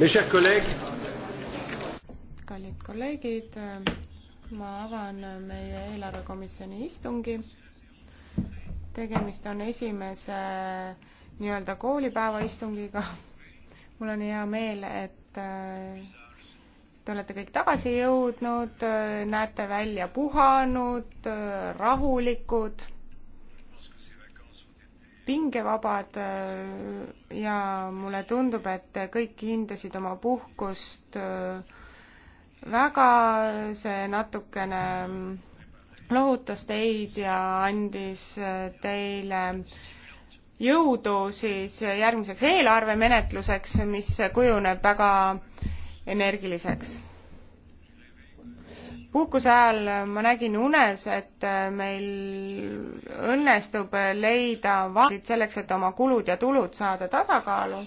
Mes chers collègues, kallid kolleegid, ma avan meie eelarvekomisjoni istungi. tegemist on esimese nii-öelda koolipäeva istungiga. mul on hea meel, et Te olete kõik tagasi jõudnud, näete välja puhanud, rahulikud, pingevabad ja mulle tundub, et kõik hindasid oma puhkust väga, see natukene lohutas teid ja andis teile jõudu siis järgmiseks eelarvemenetluseks, mis kujuneb väga energiliseks. puhkuse ajal ma nägin unes, et meil õnnestub leida vahendeid selleks, et oma kulud ja tulud saada tasakaalu,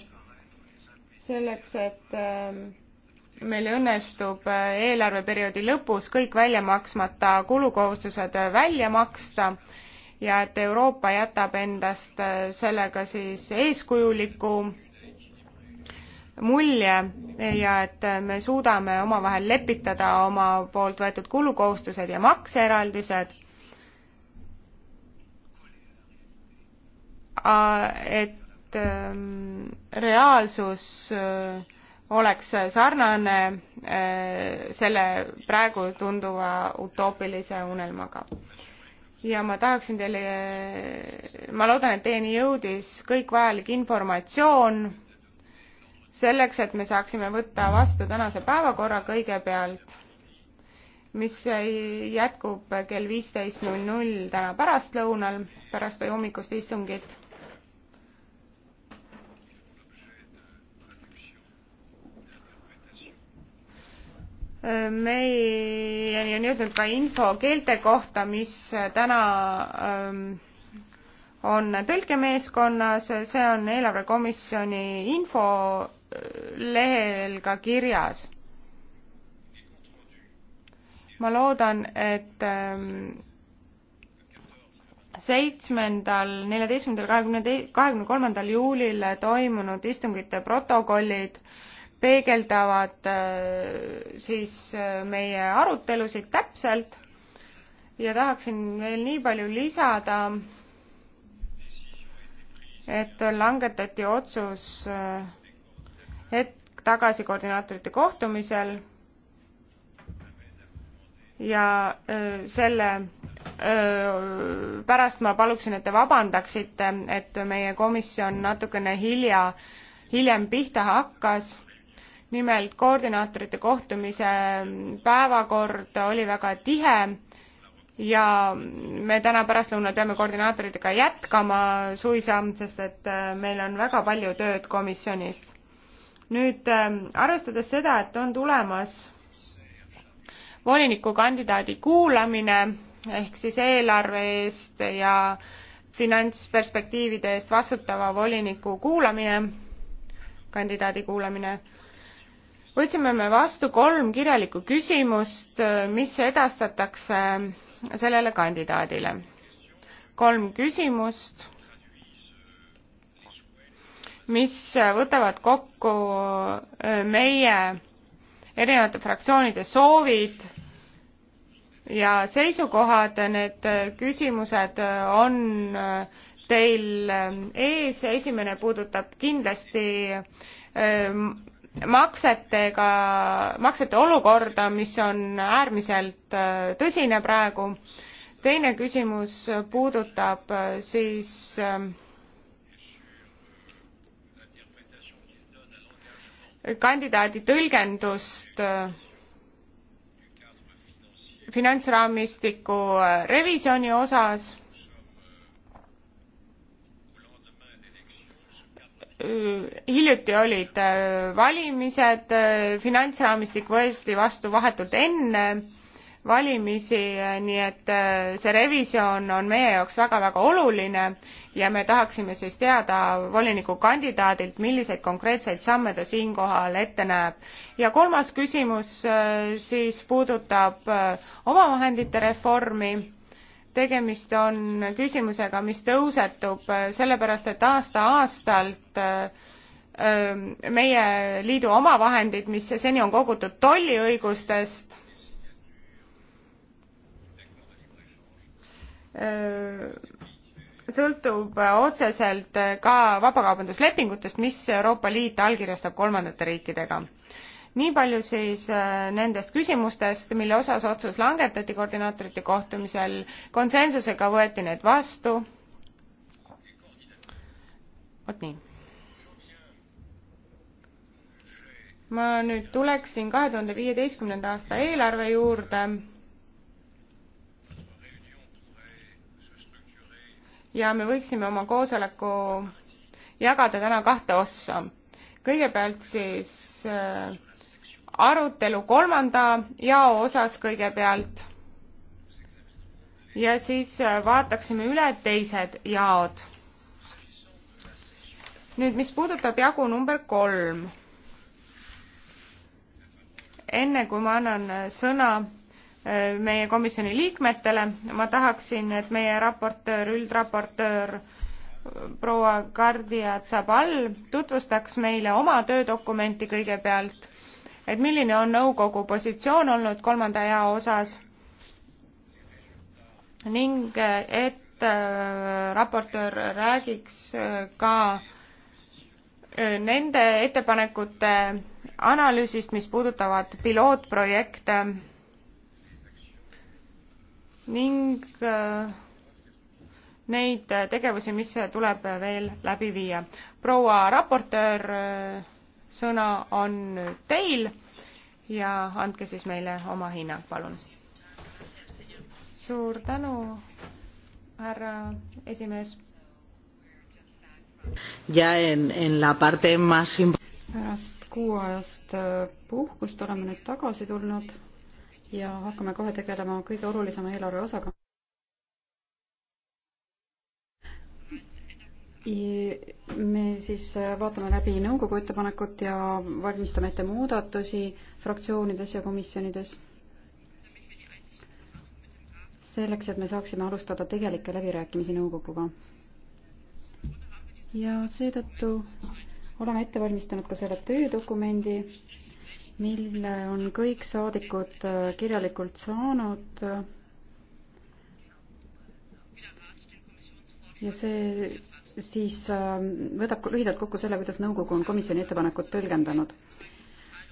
selleks, et ähm, meil õnnestub eelarveperioodi lõpus kõik väljamaksmata kulukohustused välja maksta ja et Euroopa jätab endast äh, sellega siis eeskujuliku mulje ja et me suudame omavahel lepitada oma poolt võetud kulukohustused ja makseeraldised. et ähm, reaalsus äh, oleks sarnane äh, selle praegu tunduva utoopilise unelmaga ja ma tahaksin teile, ma loodan, et teieni jõudis kõik vajalik informatsioon selleks, et me saaksime võtta vastu tänase päevakorra kõigepealt, mis jätkub kell viisteist null null täna pärastlõunal, pärast hommikust istungit. meieni on jõudnud ka info keelte kohta, mis täna ähm, on tõlkemeeskonnas, see on eelarvekomisjoni info lehel ka kirjas. ma loodan, et ähm, seitsmendal, neljateistkümnendal, kahekümne, kahekümne kolmandal juulil toimunud istungite protokollid peegeldavad äh, siis äh, meie arutelusid täpselt ja tahaksin veel nii palju lisada, et langetati otsus äh, hetk tagasi koordinaatorite kohtumisel ja öö, selle öö, pärast ma paluksin, et te vabandaksite, et meie komisjon natukene hilja, hiljem pihta hakkas. nimelt koordinaatorite kohtumise päevakord oli väga tihe ja me täna pärastlõunal peame koordinaatoritega jätkama suisa, sest et meil on väga palju tööd komisjonist nüüd ähm, arvestades seda, et on tulemas volinikukandidaadi kuulamine ehk siis eelarve eest ja finantsperspektiivide eest vastutava voliniku kuulamine, kandidaadi kuulamine, võtsime me vastu kolm kirjalikku küsimust, äh, mis edastatakse sellele kandidaadile. kolm küsimust mis võtavad kokku äh, meie erinevate fraktsioonide soovid ja seisukohad, need äh, küsimused äh, on teil ees, esimene puudutab kindlasti maksetega, maksete olukorda, mis on äärmiselt tõsine praegu. teine küsimus puudutab siis äh, kandidaadi tõlgendust äh, finantsraamistiku äh, revisjoni osas äh, hiljuti olid valimised, finantsraamistik võeti vastu vahetult enne valimisi, nii et äh, see revisjon on meie jaoks väga-väga oluline ja me tahaksime siis teada volinikukandidaadilt, milliseid konkreetseid samme ta siinkohal ette näeb. ja kolmas küsimus äh, siis puudutab äh, omavahendite reformi. tegemist on küsimusega, mis tõusetub sellepärast, et aasta-aastalt meie liidu omavahendid, mis seni on kogutud tolliõigustest Äh, sõltub otseselt ka vabakaubanduslepingutest, mis Euroopa Liit allkirjastab kolmandate riikidega. nii palju siis äh, nendest küsimustest, mille osas otsus langetati koordinaatorite kohtumisel, konsensusega võeti need vastu. vot nii. ma nüüd tuleksin kahe tuhande viieteistkümnenda aasta eelarve juurde ja me võiksime oma koosoleku jagada täna kahte ossa. kõigepealt siis äh, arutelu kolmanda jao osas kõigepealt ja siis äh, vaataksime üle teised jaod. nüüd, mis puudutab jagu number kolm. enne kui ma annan äh, sõna Äh, meie komisjoni liikmetele. ma tahaksin, et meie raportöör, üldraportöör äh, proua Gardia Zabal tutvustaks meile oma töödokumenti kõigepealt, et milline on nõukogu positsioon olnud kolmanda jao osas ning äh, et raportöör räägiks ka nende ettepanekute analüüsist, mis puudutavad pilootprojekte ning äh, neid äh, tegevusi, mis tuleb äh, veel läbi viia. proua raportöör, sõna on nüüd teil ja andke siis meile oma hinnang, palun. suur tänu, härra esimees. ja en, en la parte más pärast kuuajast puhkust oleme nüüd tagasi tulnud ja hakkame kohe tegelema kõige olulisema eelarve osaga. me siis vaatame läbi nõukogu ettepanekut ja valmistame ette muudatusi fraktsioonides ja komisjonides. selleks, et me saaksime alustada tegelikke läbirääkimisi nõukoguga. ja seetõttu oleme ette valmistanud ka selle töödokumendi mille on kõik saadikud äh, kirjalikult saanud. ja see siis äh, võtab lühidalt kokku selle, kuidas nõukogu on komisjoni ettepanekut tõlgendanud.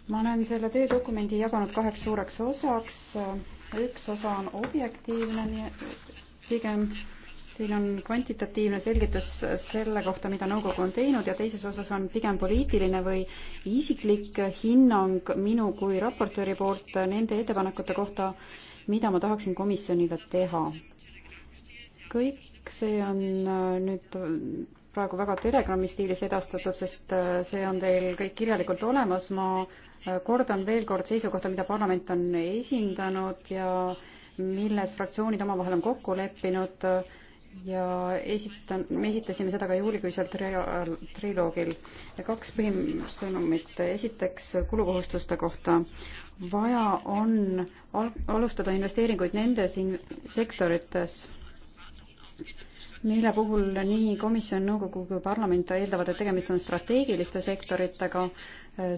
ma olen selle töödokumendi jaganud kaheks suureks osaks. üks osa on objektiivne pigem siin on kvantitatiivne selgitus selle kohta, mida nõukogu on teinud ja teises osas on pigem poliitiline või isiklik hinnang minu kui raportööri poolt nende ettepanekute kohta, mida ma tahaksin komisjonile teha. kõik see on äh, nüüd praegu väga Telegrami stiilis edastatud, sest äh, see on teil kõik kirjalikult olemas, ma äh, kordan veel kord seisukohta, mida parlament on esindanud ja milles fraktsioonid omavahel on kokku leppinud ja esitan, me esitasime seda ka juulikuisel triloogil. kaks põhisõnumit, esiteks kulukohustuste kohta. vaja on al alustada investeeringuid nendes in sektorites, mille puhul nii komisjon, nõukogu kui parlament eeldavad, et tegemist on strateegiliste sektoritega,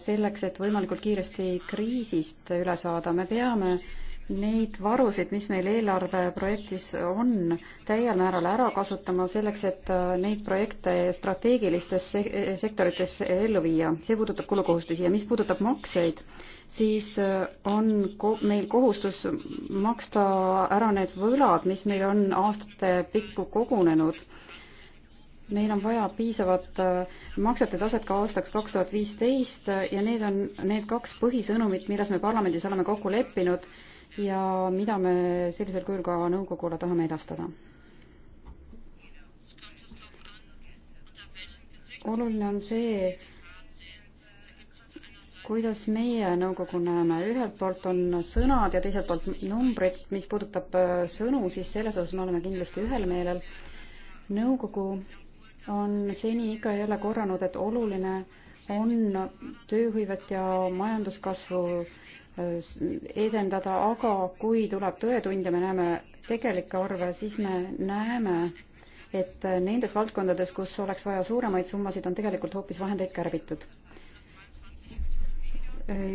selleks, et võimalikult kiiresti kriisist üle saada. me peame äh, neid varusid, mis meil eelarveprojektis on, täiel määral ära kasutama selleks, et äh, neid projekte strateegilistes sektorites ellu viia. see puudutab kulukohustusi ja mis puudutab makseid, siis äh, on ko meil kohustus maksta ära need võlad, mis meil on aastate pikku kogunenud meil on vaja piisavat äh, maksete taset ka aastaks kaks tuhat viisteist ja need on need kaks põhisõnumit, milles me parlamendis oleme kokku leppinud ja mida me sellisel kujul ka nõukogule tahame edastada. oluline on see, kuidas meie nõukogu näeme, ühelt poolt on sõnad ja teiselt poolt numbrid, mis puudutab äh, sõnu, siis selles osas me oleme kindlasti ühel meelel. nõukogu on seni ikka ja jälle korranud, et oluline on tööhõivet ja majanduskasvu edendada, aga kui tuleb tõetund ja me näeme tegelikke arve, siis me näeme, et nendes valdkondades, kus oleks vaja suuremaid summasid, on tegelikult hoopis vahendeid kärbitud.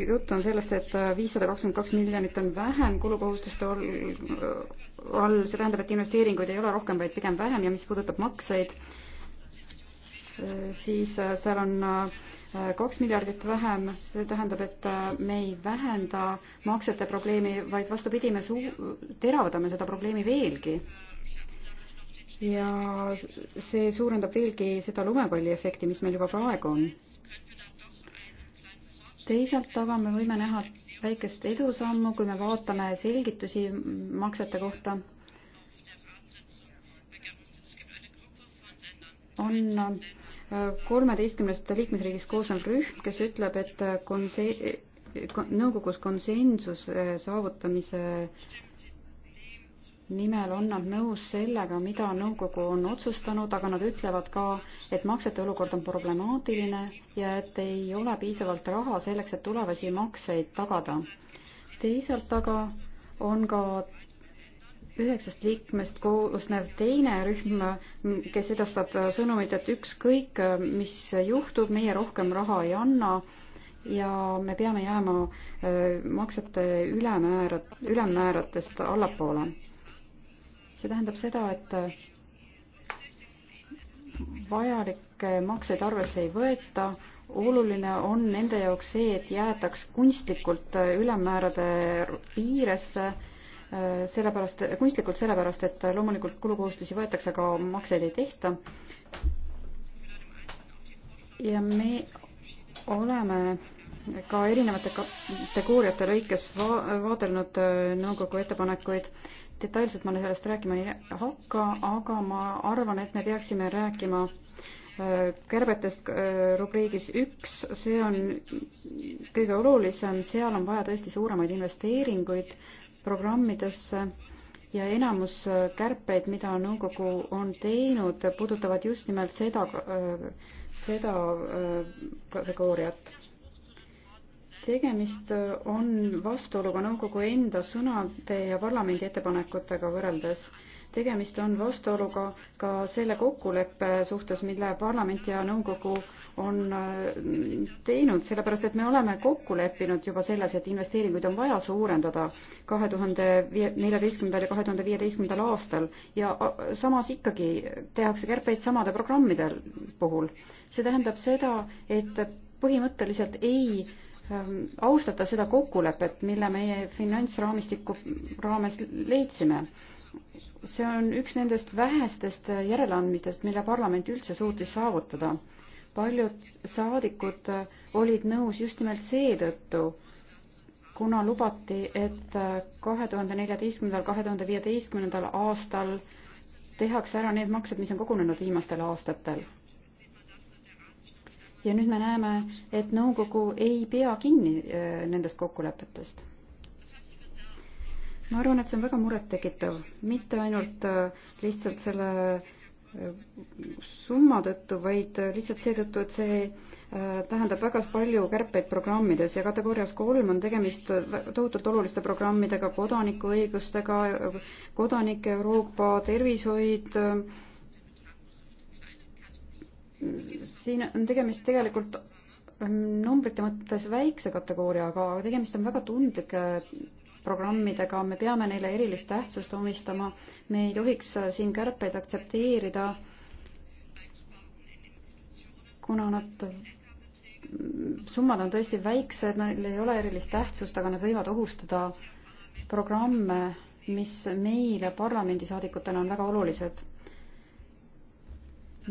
jutt on sellest, et viissada kakskümmend kaks miljonit on vähem kulukohustuste all, see tähendab, et investeeringuid ei ole rohkem, vaid pigem vähem ja mis puudutab makseid, siis seal on Äh, kaks miljardit vähem, see tähendab, et äh, me ei vähenda maksete probleemi, vaid vastupidi, me suu-, teravdame seda probleemi veelgi. ja see suurendab veelgi seda lumepalliefekti, mis meil juba praegu on. teisalt aga me võime näha väikest edusammu, kui me vaatame selgitusi maksete kohta. on äh, kolmeteistkümnest liikmesriigist koosnev rühm, kes ütleb, et konse-, nõukogus konsensuse saavutamise nimel on nad nõus sellega, mida nõukogu on otsustanud, aga nad ütlevad ka, et maksete olukord on problemaatiline ja et ei ole piisavalt raha selleks, et tulevasi makseid tagada. teisalt aga on ka üheksast liikmest koosnev teine rühm, kes edastab sõnumit, et ükskõik, mis juhtub, meie rohkem raha ei anna ja me peame jääma äh, maksete ülemäära, ülemmääratest allapoole. see tähendab seda, et äh, vajalikke makseid arvesse ei võeta oluline on nende jaoks see, et jäetaks kunstlikult äh, ülemmäärade piiresse sellepärast, kunstlikult sellepärast, et loomulikult kulukohustusi võetakse, aga makseid ei tehta. ja me oleme ka erinevate kategooriate lõikes va vaadelnud äh, nõukogu ettepanekuid. detailselt ma sellest rääkima ei hakka, aga ma arvan, et me peaksime rääkima äh, kärbetest äh, rubriigis üks, see on kõige olulisem, seal on vaja tõesti suuremaid investeeringuid programmidesse ja enamus kärpeid, mida nõukogu on teinud, puudutavad just nimelt seda, seda äh, kategooriat. tegemist on vastuoluga nõukogu enda sõnade ja parlamendi ettepanekutega võrreldes. tegemist on vastuoluga ka selle kokkuleppe suhtes, mille parlament ja nõukogu on äh, teinud, sellepärast et me oleme kokku leppinud juba selles, et investeeringuid on vaja suurendada kahe tuhande neljateistkümnendal ja kahe tuhande viieteistkümnendal aastal ja samas ikkagi tehakse kärpeid samade programmide puhul. see tähendab seda, et põhimõtteliselt ei ähm, austada seda kokkulepet, mille meie finantsraamistiku raames leidsime see on üks nendest vähestest järeleandmistest, mille parlament üldse suutis saavutada paljud saadikud olid nõus just nimelt seetõttu, kuna lubati, et kahe tuhande neljateistkümnendal, kahe tuhande viieteistkümnendal aastal tehakse ära need maksed, mis on kogunenud viimastel aastatel. ja nüüd me näeme, et nõukogu ei pea kinni eh, nendest kokkulepetest. ma arvan, et see on väga murettekitav, mitte ainult eh, lihtsalt selle summa tõttu, vaid lihtsalt seetõttu, et see äh, tähendab väga palju kärpeid programmides ja kategoorias kolm on tegemist tohutult oluliste programmidega, kodanikuõigustega, kodanike Euroopa tervishoid. Äh, siin on tegemist tegelikult ähm, numbrite mõttes väikse kategooriaga, aga tegemist on väga tundlike programmidega, me peame neile erilist tähtsust omistama, me ei tohiks siin kärpeid aktsepteerida, kuna nad, summad on tõesti väiksed, neil ei ole erilist tähtsust, aga nad võivad ohustada programme, mis meile parlamendisaadikutena on väga olulised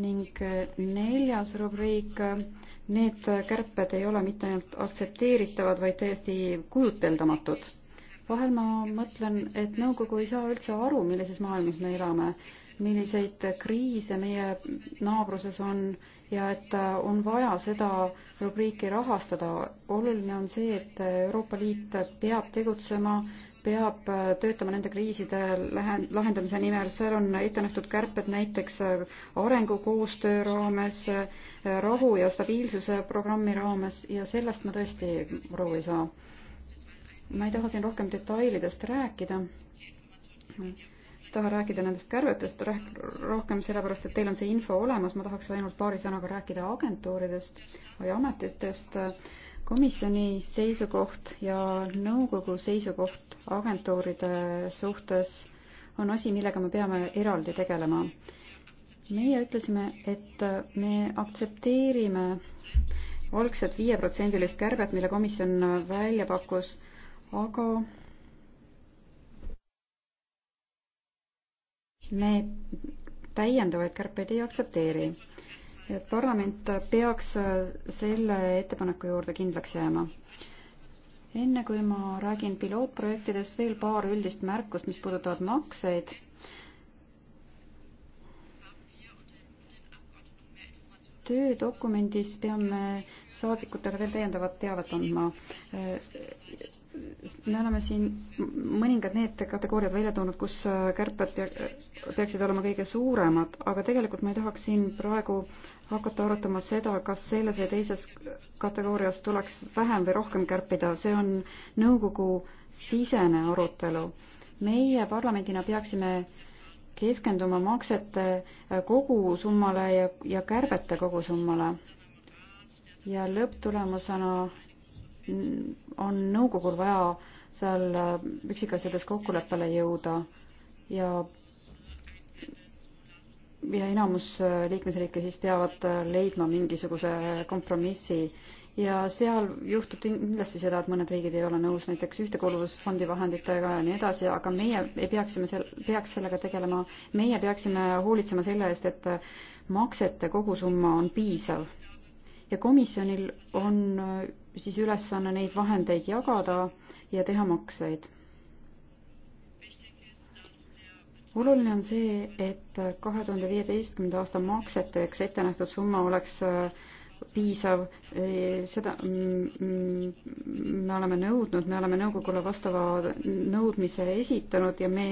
ning neljas rubriik, need kärped ei ole mitte ainult aktsepteeritavad, vaid täiesti kujuteldamatud vahel ma mõtlen, et nõukogu ei saa üldse aru, millises maailmas me elame, milliseid kriise meie naabruses on ja et äh, on vaja seda rubriiki rahastada. oluline on see, et Euroopa Liit peab tegutsema, peab äh, töötama nende kriiside lahendamise nimel, seal on ette nähtud kärped näiteks äh, arengukoostöö raames, rahu ja stabiilsuse programmi raames ja sellest ma tõesti aru ei saa ma ei taha siin rohkem detailidest rääkida, tahan rääkida nendest kärbetest rääk-, rohkem sellepärast, et teil on see info olemas, ma tahaks ainult paari sõnaga rääkida agentuuridest või ametitest, komisjoni seisukoht ja nõukogu seisukoht agentuuride suhtes on asi, millega me peame eraldi tegelema. meie ütlesime, et me aktsepteerime algselt viieprotsendilist kärbet, mille komisjon välja pakkus aga me täiendavaid kärpeid ei aktsepteeri. et parlament peaks selle ettepaneku juurde kindlaks jääma. enne kui ma räägin pilootprojektidest, veel paar üldist märkust, mis puudutavad makseid töödokumendis peame saadikutele veel täiendavat teavet andma me oleme siin mõningad need kategooriad välja toonud, kus äh, kärped peaksid olema kõige suuremad, aga tegelikult ma ei tahaks siin praegu hakata arutama seda, kas selles või teises kategoorias tuleks vähem või rohkem kärpida, see on nõukogu sisene arutelu. meie parlamendina peaksime keskenduma maksete äh, kogusummale ja, ja kärbete kogusummale. ja lõpptulemusena on nõukogul vaja seal äh, üksikasjades kokkuleppele jõuda ja ja enamus äh, liikmesriike siis peavad äh, leidma mingisuguse kompromissi ja seal juhtub kindlasti seda, et mõned riigid ei ole nõus näiteks ühtekuuluvusfondi vahenditega ja nii edasi, aga meie ei peaksime seal, peaks sellega tegelema, meie peaksime hoolitsema selle eest, et maksete kogusumma on piisav ja komisjonil on äh, siis ülesanne neid vahendeid jagada ja teha makseid. oluline on see, et kahe tuhande viieteistkümnenda aasta makseteks ette nähtud summa oleks äh, piisav, äh, seda mm, mm, me oleme nõudnud, me oleme nõukogule vastava nõudmise esitanud ja me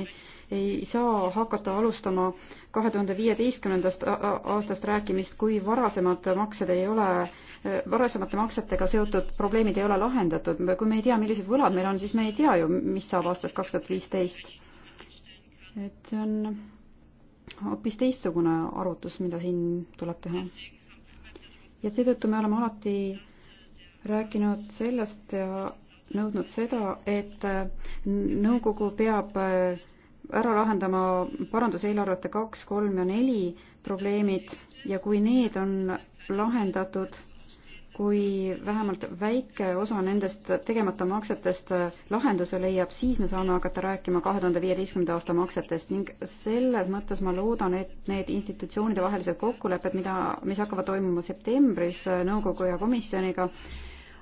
ei saa hakata alustama kahe tuhande viieteistkümnendast aastast rääkimist, kui varasemad maksed ei ole, varasemate maksetega seotud probleemid ei ole lahendatud. kui me ei tea, millised võlad meil on, siis me ei tea ju, mis saab aastast kaks tuhat viisteist. et see on hoopis teistsugune arvutus, mida siin tuleb teha. ja seetõttu me oleme alati rääkinud sellest ja nõudnud seda, et nõukogu peab äh, ära lahendama paranduseelarvete kaks, kolm ja neli probleemid ja kui need on lahendatud, kui vähemalt väike osa nendest tegemata maksetest lahenduse leiab, siis me saame hakata rääkima kahe tuhande viieteistkümnenda aasta maksetest ning selles mõttes ma loodan, et need institutsioonide vahelised kokkulepped, mida, mis hakkavad toimuma septembris nõukogu ja komisjoniga,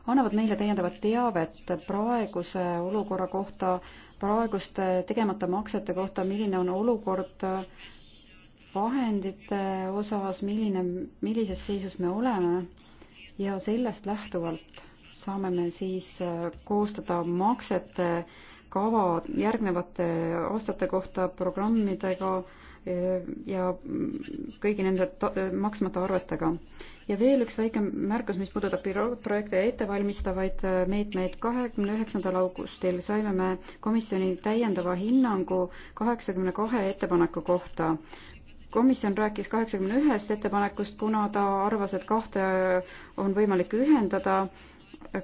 annavad meile täiendavat teavet praeguse olukorra kohta äh, praeguste tegemata maksete kohta, milline on olukord äh, vahendite osas, milline, millises seisus me oleme ja sellest lähtuvalt saame me siis äh, koostada maksete kava järgnevate aastate kohta programmidega äh, ja kõigi nende maksmata arvetega ja veel üks väike märkus, mis puudutab pilootprojekte ja ettevalmistavaid äh, meetmeid. kahekümne üheksandal augustil saime me komisjoni täiendava hinnangu kaheksakümne kahe ettepaneku kohta komisjon rääkis kaheksakümne ühest ettepanekust, kuna ta arvas, et kahte äh, on võimalik ühendada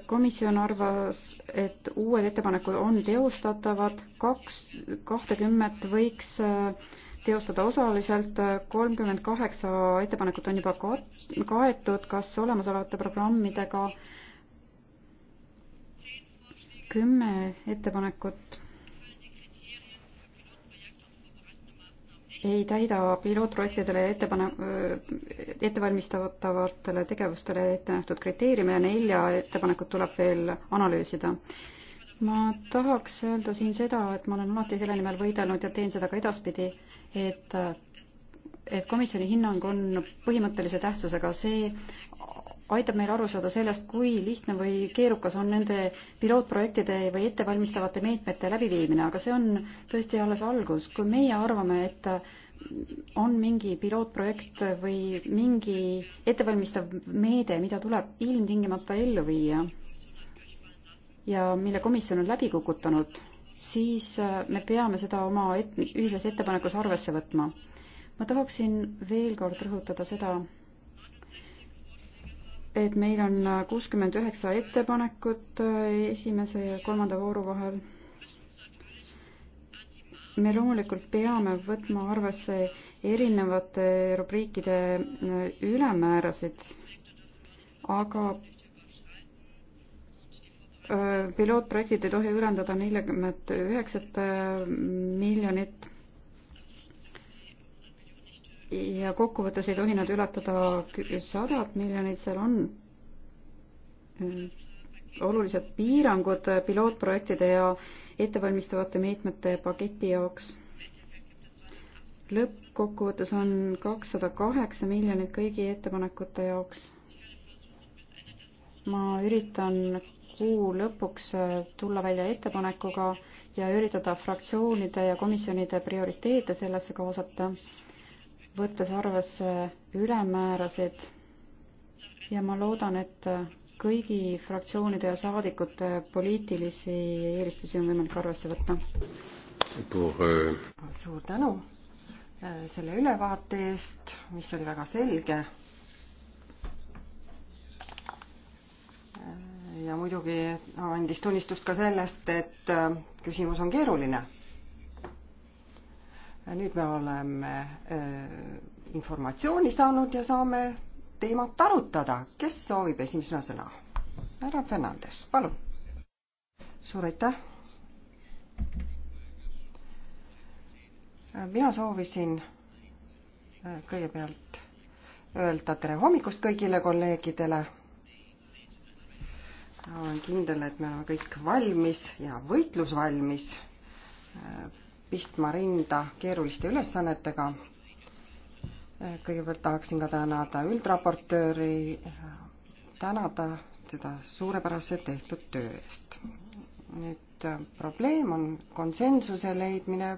komisjon arvas, et uued ettepanekud on teostatavad, kaks, kahtekümmet võiks äh, teostada osaliselt, kolmkümmend kaheksa ettepanekut on juba kaetud, kas olemasolevate programmidega kümme ettepanekut ei täida pilootprojektidele ja ettepane-, ettevalmistatavatele tegevustele ette nähtud kriteeriume ja nelja ettepanekut tuleb veel analüüsida. ma tahaks öelda siin seda, et ma olen alati selle nimel võidelnud ja teen seda ka edaspidi, et et komisjoni hinnang on põhimõttelise tähtsusega, see aitab meil aru saada sellest, kui lihtne või keerukas on nende pilootprojektide või ettevalmistavate meetmete läbiviimine, aga see on tõesti alles algus. kui meie arvame, et on mingi pilootprojekt või mingi ettevalmistav meede, mida tuleb ilmtingimata ellu viia ja mille komisjon on läbi kukutanud siis äh, me peame seda oma et, ühises ettepanekus arvesse võtma. ma tahaksin veel kord rõhutada seda, et meil on äh, kuuskümmend üheksa ettepanekut äh, esimese ja kolmanda vooru vahel. me loomulikult peame võtma arvesse erinevate rubriikide ülemäärasid, aga pilootprojektid ei tohi ülendada neljakümmet üheksat miljonit. ja kokkuvõttes ei tohi nad ületada sadat miljonit, seal on olulised piirangud pilootprojektide ja ettevalmistavate meetmete paketi jaoks. lõppkokkuvõttes on kakssada kaheksa miljonit kõigi ettepanekute jaoks. ma üritan kuu lõpuks äh, tulla välja ettepanekuga ja üritada fraktsioonide ja komisjonide prioriteete sellesse kaasata, võttes arvesse ülemäärasid ja ma loodan, et äh, kõigi fraktsioonide ja saadikute poliitilisi eelistusi on võimalik arvesse võtta. Äh, suur tänu selle ülevaate eest, mis oli väga selge ja muidugi andis tunnistust ka sellest, et äh, küsimus on keeruline. nüüd me oleme äh, informatsiooni saanud ja saame teemat arutada. kes soovib esimesena sõna? härra Fernandes, palun. suur aitäh. Äh, mina soovisin kõigepealt öelda tere hommikust kõigile kolleegidele olen kindel, et me oleme kõik valmis ja võitlusvalmis äh, pistma rinda keeruliste ülesannetega. Äh, kõigepealt tahaksin ka tänada üldraportööri, äh, tänada teda suurepärase tehtud töö eest. nüüd probleem on konsensuse leidmine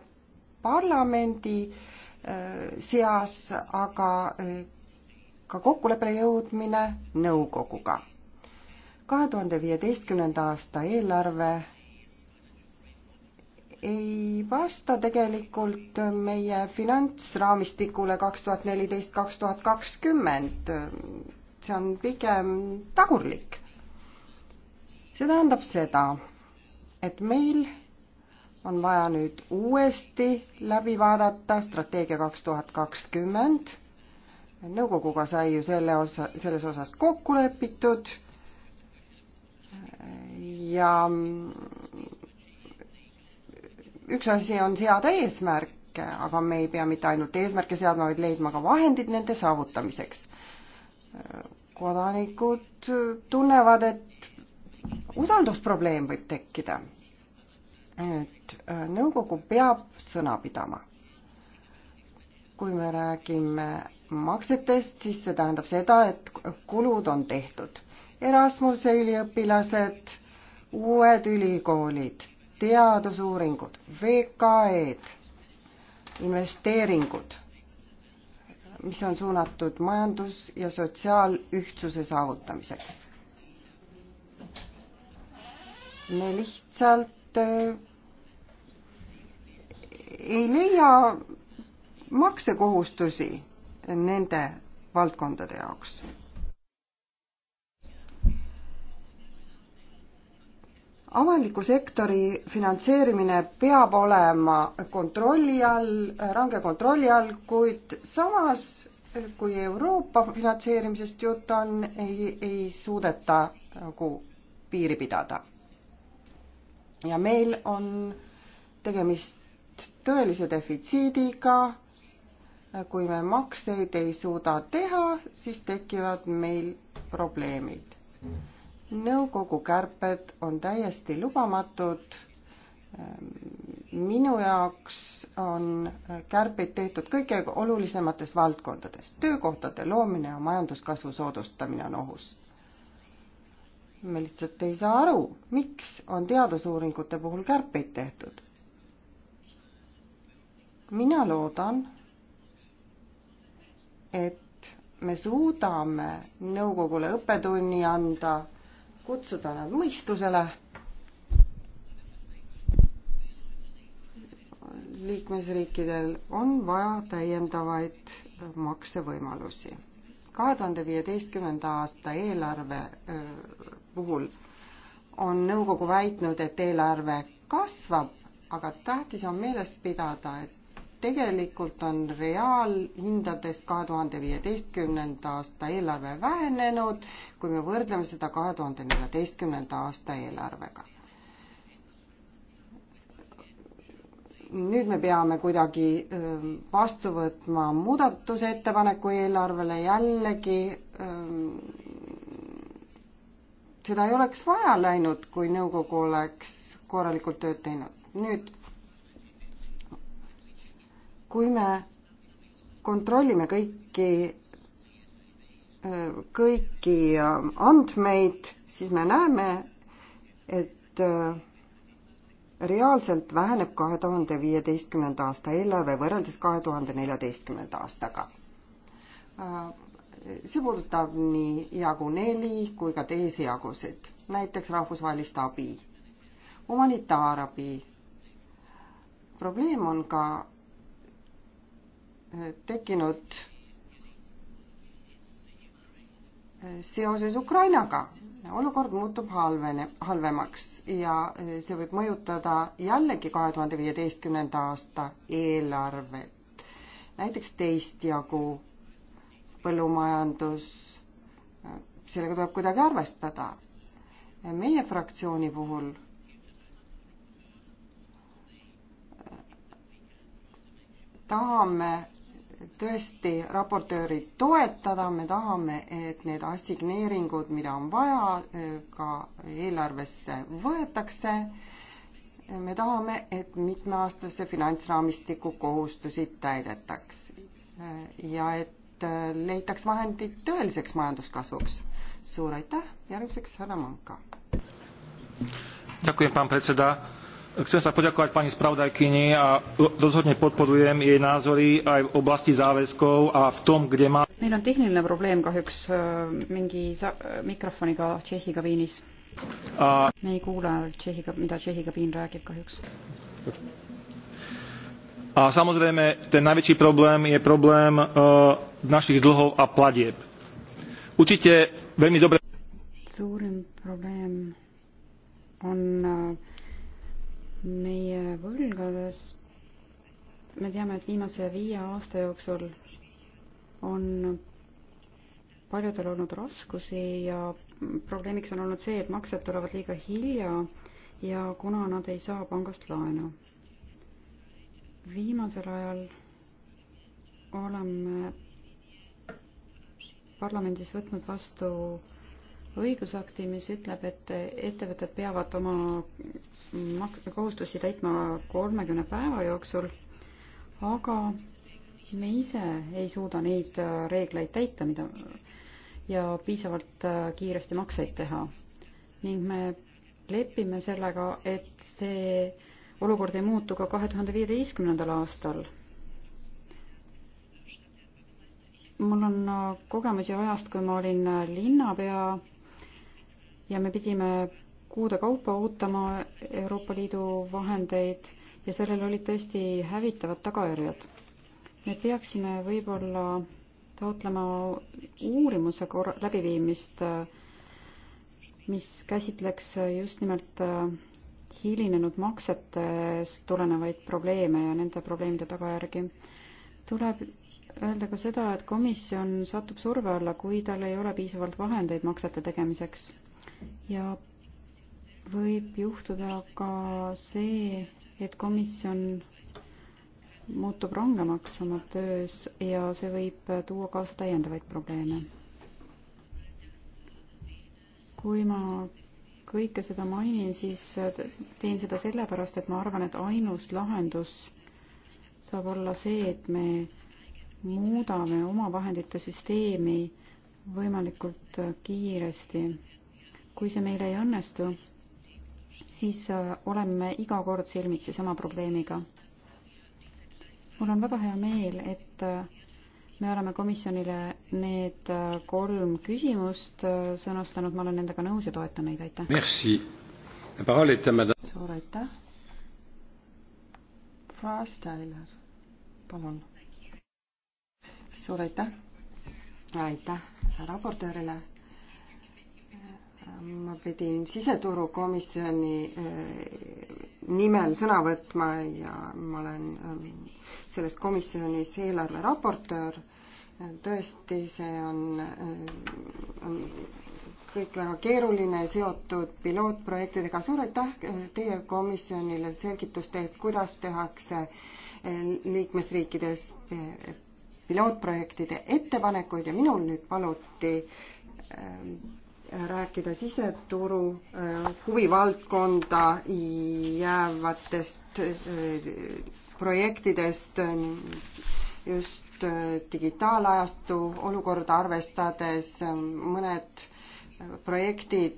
parlamendi seas, aga ka kokkuleppele jõudmine nõukoguga kahe tuhande viieteistkümnenda aasta eelarve ei vasta tegelikult meie finantsraamistikule kaks tuhat neliteist, kaks tuhat kakskümmend. see on pigem tagurlik. see tähendab seda, et meil on vaja nüüd uuesti läbi vaadata strateegia kaks tuhat kakskümmend. nõukoguga sai ju selle osa, selles osas kokku lepitud ja üks asi on seada eesmärke, aga me ei pea mitte ainult eesmärke seadma, vaid leidma ka vahendid nende saavutamiseks. kodanikud tunnevad, et usaldusprobleem võib tekkida. et äh, nõukogu peab sõna pidama. kui me räägime maksetest, siis see tähendab seda, et kulud on tehtud. Erasmuse üliõpilased uued ülikoolid, teadusuuringud, VKE-d, investeeringud, mis on suunatud majandus- ja sotsiaalühtsuse saavutamiseks. me lihtsalt äh, ei leia maksekohustusi nende valdkondade jaoks avaliku sektori finantseerimine peab olema kontrolli all, range kontrolli all, kuid samas, kui Euroopa finantseerimisest jutt on, ei, ei suudeta nagu piiri pidada. ja meil on tegemist tõelise defitsiidiga, kui me makseid ei suuda teha, siis tekivad meil probleemid mm nõukogu kärped on täiesti lubamatud. Ehm, minu jaoks on äh, kärpeid tehtud kõige olulisemates valdkondades. töökohtade loomine ja majanduskasvu soodustamine on ohus. me lihtsalt ei saa aru, miks on teadusuuringute puhul kärpeid tehtud. mina loodan, et me suudame nõukogule õppetunni anda kutsuda nad mõistusele. liikmesriikidel on vaja täiendavaid maksevõimalusi. kahe tuhande viieteistkümnenda aasta eelarve puhul on nõukogu väitnud, et eelarve kasvab, aga tähtis on meeles pidada, et tegelikult on reaalhindades kahe tuhande viieteistkümnenda aasta eelarve vähenenud, kui me võrdleme seda kahe tuhande neljateistkümnenda aasta eelarvega. nüüd me peame kuidagi ähm, vastu võtma muudatusettepaneku eelarvele jällegi ähm, seda ei oleks vaja läinud, kui nõukogu oleks korralikult tööd teinud. nüüd kui me kontrollime kõiki, kõiki andmeid, siis me näeme, et äh, reaalselt väheneb kahe tuhande viieteistkümnenda aasta eelarve võrreldes kahe tuhande neljateistkümnenda aastaga. Äh, see puudutab nii jagu neli kui ka teisi jagusid, näiteks rahvusvahelist abi, humanitaarabi. probleem on ka tekkinud seoses Ukrainaga. olukord muutub halvene, halvemaks ja see võib mõjutada jällegi kahe tuhande viieteistkümnenda aasta eelarvet. näiteks teist jagu põllumajandus, sellega tuleb kuidagi arvestada. meie fraktsiooni puhul tahame tõesti raportööri toetada, me tahame, et need assigneeringud, mida on vaja, ka eelarvesse võetakse. me tahame, et mitmeaastase finantsraamistiku kohustusi täidetaks ja et leitaks vahendid tõeliseks majanduskasvuks. suur aitäh, järgmiseks härra Manka. tänan, härra president Chcem sa poďakovať pani spravodajkyni a rozhodne podporujem jej názory aj v oblasti záväzkov a v tom, kde má... Meil on tehniline probleem kahjuks äh, mingi mikrofoniga Tšehhi kabiinis. A... Me ei kuule, Tšehhi, mida Tšehhi kabiin räägib kahjuks. A samozrejme, ten najväčší problém je problém uh, našich dlhov a platieb. Určite veľmi dobre... Suurim problém on uh, meie võlgades. me teame, et viimase viie aasta jooksul on paljudel olnud raskusi ja probleemiks on olnud see, et maksed tulevad liiga hilja ja kuna nad ei saa pangast laenu. viimasel ajal oleme parlamendis võtnud vastu õigusakti, mis ütleb, et ettevõtted peavad oma mak-, kohustusi täitma kolmekümne päeva jooksul, aga me ise ei suuda neid reegleid täita, mida ja piisavalt kiiresti makseid teha. ning me lepime sellega, et see olukord ei muutu ka kahe tuhande viieteistkümnendal aastal mul on kogemusi ajast, kui ma olin linnapea ja me pidime kuude kaupa ootama Euroopa Liidu vahendeid ja sellel olid tõesti hävitavad tagajärjed. me peaksime võib-olla taotlema uurimuse korra-, läbiviimist, mis käsitleks just nimelt äh, hilinenud maksetest tulenevaid probleeme ja nende probleemide tagajärgi. tuleb öelda ka seda, et komisjon satub surve alla, kui tal ei ole piisavalt vahendeid maksete tegemiseks ja võib juhtuda ka see, et komisjon muutub rangemaks oma töös ja see võib tuua kaasa täiendavaid probleeme. kui ma kõike seda mainin, siis teen seda sellepärast, et ma arvan, et ainus lahendus saab olla see, et me muudame omavahendite süsteemi võimalikult kiiresti kui see meile ei õnnestu, siis äh, oleme iga kord silmitsi sama probleemiga. mul on väga hea meel, et äh, me oleme komisjonile need äh, kolm küsimust sõnastanud, ma olen nendega nõus ja toetan neid, aitäh. suur aitäh. Frostailer, palun. suur aitäh. aitäh raportöörile ma pidin siseturukomisjoni eh, nimel sõna võtma ja ma olen eh, selles komisjonis eelarve raportöör. Eh, tõesti, see on, on kõik väga keeruline, seotud pilootprojektidega. suur aitäh teie komisjonile selgituste eest, kuidas tehakse liikmesriikides pilootprojektide ettepanekuid ja minul nüüd paluti rääkida siseturu äh, huvivaldkonda jäävatest äh, projektidest just äh, digitaalajastu olukorda arvestades mõned projektid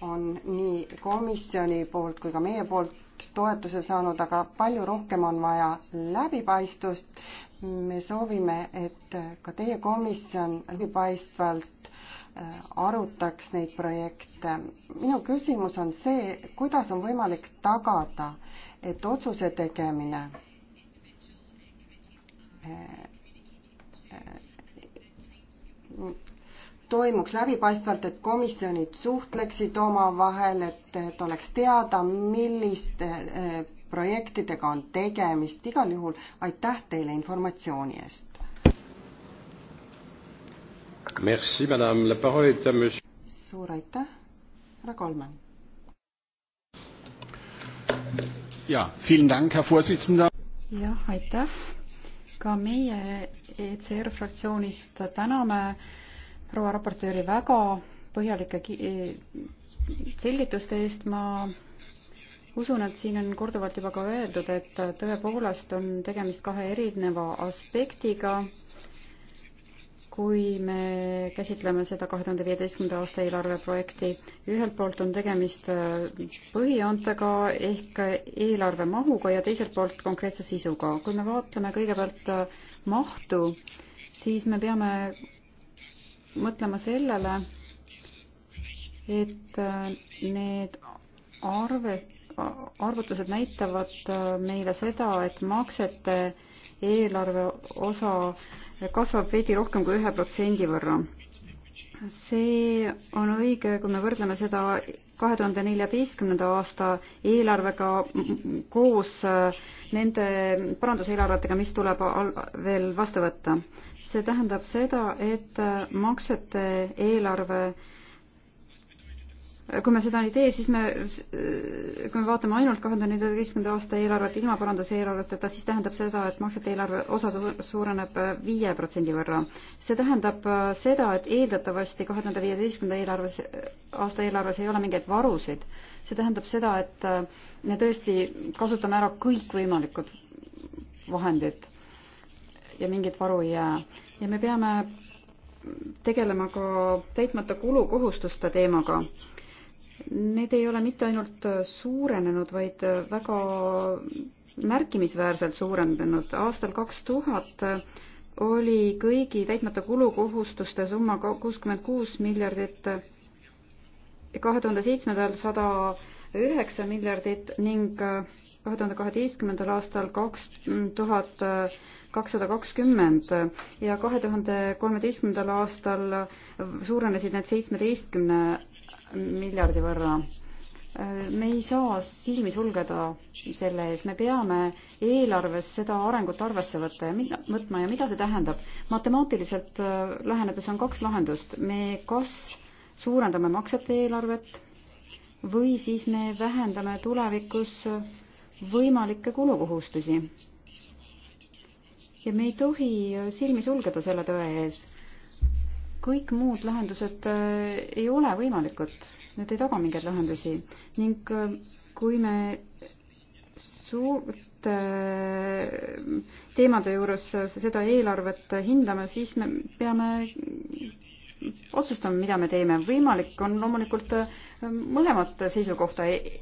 on nii komisjoni poolt kui ka meie poolt toetuse saanud, aga palju rohkem on vaja läbipaistvust. me soovime, et ka teie komisjon läbipaistvalt arutaks neid projekte. minu küsimus on see, kuidas on võimalik tagada, et otsuse tegemine toimuks läbipaistvalt, et komisjonid suhtleksid omavahel, et, et oleks teada, milliste eh, projektidega on tegemist. igal juhul aitäh teile informatsiooni eest. Merci, madame, la parole est à monsieur. suur aitäh, härra Kolman. ja, vielen Dank, Herr Vorsitzender. jah, aitäh. ka meie ECR fraktsioonist täname proua raportööri väga põhjalike e, selgituste eest. ma usun, et siin on korduvalt juba ka öeldud, et tõepoolest on tegemist kahe erineva aspektiga kui me käsitleme seda kahe tuhande viieteistkümnenda aasta eelarveprojekti. ühelt poolt on tegemist äh, põhiantega ehk eelarve mahuga ja teiselt poolt konkreetse sisuga. kui me vaatame kõigepealt äh, mahtu, siis me peame mõtlema sellele, et äh, need arve, arvutused näitavad äh, meile seda, et maksete eelarve osa kasvab veidi rohkem kui ühe protsendi võrra. see on õige, kui me võrdleme seda kahe tuhande neljateistkümnenda aasta eelarvega koos äh, nende paranduseelarvetega, mis tuleb veel vastu võtta. see tähendab seda, et äh, maksete eelarve kui me seda ei tee, siis me, kui me vaatame ainult kahe tuhande neljateistkümnenda aasta eelarvet ilma paranduseelarveteta, siis tähendab seda, et maksete eelarve osa suureneb äh, viie protsendi võrra. see tähendab äh, seda, et eeldatavasti kahe tuhande viieteistkümnenda eelarves, aasta eelarves ei ole mingeid varusid. see tähendab seda, et äh, me tõesti kasutame ära kõikvõimalikud vahendid ja mingit varu ei jää. ja me peame tegelema ka täitmata kulukohustuste teemaga need ei ole mitte ainult suurenenud, vaid väga märkimisväärselt suurenenud. aastal kaks tuhat oli kõigi täitmata kulukohustuste summa kuuskümmend kuus miljardit, kahe tuhande seitsmendal sada üheksa miljardit ning kahe tuhande kaheteistkümnendal aastal kaks tuhat kakssada kakskümmend ja kahe tuhande kolmeteistkümnendal aastal suurenesid need seitsmeteistkümne miljardi võrra. me ei saa silmi sulgeda selle ees, me peame eelarves seda arengut arvesse võtta ja mida, võtma ja mida see tähendab. matemaatiliselt äh, lähenedes on kaks lahendust, me kas suurendame maksete eelarvet või siis me vähendame tulevikus võimalikke kulukohustusi ja me ei tohi silmi sulgeda selle tõe ees kõik muud lahendused äh, ei ole võimalikud, need ei taga mingeid lahendusi ning äh, kui me suurte äh, teemade juures seda eelarvet hindame, siis me peame otsustama, mida me teeme. võimalik on loomulikult mõlemat seisukohta e-,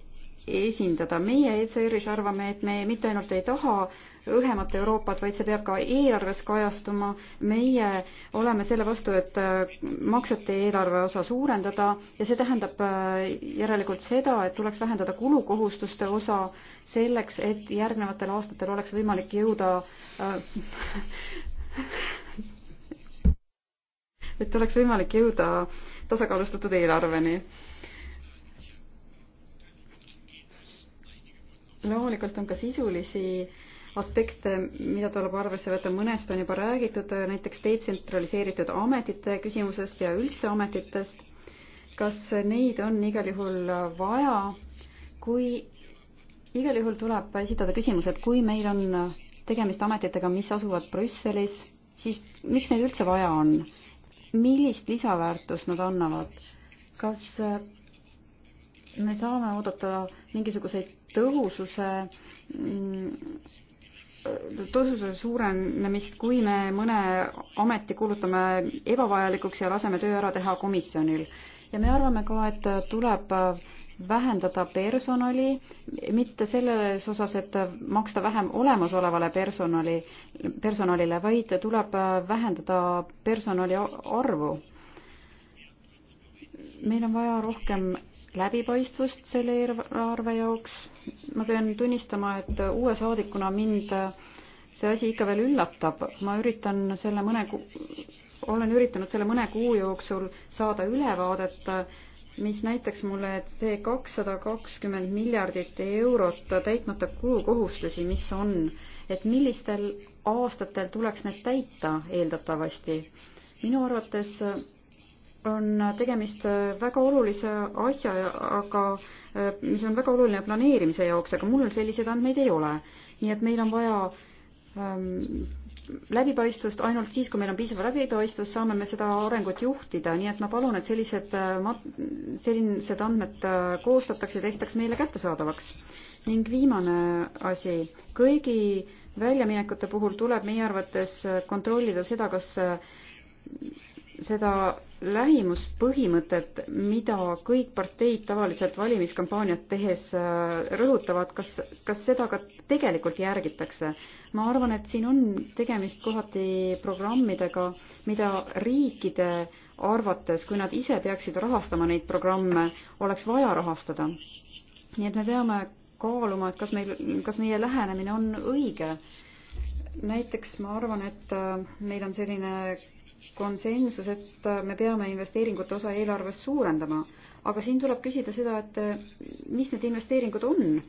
esindada. meie ECR-is arvame, et me mitte ainult ei taha õhemat Euroopat, vaid see peab ka eelarves kajastuma. meie oleme selle vastu, et äh, maksete eelarve osa suurendada ja see tähendab äh, järelikult seda, et tuleks vähendada kulukohustuste osa selleks, et järgnevatel aastatel oleks võimalik jõuda äh, et oleks võimalik jõuda tasakaalustatud eelarveni loomulikult on ka sisulisi aspekte, mida tuleb arvesse võtta, mõnest on juba räägitud, näiteks detsentraliseeritud ametite küsimusest ja üldse ametitest. kas neid on igal juhul vaja, kui, igal juhul tuleb esitada küsimus, et kui meil on tegemist ametitega, mis asuvad Brüsselis, siis miks neid üldse vaja on? millist lisaväärtust nad annavad? kas me saame oodata mingisuguseid tõhususe mm, tõususe suurenemist, kui me mõne ameti kuulutame ebavajalikuks ja laseme töö ära teha komisjonil. ja me arvame ka, et tuleb vähendada personali, mitte selles osas, et maksta vähem olemasolevale personali, personalile, vaid tuleb vähendada personali arvu. meil on vaja rohkem läbipaistvust selle eelarve jaoks. ma pean tunnistama, et uue saadikuna mind see asi ikka veel üllatab, ma üritan selle mõne kuu, olen üritanud selle mõne kuu jooksul saada ülevaadet, mis näitaks mulle, et see kakssada kakskümmend miljardit eurot täitmata kulukohustusi, mis on, et millistel aastatel tuleks need täita eeldatavasti. minu arvates on tegemist äh, väga olulise asja, aga äh, mis on väga oluline planeerimise jaoks, aga mul selliseid andmeid ei ole. nii et meil on vaja ähm, läbipaistvust, ainult siis, kui meil on piisav läbipaistvus, saame me seda arengut juhtida, nii et ma palun, et sellised, äh, sellised andmed koostataks ja tehtaks meile kättesaadavaks. ning viimane asi, kõigi väljaminekute puhul tuleb meie arvates kontrollida seda, kas seda lähimuspõhimõtet, mida kõik parteid tavaliselt valimiskampaaniat tehes äh, rõhutavad, kas, kas seda ka tegelikult järgitakse? ma arvan, et siin on tegemist kohati programmidega, mida riikide arvates, kui nad ise peaksid rahastama neid programme, oleks vaja rahastada. nii et me peame kaaluma, et kas meil, kas meie lähenemine on õige. näiteks ma arvan, et äh, meil on selline konsensus, et me peame investeeringute osa eelarves suurendama, aga siin tuleb küsida seda, et mis need investeeringud on.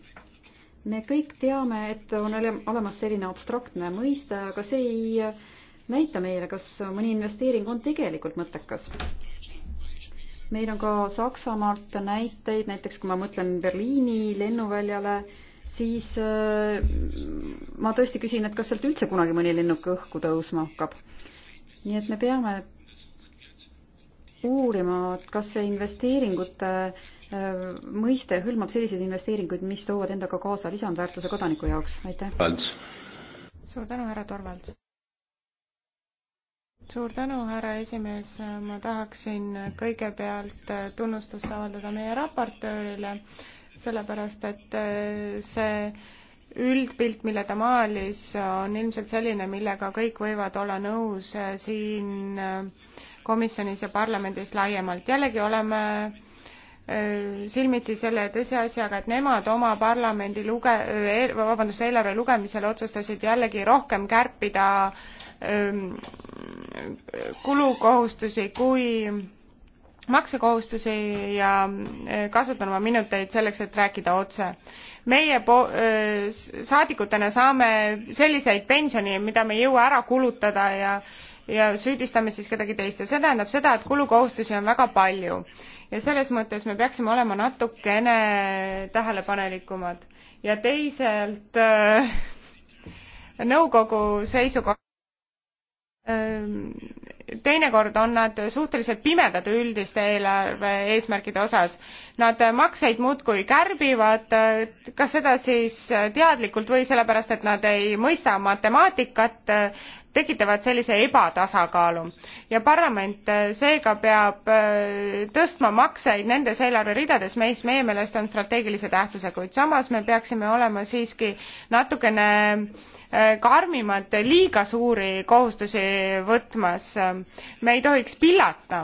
me kõik teame, et on olemas selline abstraktne mõiste, aga see ei näita meile, kas mõni investeering on tegelikult mõttekas. meil on ka Saksamaalt näiteid, näiteks kui ma mõtlen Berliini lennuväljale, siis äh, ma tõesti küsin, et kas sealt üldse kunagi mõni lennuk õhku tõusma hakkab nii et me peame uurima, kas see investeeringute äh, mõiste hõlmab selliseid investeeringuid, mis toovad endaga kaasa lisandväärtuse kodaniku jaoks, aitäh. suur tänu, härra Torvalds. suur tänu, härra esimees, ma tahaksin kõigepealt tunnustust avaldada meie raportöörile, sellepärast et äh, see üldpilt, mille ta maalis, on ilmselt selline, millega kõik võivad olla nõus eh, siin eh, komisjonis ja parlamendis laiemalt. jällegi oleme eh, silmitsi selle tõsiasjaga, et nemad oma parlamendi luge-, e-, vabandust, eelarve lugemisel otsustasid jällegi rohkem kärpida ehm, kulukohustusi kui maksekohustusi ja kasutan oma minuteid selleks, et rääkida otse meie po-, saadikutena saame selliseid pensioni, mida me ei jõua ära kulutada ja ja süüdistame siis kedagi teist ja see tähendab seda, et kulukohustusi on väga palju. ja selles mõttes me peaksime olema natukene tähelepanelikumad. ja teisalt äh, nõukogu seisukoht teinekord on nad suhteliselt pimedad üldiste eelarve eesmärkide osas. Nad makseid muudkui kärbivad, kas seda siis teadlikult või sellepärast, et nad ei mõista matemaatikat, tekitavad sellise ebatasakaalu. ja parlament seega peab tõstma makseid nendes eelarveridades, mis meie meelest on strateegilise tähtsusega, kuid samas me peaksime olema siiski natukene äh, karmimad, liiga suuri kohustusi võtmas. me ei tohiks pillata.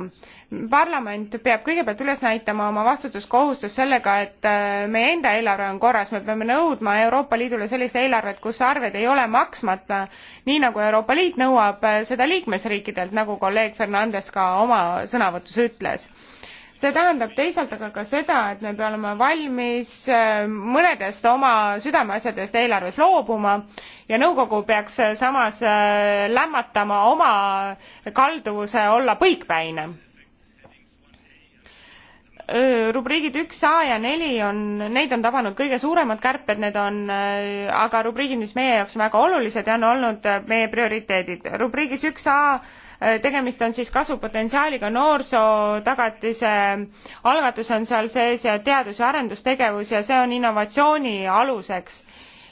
parlament peab kõigepealt üles näitama oma vastutuskohustust sellega, et äh, meie enda eelarve on korras, me peame nõudma Euroopa Liidule sellist eelarvet, kus arved ei ole maksmata, nii nagu Euroopa Liit nõuab äh, seda liikmesriikidelt, nagu kolleeg Fernandes ka oma sõnavõtus ütles see tähendab teisalt aga ka seda, et me peame olema valmis äh, mõnedest oma südameasjadest eelarves loobuma ja nõukogu peaks äh, samas äh, lämmatama oma kalduvuse olla põikpäine rubriigid üks A ja neli on, neid on tabanud kõige suuremad kärped, need on aga rubriigid, mis meie jaoks on väga olulised ja on olnud meie prioriteedid. rubriigis üks A tegemist on siis kasvupotentsiaaliga noorsootagatise algatus on seal sees ja teadus- ja arendustegevus ja see on innovatsiooni aluseks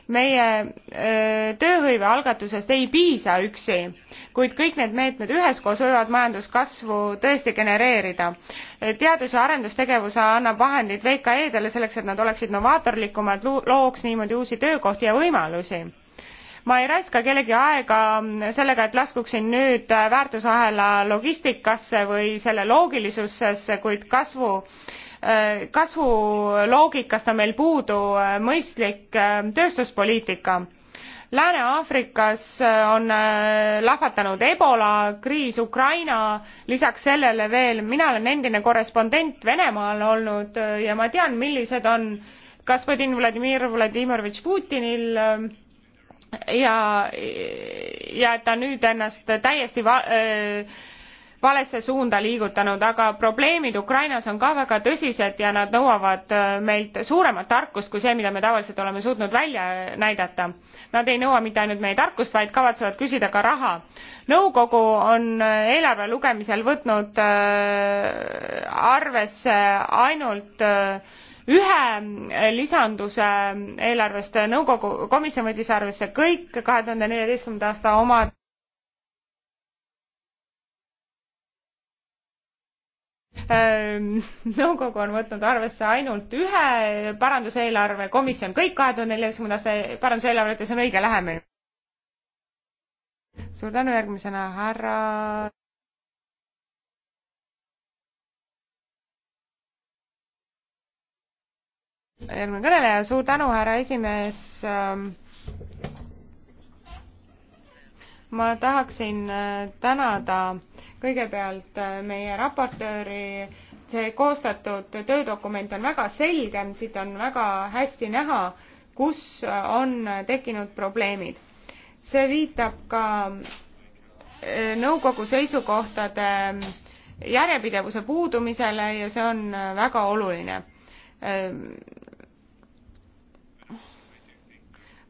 meie tööhõivealgatusest ei piisa üksi, kuid kõik need meetmed üheskoos võivad majanduskasvu tõesti genereerida. teadus- ja arendustegevus annab vahendid VKE-dele selleks, et nad oleksid novaatorlikumad, looks niimoodi uusi töökohti ja võimalusi ma ei raiska kellegi aega sellega, et laskuksin nüüd väärtusahela logistikasse või selle loogilisusesse, kuid kasvu äh, Äh, kasvuloogikast on meil puudu äh, mõistlik äh, tööstuspoliitika. Lääne-Aafrikas on lahvatanud Ebola kriis, Ukraina, lisaks sellele veel, mina olen endine korrespondent Venemaal olnud ja ma tean, millised on kas Vladimir Vladimir Vladimirovitš Putinil ja, ja et ta nüüd ennast täiesti va- äh,, valesse suunda liigutanud, aga probleemid Ukrainas on ka väga tõsised ja nad nõuavad äh, meilt suuremat tarkust kui see, mida me tavaliselt oleme suutnud välja näidata. Nad ei nõua mitte ainult meie tarkust, vaid kavatsevad küsida ka raha. nõukogu on äh, eelarve lugemisel võtnud äh, arvesse ainult ühe lisanduse eelarvest, nõukogu, komisjon võttis arvesse kõik kahe tuhande neljateistkümnenda aasta omad Ehm, nõukogu on võtnud arvesse ainult ühe paranduseelarve, komisjon kõik kahe tuhande neljateistkümnenda aasta paranduseelarvet ja see on õige lähenemine. suur tänu, järgmisena härra. järgmine kõneleja, suur tänu, härra esimees ehm, ma tahaksin äh, tänada kõigepealt äh, meie raportööri, see koostatud töödokument on väga selge, siit on väga hästi näha, kus äh, on tekkinud probleemid. see viitab ka nõukogu seisukohtade järjepidevuse puudumisele ja see on väga oluline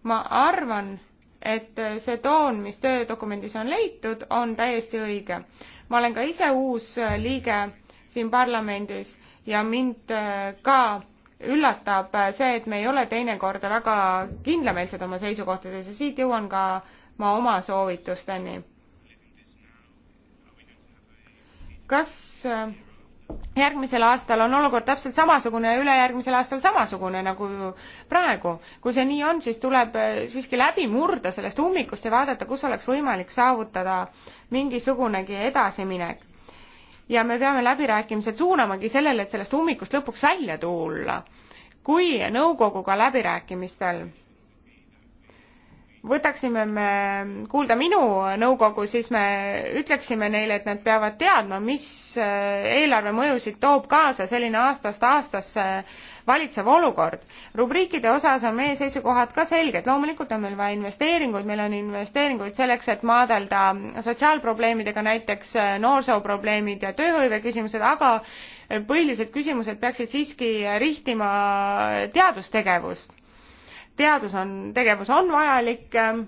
ma arvan, et see toon, mis töödokumendis on leitud, on täiesti õige. ma olen ka ise uus liige siin parlamendis ja mind äh, ka üllatab äh, see, et me ei ole teinekord väga kindlameelsed oma seisukohtades ja siit jõuan ka ma oma soovitusteni. kas äh, järgmisel aastal on olukord täpselt samasugune ja ülejärgmisel aastal samasugune nagu praegu. kui see nii on, siis tuleb eh, siiski läbi murda sellest ummikust ja vaadata, kus oleks võimalik saavutada mingisugunegi edasiminek. ja me peame läbirääkimised suunamagi sellele, et sellest ummikust lõpuks välja tulla. kui nõukoguga läbirääkimistel võtaksime me kuulda minu nõukogu, siis me ütleksime neile, et nad peavad teadma, mis äh, eelarvemõjusid toob kaasa selline aastast aastasse valitsev olukord. rubriikide osas on meie seisukohad ka selged, loomulikult on meil vaja investeeringuid, meil on investeeringuid selleks, et maadelda sotsiaalprobleemidega, näiteks äh, noorsooprobleemid ja tööhõive küsimused, aga äh, põhilised küsimused peaksid siiski rihtima teadustegevust teadus on, tegevus on vajalik, ähm,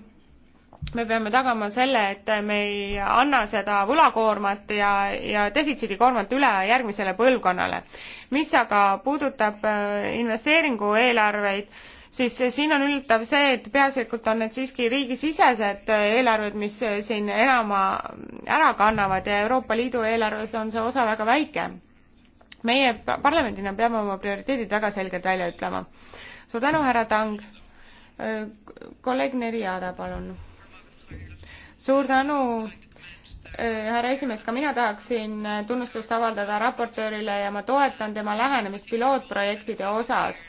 me peame tagama selle, et me ei anna seda võlakoormat ja, ja defitsiidikoormat üle järgmisele põlvkonnale. mis aga puudutab äh, investeeringueelarveid, siis siin on üllatav see, et peaasjalikult on need siiski riigisisesed äh, eelarved, mis äh, siin enama ära kannavad ja Euroopa Liidu eelarves on see osa väga väike. meie parlamendina peame oma prioriteedid väga selgelt välja ütlema. suur tänu, härra Tang! kolleeg Neri Aada, palun. suur tänu, eh, härra esimees, ka mina tahaksin eh, tunnustust avaldada raportöörile ja ma toetan tema lähenemist pilootprojektide osas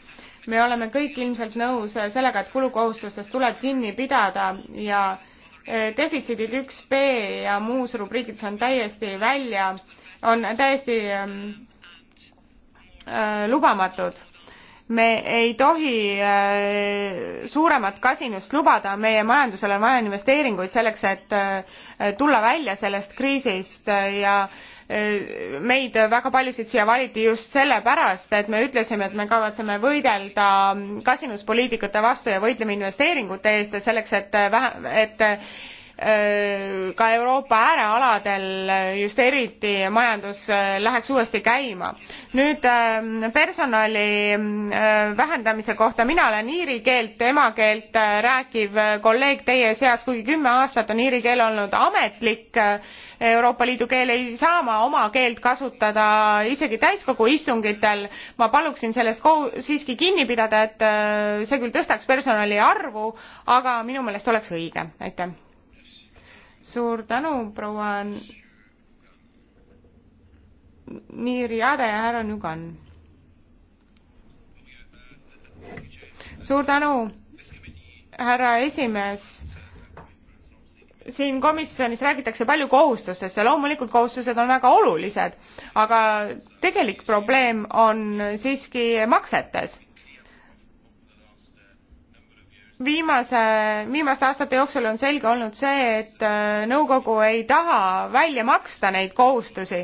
me oleme kõik ilmselt nõus eh, sellega, et kulukohustustest tuleb kinni pidada ja defitsiidid üks B ja muus rubriigides on täiesti välja, on täiesti ähm, äh, lubamatud me ei tohi äh, suuremat kasinust lubada, meie majandusel on vaja investeeringuid selleks, et äh, tulla välja sellest kriisist äh, ja meid väga paljusid siia valiti just sellepärast, et me ütlesime, et me kavatseme võidelda kasinuspoliitikate vastu ja võitleme investeeringute eest ja selleks, et vähe, et Äh, ka Euroopa äärealadel just eriti majandus äh, läheks uuesti käima. nüüd ähm, personali äh, vähendamise kohta, mina olen iiri keelt, emakeelt rääkiv kolleeg teie seas, kuigi kümme aastat on iiri keel olnud ametlik Euroopa Liidu keel, ei saa ma oma keelt kasutada isegi täiskogu istungitel. ma paluksin sellest siiski kinni pidada, et see küll tõstaks personali arvu, aga minu meelest oleks õige, aitäh suur tänu, proua Niriade ja härra Nugan. suur tänu, härra esimees. siin komisjonis räägitakse palju kohustustest ja loomulikult kohustused on väga olulised, aga tegelik probleem on siiski maksetes viimase, viimaste aastate jooksul on selge olnud see, et äh, nõukogu ei taha välja maksta neid kohustusi.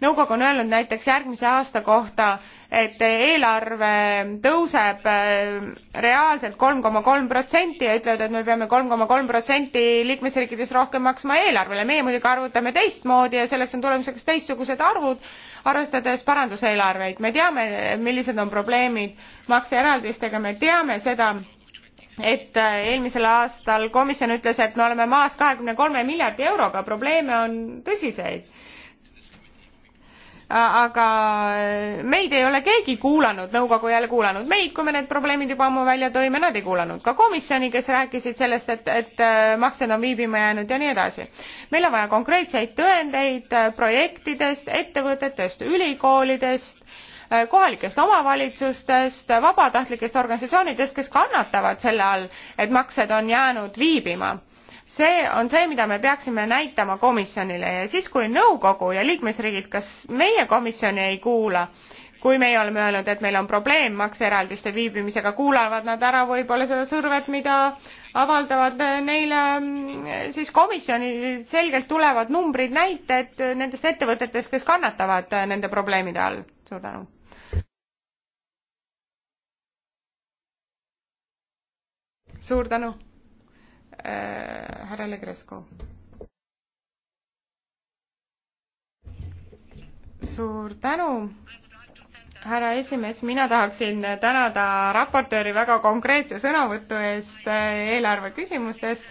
nõukogu on öelnud näiteks järgmise aasta kohta, et eelarve tõuseb äh, reaalselt kolm koma kolm protsenti ja ütlevad, et me peame kolm koma kolm protsenti liikmesriikides rohkem maksma eelarvele. meie muidugi arvutame teistmoodi ja selleks on tulemuseks teistsugused arvud, arvestades paranduseelarveid. me teame, millised on probleemid makseeraldistega, me teame seda et äh, eelmisel aastal komisjon ütles, et me oleme maas kahekümne kolme miljardi euroga, probleeme on tõsiseid. aga äh, meid ei ole keegi kuulanud, nõukogu ei ole kuulanud meid, kui me need probleemid juba ammu välja tõime, nad ei kuulanud ka komisjoni, kes rääkisid sellest, et, et äh, maksed on viibima jäänud ja nii edasi. meil on vaja konkreetseid tõendeid projektidest, ettevõtetest, ülikoolidest Äh, kohalikest omavalitsustest, vabatahtlikest organisatsioonidest, kes kannatavad selle all, et maksed on jäänud viibima see on see, mida me peaksime näitama komisjonile ja siis, kui nõukogu ja liikmesriigid, kas meie komisjoni ei kuula, kui meie oleme öelnud, et meil on probleem makseeraldiste viibimisega, kuulavad nad ära võib-olla seda survet, mida avaldavad neile mm, siis komisjoni selgelt tulevad numbrid, näited nendest ettevõtetest, kes kannatavad nende probleemide all. suur tänu suur tänu äh,, härra Legresko. suur tänu, härra esimees, mina tahaksin tänada raportööri väga konkreetse sõnavõtu eest äh, eelarve küsimustes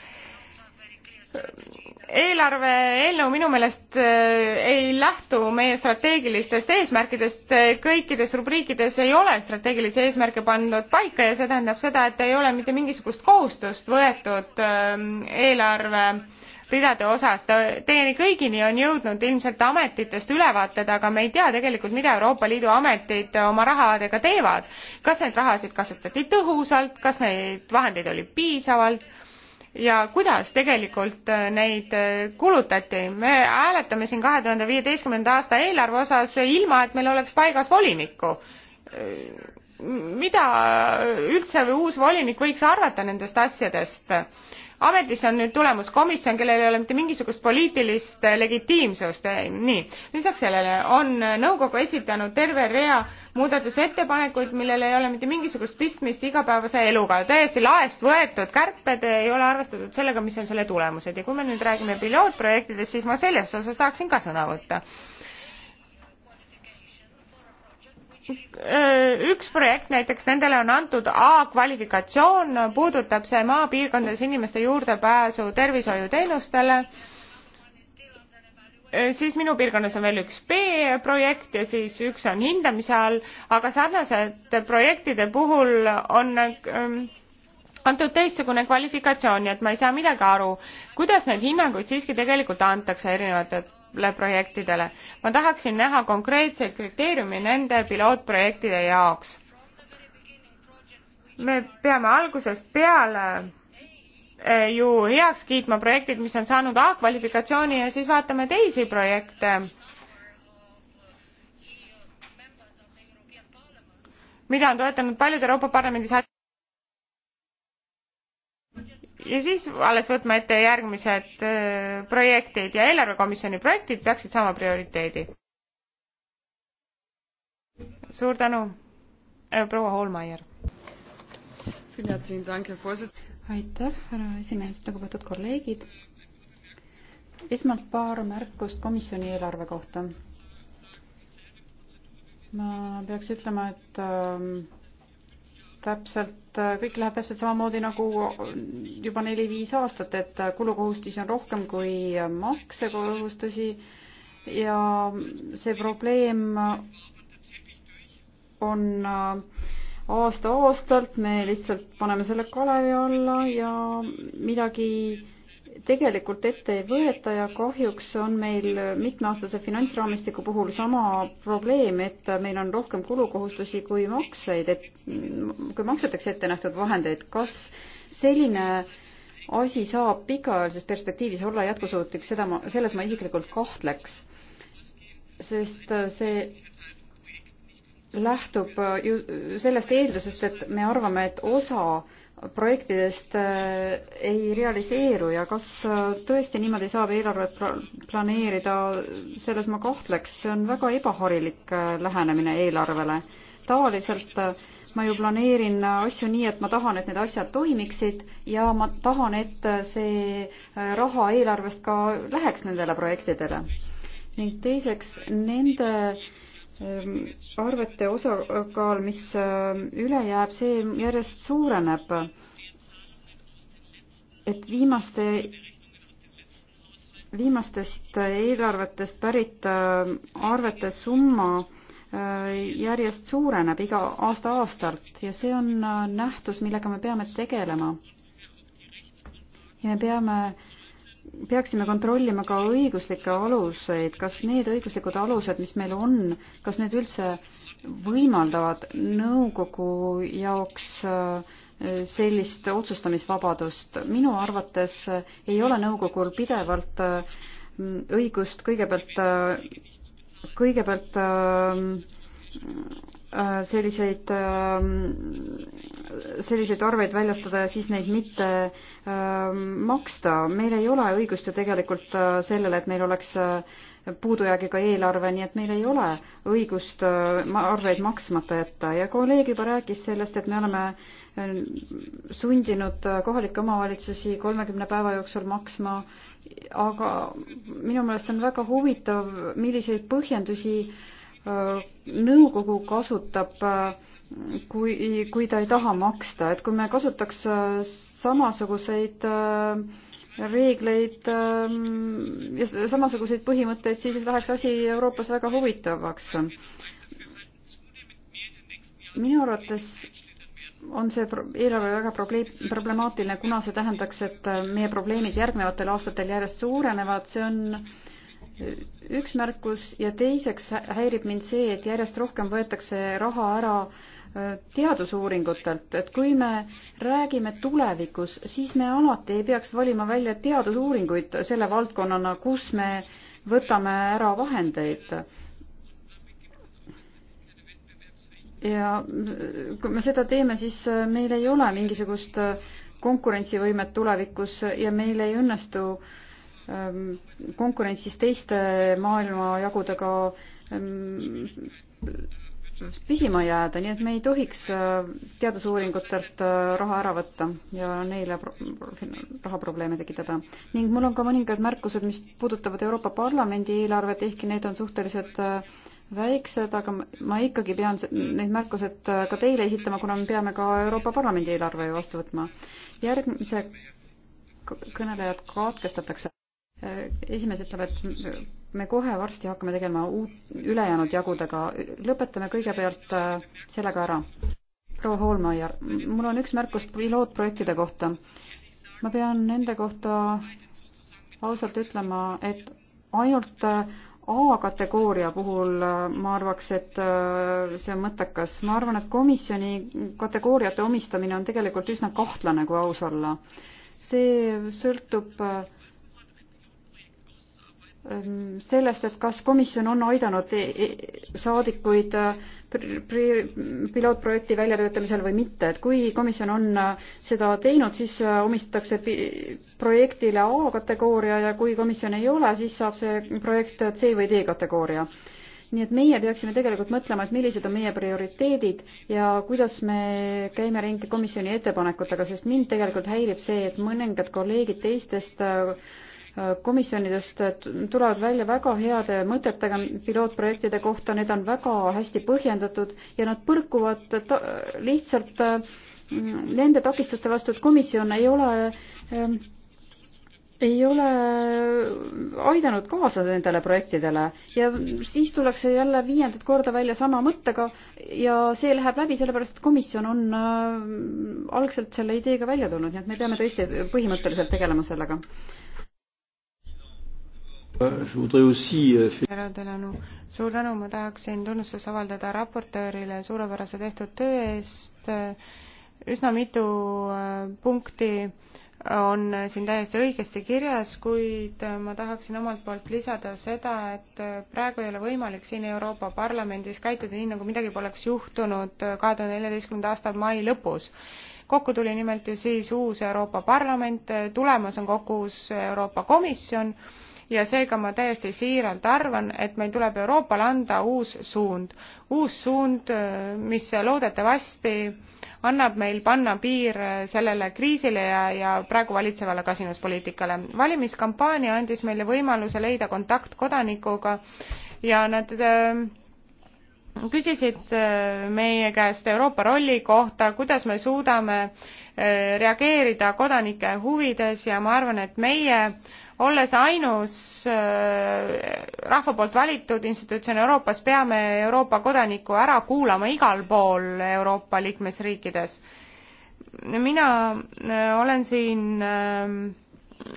eelarve eelnõu minu meelest äh, ei lähtu meie strateegilistest eesmärkidest, äh, kõikides rubriikides ei ole strateegilisi eesmärke pandud paika ja see tähendab seda, et ei ole mitte mingisugust kohustust võetud ähm, eelarve ridade osas, teieni kõigini on jõudnud ilmselt ametitest ülevaated, aga me ei tea tegelikult, mida Euroopa Liidu ametid oma rahadega teevad. kas neid rahasid kasutati tõhusalt, kas neid vahendeid oli piisavalt? ja kuidas tegelikult äh, neid äh, kulutati. me hääletame siin kahe tuhande viieteistkümnenda aasta eelarve osas ilma, et meil oleks paigas volinikku. Äh, mida üldse uus volinik võiks arvata nendest asjadest? ametisse on nüüd tulemas komisjon, kellel ei ole mitte mingisugust poliitilist eh, legitiimsust, eh, nii. lisaks sellele on eh, nõukogu esitanud terve rea muudatusettepanekuid, millel ei ole mitte mingisugust pistmist igapäevase eluga, täiesti laest võetud kärped, ei ole arvestatud sellega, mis on selle tulemused ja kui me nüüd räägime pilootprojektidest, siis ma selles osas tahaksin ka sõna võtta Äh, üks projekt näiteks, nendele on antud A-kvalifikatsioon, puudutab see maapiirkondades inimeste juurdepääsu tervishoiuteenustele. Äh, siis minu piirkonnas on veel üks B-projekt ja siis üks on hindamise all, aga sarnased projektide puhul on ähm, antud teistsugune kvalifikatsioon, nii et ma ei saa midagi aru, kuidas neid hinnanguid siiski tegelikult antakse erinevatelt projektidele. ma tahaksin näha konkreetseid kriteeriumi nende pilootprojektide jaoks. me peame algusest peale eh, ju heaks kiitma projektid, mis on saanud A kvalifikatsiooni ja siis vaatame teisi projekte, mida on toetanud paljud Euroopa Parlamendi saadikud ja siis alles võtma ette järgmised äh, projektid ja eelarvekomisjoni projektid peaksid saama prioriteedi. suur tänu, äh, proua Hoolmeier. aitäh, härra esimees, lugupeetud kolleegid. esmalt paar märkust komisjoni eelarve kohta. ma peaks ütlema, et äh, täpselt, kõik läheb täpselt samamoodi nagu juba neli-viis aastat, et kulukohustusi on rohkem kui maksekohustusi ja see probleem on aasta-aastalt, me lihtsalt paneme selle kalevi alla ja midagi tegelikult ette ei võeta ja kahjuks on meil mitmeaastase finantsraamistiku puhul sama probleem, et meil on rohkem kulukohustusi kui makseid, et kui maksetakse ette nähtud vahendeid, kas selline asi saab pikaajalises perspektiivis olla jätkusuutlik, seda ma, selles ma isiklikult kahtleks. sest see lähtub ju sellest eeldusest, et me arvame, et osa projektidest äh, ei realiseeru ja kas äh, tõesti niimoodi saab eelarvet planeerida, selles ma kahtleks, see on väga ebaharilik äh, lähenemine eelarvele. tavaliselt ma ju planeerin asju nii, et ma tahan, et need asjad toimiksid ja ma tahan, et see raha eelarvest ka läheks nendele projektidele. ning teiseks, nende Ehm, arvete osakaal, mis ehm, üle jääb, see järjest suureneb. et viimaste, viimastest eelarvetest pärit ehm, arvete summa järjest suureneb iga aasta-aastalt ja see on nähtus, millega me peame tegelema. ja me peame äh, peaksime kontrollima ka õiguslikke aluseid, kas need õiguslikud alused, mis meil on, kas need üldse võimaldavad nõukogu jaoks äh, sellist otsustamisvabadust. minu arvates äh, ei ole nõukogul pidevalt äh, õigust kõigepealt, kõigepealt Äh, selliseid, ähm, selliseid arveid väljastada ja siis neid mitte ähm, maksta. meil ei ole õigust ju tegelikult äh, sellele, et meil oleks äh, puudujäägiga eelarve, nii et meil ei ole õigust arveid maksmata jätta ja kolleeg juba rääkis sellest, et me oleme sundinud kohalikke omavalitsusi kolmekümne päeva jooksul maksma, aga minu meelest on väga huvitav, milliseid põhjendusi äh, Äh, nõukogu kasutab, äh, kui, kui ta ei taha maksta, et kui me kasutaks äh, samasuguseid reegleid ähm, ja samasuguseid põhimõtteid, siis läheks asi Euroopas väga huvitavaks. minu arvates on see eelarve väga probleem, problemaatiline, kuna see tähendaks, et meie probleemid järgnevatel aastatel järjest suurenevad, see on üks märkus ja teiseks häirib mind see, et järjest rohkem võetakse raha ära äh, teadusuuringutelt, et kui me räägime tulevikus, siis me alati ei peaks valima välja teadusuuringuid selle valdkonnana, kus me võtame ära vahendeid. ja kui me seda teeme, siis äh, meil ei ole mingisugust konkurentsivõimet tulevikus ja meil ei õnnestu äh, Ähm, konkurentsis teiste maailmajagudega ähm, püsima jääda, nii et me ei tohiks äh, teadusuuringutelt äh, raha ära võtta ja neile rahaprobleeme tekitada. ning mul on ka mõningad märkused, mis puudutavad Euroopa Parlamendi eelarvet, ehkki need on suhteliselt äh, väiksed, aga ma ikkagi pean need märkused ka teile esitama, kuna me peame ka Euroopa Parlamendi eelarve ju vastu võtma. järgmise kõnelejad katkestatakse. Äh, esimees ütleb, et me kohe varsti hakkame tegema uut, ülejäänud jagudega. lõpetame kõigepealt äh, sellega ära. proua Hoolmaier, mul on üks märkus pilootprojektide kohta. ma pean nende kohta ausalt ütlema, et ainult äh, A-kategooria puhul ma arvaks, et see on mõttekas. ma arvan, et komisjoni kategooriate omistamine on tegelikult üsna kahtlane, kui aus olla. see sõltub äh, Ähm, sellest, et kas komisjon on aidanud saadikuid äh, pilootprojekti väljatöötamisel või mitte, et kui komisjon on äh, seda teinud, siis äh, omistatakse projektile A-kategooria ja kui komisjon ei ole, siis saab see projekt C või D-kategooria. nii et meie peaksime tegelikult mõtlema, et millised on meie prioriteedid ja kuidas me käime ringi komisjoni ettepanekutega, sest mind tegelikult häirib see, et mõningad kolleegid teistest äh, komisjonidest tulevad välja väga heade mõtetega pilootprojektide kohta, need on väga hästi põhjendatud ja nad põrkuvad ta lihtsalt mm, nende takistuste vastu, et komisjon ei ole ei ole aidanud kaasa nendele projektidele ja siis tullakse jälle viiendat korda välja sama mõttega ja see läheb läbi, sellepärast et komisjon on ähm, algselt selle ideega välja tulnud, nii et me peame tõesti põhimõtteliselt tegelema sellega härra euh, Delanu, euh, suur tänu, ma tahaksin tunnustust avaldada raportöörile suurepärase tehtud töö eest. üsna mitu äh, punkti on siin täiesti õigesti kirjas, kuid äh, ma tahaksin omalt poolt lisada seda, et äh, praegu ei ole võimalik siin Euroopa Parlamendis käituda nii, nagu midagi poleks juhtunud kahe tuhande neljateistkümnenda aasta mai lõpus. kokku tuli nimelt ju siis uus Euroopa Parlament, tulemas on kokku uus Euroopa Komisjon ja seega ma täiesti siiralt arvan, et meil tuleb Euroopale anda uus suund, uus suund, äh, mis loodetavasti annab meil panna piir äh, sellele kriisile ja, ja praegu valitsevale kasinuspoliitikale. valimiskampaania andis meile võimaluse leida kontakt kodanikuga ja nad äh, küsisid äh, meie käest Euroopa rolli kohta, kuidas me suudame reageerida kodanike huvides ja ma arvan, et meie olles ainus äh, rahva poolt valitud institutsioon Euroopas, peame Euroopa kodaniku ära kuulama igal pool Euroopa liikmesriikides. mina äh, olen siin äh,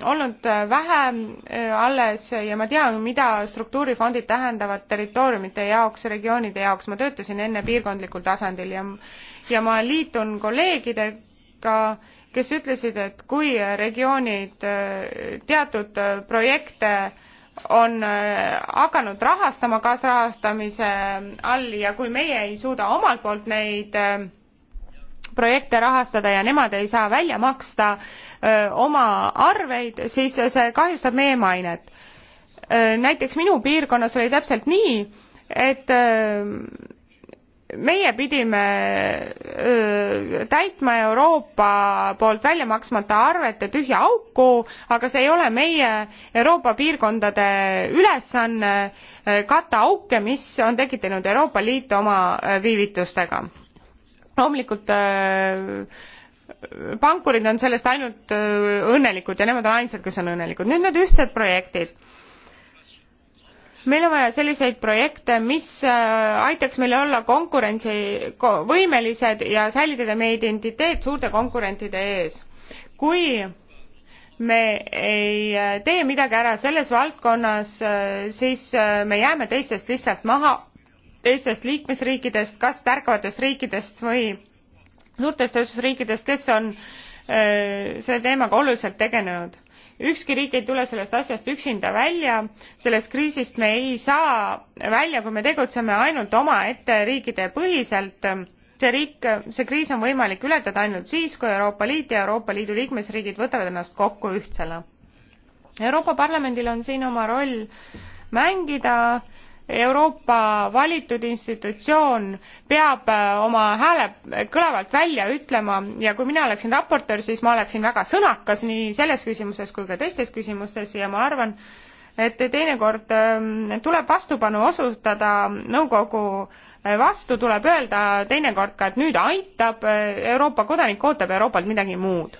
olnud vähe alles ja ma tean, mida struktuurifondid tähendavad territooriumite jaoks, regioonide jaoks, ma töötasin enne piirkondlikul tasandil ja ja ma liitun kolleegidega, kes ütlesid, et kui regioonid äh, teatud äh, projekte on äh, hakanud rahastama kaasrahastamise ähm, all ja kui meie ei suuda omalt poolt neid projekte rahastada ja nemad ei saa välja maksta öö, oma arveid, siis see kahjustab meie mainet. näiteks minu piirkonnas oli täpselt nii, et öö, ähm, meie pidime öö, täitma Euroopa poolt välja maksmata arvete tühja auku, aga see ei ole meie Euroopa piirkondade ülesanne katta auke, mis on tekitanud Euroopa Liit oma viivitustega. loomulikult öö, pankurid on sellest ainult öö, õnnelikud ja nemad on ainsad, kes on õnnelikud. nüüd need ühtsed projektid meil on vaja selliseid projekte, mis äh, aitaks meil olla konkurentsivõimelised ja säilitada meie identiteet suurte konkurentide ees. kui me ei äh, tee midagi ära selles valdkonnas, äh, siis me jääme teistest lihtsalt maha, teistest liikmesriikidest, kas tärkavatest riikidest või suurtest tööstusriikidest, kes on selle teemaga oluliselt tegelenud ükski riik ei tule sellest asjast üksinda välja, sellest kriisist me ei saa välja, kui me tegutseme ainult omaette riikide põhiselt. see riik, see kriis on võimalik ületada ainult siis, kui Euroopa Liit ja Euroopa Liidu liikmesriigid võtavad ennast kokku ühtsena. Euroopa Parlamendil on siin oma roll mängida äh, Euroopa valitud institutsioon peab äh, oma hääle kõlavalt välja ütlema ja kui mina oleksin raportöör, siis ma oleksin väga sõnakas nii selles küsimuses kui ka teistes küsimustes ja ma arvan, et teinekord ähm, tuleb vastupanu osutada nõukogu äh, vastu, tuleb öelda teinekord ka, et nüüd aitab, äh, Euroopa kodanik ootab Euroopalt midagi muud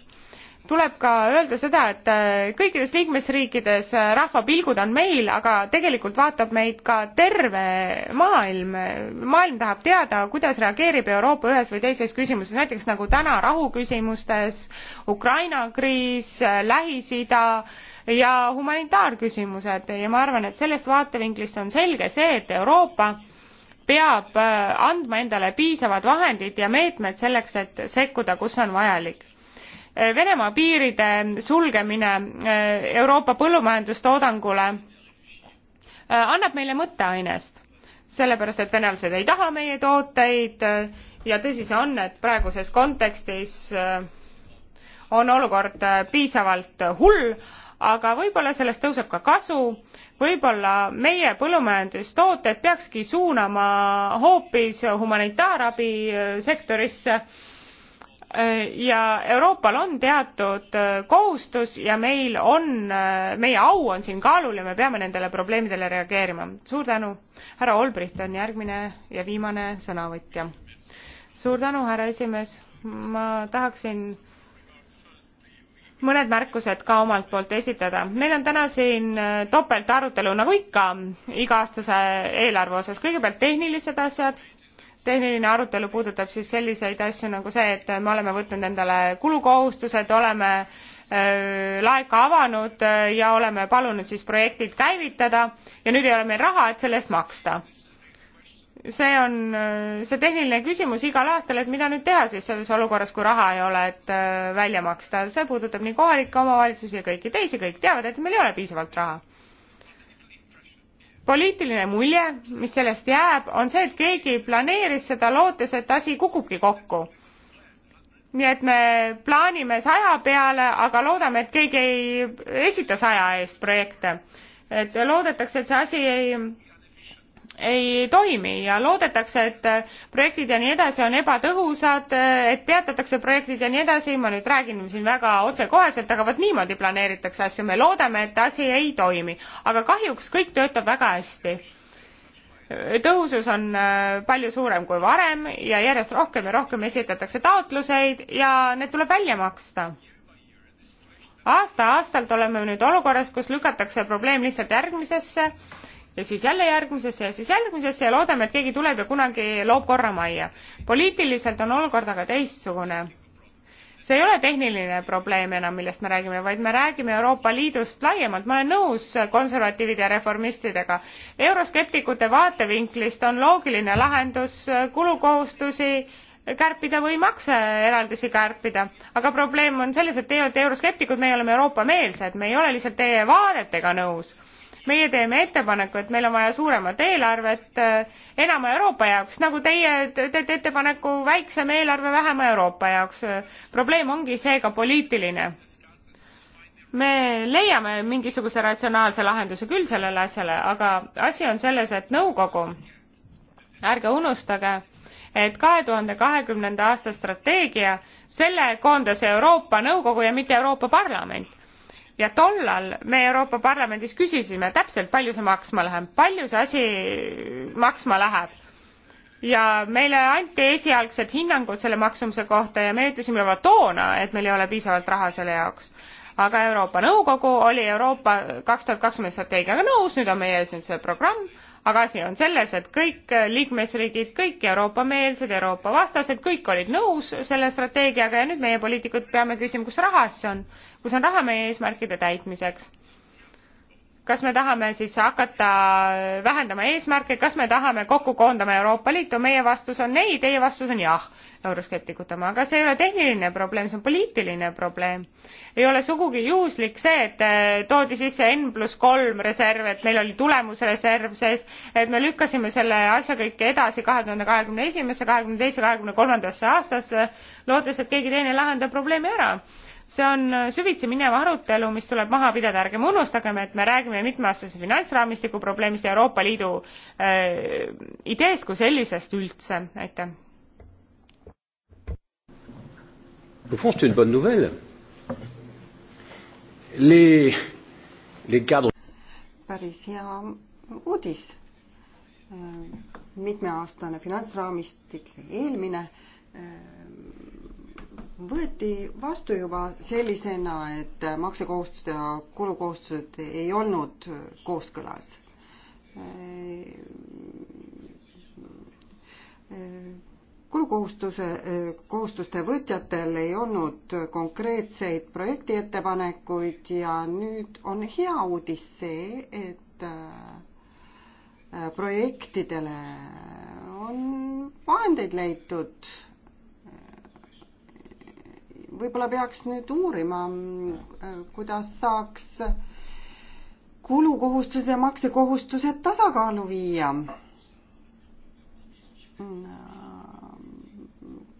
tuleb ka öelda seda, et äh, kõikides liikmesriikides äh, rahva pilgud on meil, aga tegelikult vaatab meid ka terve maailm. maailm tahab teada, kuidas reageerib Euroopa ühes või teises küsimuses, näiteks nagu täna rahuküsimustes, Ukraina kriis, äh, Lähis-Ida ja humanitaarküsimused ja ma arvan, et sellest vaatevinklist on selge see, et Euroopa peab andma endale piisavad vahendid ja meetmed selleks, et sekkuda, kus on vajalik Eh, Venemaa piiride sulgemine eh, Euroopa põllumajandustoodangule eh, annab meile mõtteainest, sellepärast et venelased ei taha meie tooteid ja tõsi see on, et praeguses kontekstis on olukord piisavalt hull, aga võib-olla sellest tõuseb ka kasu, võib-olla meie põllumajandustooted peakski suunama hoopis humanitaarabi sektorisse Äh, ja Euroopal on teatud äh, kohustus ja meil on, äh, meie au on siin kaalul ja me peame nendele probleemidele reageerima. suur tänu, härra Olbricht on järgmine ja viimane sõnavõtja. suur tänu, härra esimees, ma tahaksin mõned märkused ka omalt poolt esitada. meil on täna siin topeltarutelu, nagu ikka iga-aastase eelarve osas. kõigepealt tehnilised asjad tehniline arutelu puudutab siis selliseid asju nagu see, et me oleme võtnud endale kulukohustused, oleme äh, laeka avanud äh, ja oleme palunud siis projektid käivitada ja nüüd ei ole meil raha, et selle eest maksta. see on äh, see tehniline küsimus igal aastal, et mida nüüd teha siis selles olukorras, kui raha ei ole, et välja maksta. see puudutab nii kohalikke omavalitsusi ja kõiki teisi, kõik teavad, et meil ei ole piisavalt raha poliitiline mulje, mis sellest jääb, on see, et keegi planeeris seda lootes, et asi kukubki kokku. nii et me plaanime saja peale, aga loodame, et keegi ei esita saja eest projekte. et loodetakse, et see asi ei ei toimi ja loodetakse, et projektid ja nii edasi on ebatõhusad, et peatatakse projektid ja nii edasi, ma nüüd räägin siin väga otsekoheselt, aga vot niimoodi planeeritakse asju, me loodame, et asi ei toimi, aga kahjuks kõik töötab väga hästi. tõhusus on äh, palju suurem kui varem ja järjest rohkem ja rohkem esitatakse taotluseid ja need tuleb välja maksta aasta-aastalt oleme nüüd olukorras, kus lükatakse probleem lihtsalt järgmisesse ja siis jälle järgmisesse ja siis järgmisesse ja loodame, et keegi tuleb ja kunagi loob korra majja. poliitiliselt on olukord aga teistsugune. see ei ole tehniline probleem enam, millest me räägime, vaid me räägime Euroopa Liidust laiemalt. ma olen nõus konservatiivide ja reformistidega. euroskeptikute vaatevinklist on loogiline lahendus kulukohustusi kärpida või makseeraldisi kärpida, aga probleem on selles, et teie olete euroskeptikud, meie oleme Euroopa meelsed, me ei ole lihtsalt teie vaadetega nõus meie teeme ettepaneku, et meil on vaja suuremat eelarvet eh, enama Euroopa jaoks, nagu teie teete ettepaneku väiksem eelarve vähema Euroopa jaoks. probleem ongi seega poliitiline. me leiame mingisuguse ratsionaalse lahenduse küll sellele asjale, aga asi on selles, et nõukogu, ärge unustage, et kahe tuhande kahekümnenda aasta strateegia, selle koondas Euroopa Nõukogu ja mitte Euroopa Parlament ja tollal me Euroopa Parlamendis küsisime täpselt, palju see maksma läheb, palju see asi maksma läheb. ja meile anti esialgsed hinnangud selle maksumuse kohta ja me ütlesime juba toona, et meil ei ole piisavalt raha selle jaoks. aga Euroopa Nõukogu oli Euroopa kaks tuhat kakskümmend strateegiaga nõus, nüüd on meie ees nüüd see programm aga asi on selles, et kõik liikmesriigid, kõik Euroopa-meelsed, Euroopa-vastased, kõik olid nõus selle strateegiaga ja nüüd meie poliitikud peame küsima, kus raha siis on, kus on raha meie eesmärkide täitmiseks. kas me tahame siis hakata vähendama eesmärke, kas me tahame kokku koondama Euroopa Liitu, meie vastus on ei, teie vastus on jah euroskeptikud oma, aga see ei ole tehniline probleem, see on poliitiline probleem. ei ole sugugi juhuslik see, et eh, toodi sisse N pluss kolm reserv, et meil oli tulemusreserv sees, et me lükkasime selle asja kõik edasi kahe tuhande kahekümne esimesse, kahekümne teise, kahekümne kolmandasse aastasse, lootes, et keegi teine lahendab probleemi ära see on eh, süvitsi minev arutelu, mis tuleb maha pidada, ärgem unustagem, et me räägime mitmeaastase finantsraamistiku probleemist ja Euroopa Liidu äh, ideest kui sellisest üldse, aitäh. Au fond, c'est une bonne nouvelle. Les, les cadres. päris hea uudis. mitmeaastane finantsraamistik, see eelmine, võeti vastu juba sellisena, et maksekohustused ja kulukohustused ei olnud kooskõlas kulukohustuse, kohustuste võtjatel ei olnud konkreetseid projektiettepanekuid ja nüüd on hea uudis see, et äh, projektidele on vahendeid leitud. võib-olla peaks nüüd uurima, äh, kuidas saaks kulukohustused ja maksekohustused tasakaalu viia no mm,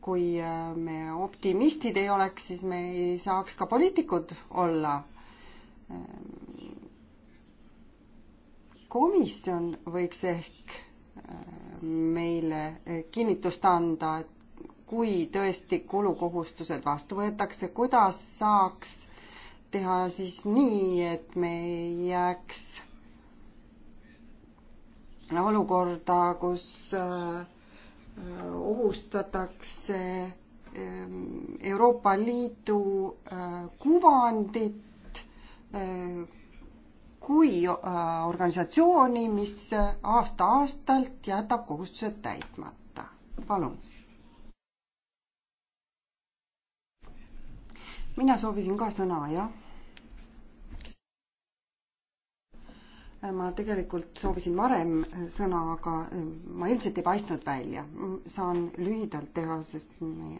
kui äh, me optimistid ei oleks, siis me ei saaks ka poliitikud olla. komisjon võiks ehk äh, meile äh, kinnitust anda, et kui tõesti kulukohustused vastu võetakse, kuidas saaks teha siis nii, et me ei jääks olukorda, kus äh, ohustatakse ehm, Euroopa Liidu eh, kuvandit eh, kui eh, organisatsiooni, mis aasta-aastalt jätab kohustused täitmata. palun. mina soovisin ka sõna, jah ma tegelikult soovisin varem sõna, aga eh, ma ilmselt ei paistnud välja. saan lühidalt teha, sest eh,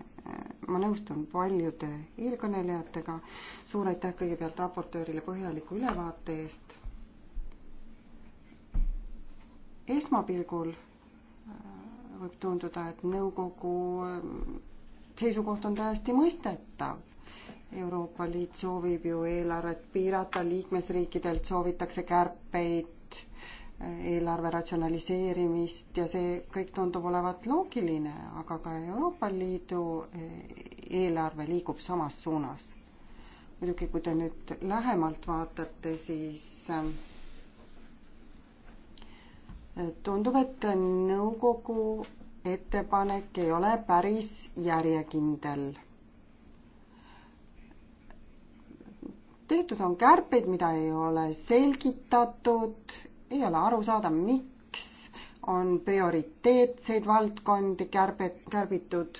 ma nõustun paljude eelkõnelejatega. suur aitäh kõigepealt raportöörile põhjaliku ülevaate eest. esmapilgul eh, võib tunduda, et nõukogu seisukoht on täiesti mõistetav Euroopa Liit soovib ju eelarvet piirata, liikmesriikidelt soovitakse kärpeid, eelarve ratsionaliseerimist ja see kõik tundub olevat loogiline, aga ka Euroopa Liidu eelarve liigub samas suunas. muidugi, kui te nüüd lähemalt vaatate, siis äh, tundub, et nõukogu ettepanek ei ole päris järjekindel tehtud on kärpeid, mida ei ole selgitatud, ei ole aru saada, miks on prioriteetseid valdkondi kärbe, kärbitud.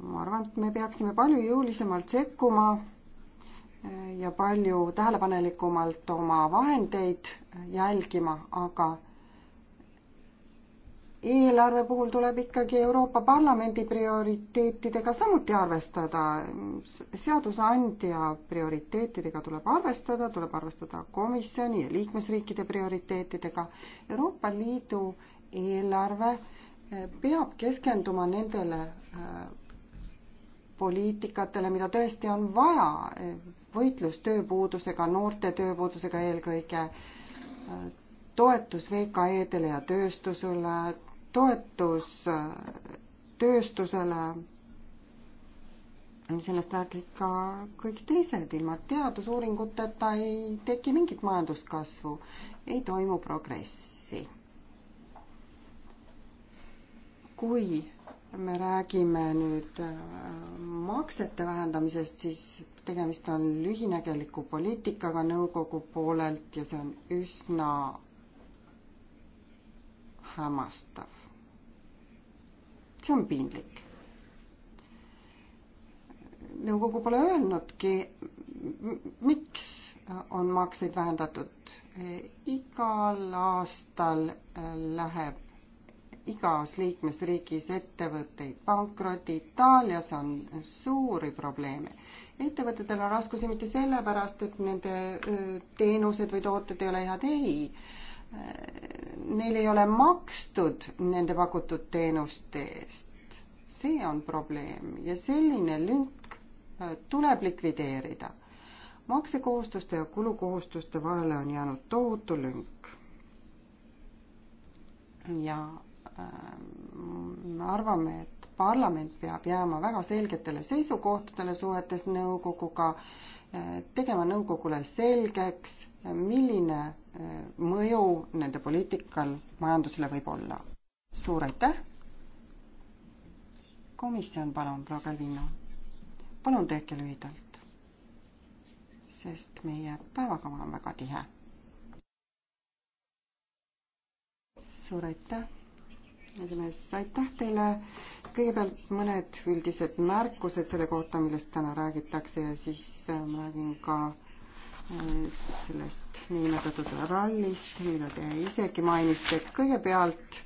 ma arvan, et me peaksime palju jõulisemalt sekkuma ja palju tähelepanelikumalt oma vahendeid jälgima, aga eelarve puhul tuleb ikkagi Euroopa Parlamendi prioriteetidega samuti arvestada. seadusandja prioriteetidega tuleb arvestada, tuleb arvestada komisjoni ja liikmesriikide prioriteetidega. Euroopa Liidu eelarve eh, peab keskenduma nendele eh, poliitikatele, mida tõesti on vaja, eh, võitlus tööpuudusega, noorte tööpuudusega eelkõige, toetus VKE-dele ja tööstusele, toetus äh, tööstusele, sellest rääkisid ka kõik teised, ilma teadusuuringuteta ei teki mingit majanduskasvu, ei toimu progressi. kui me räägime nüüd äh, maksete vähendamisest, siis tegemist on lühinägeliku poliitikaga nõukogu poolelt ja see on üsna hämmastav see on piinlik. nõukogu pole öelnudki, miks on makseid vähendatud. igal aastal läheb igas liikmesriigis ettevõtteid pankrotti, Itaalias on suuri probleeme. ettevõtetel on raskusi mitte sellepärast, et nende teenused või tooted ei ole head, ei neil ei ole makstud nende pakutud teenuste eest. see on probleem ja selline lünk äh, tuleb likvideerida. maksekohustuste ja kulukohustuste vahele on jäänud tohutu lünk. ja äh, me arvame, et parlament peab jääma väga selgetele seisukohtadele suhetes nõukoguga äh, tegema nõukogule selgeks, milline äh, mõju nende poliitikal majandusele võib olla. suur aitäh! komisjon, palun, proua Kalvino, palun tehke lühidalt, sest meie päevakava on väga tihe. suur aitäh! esimees, aitäh teile. kõigepealt mõned üldised märkused selle kohta, millest täna räägitakse ja siis äh, ma räägin ka äh, sellest niinimetatud rallist, mida te isegi mainisite. kõigepealt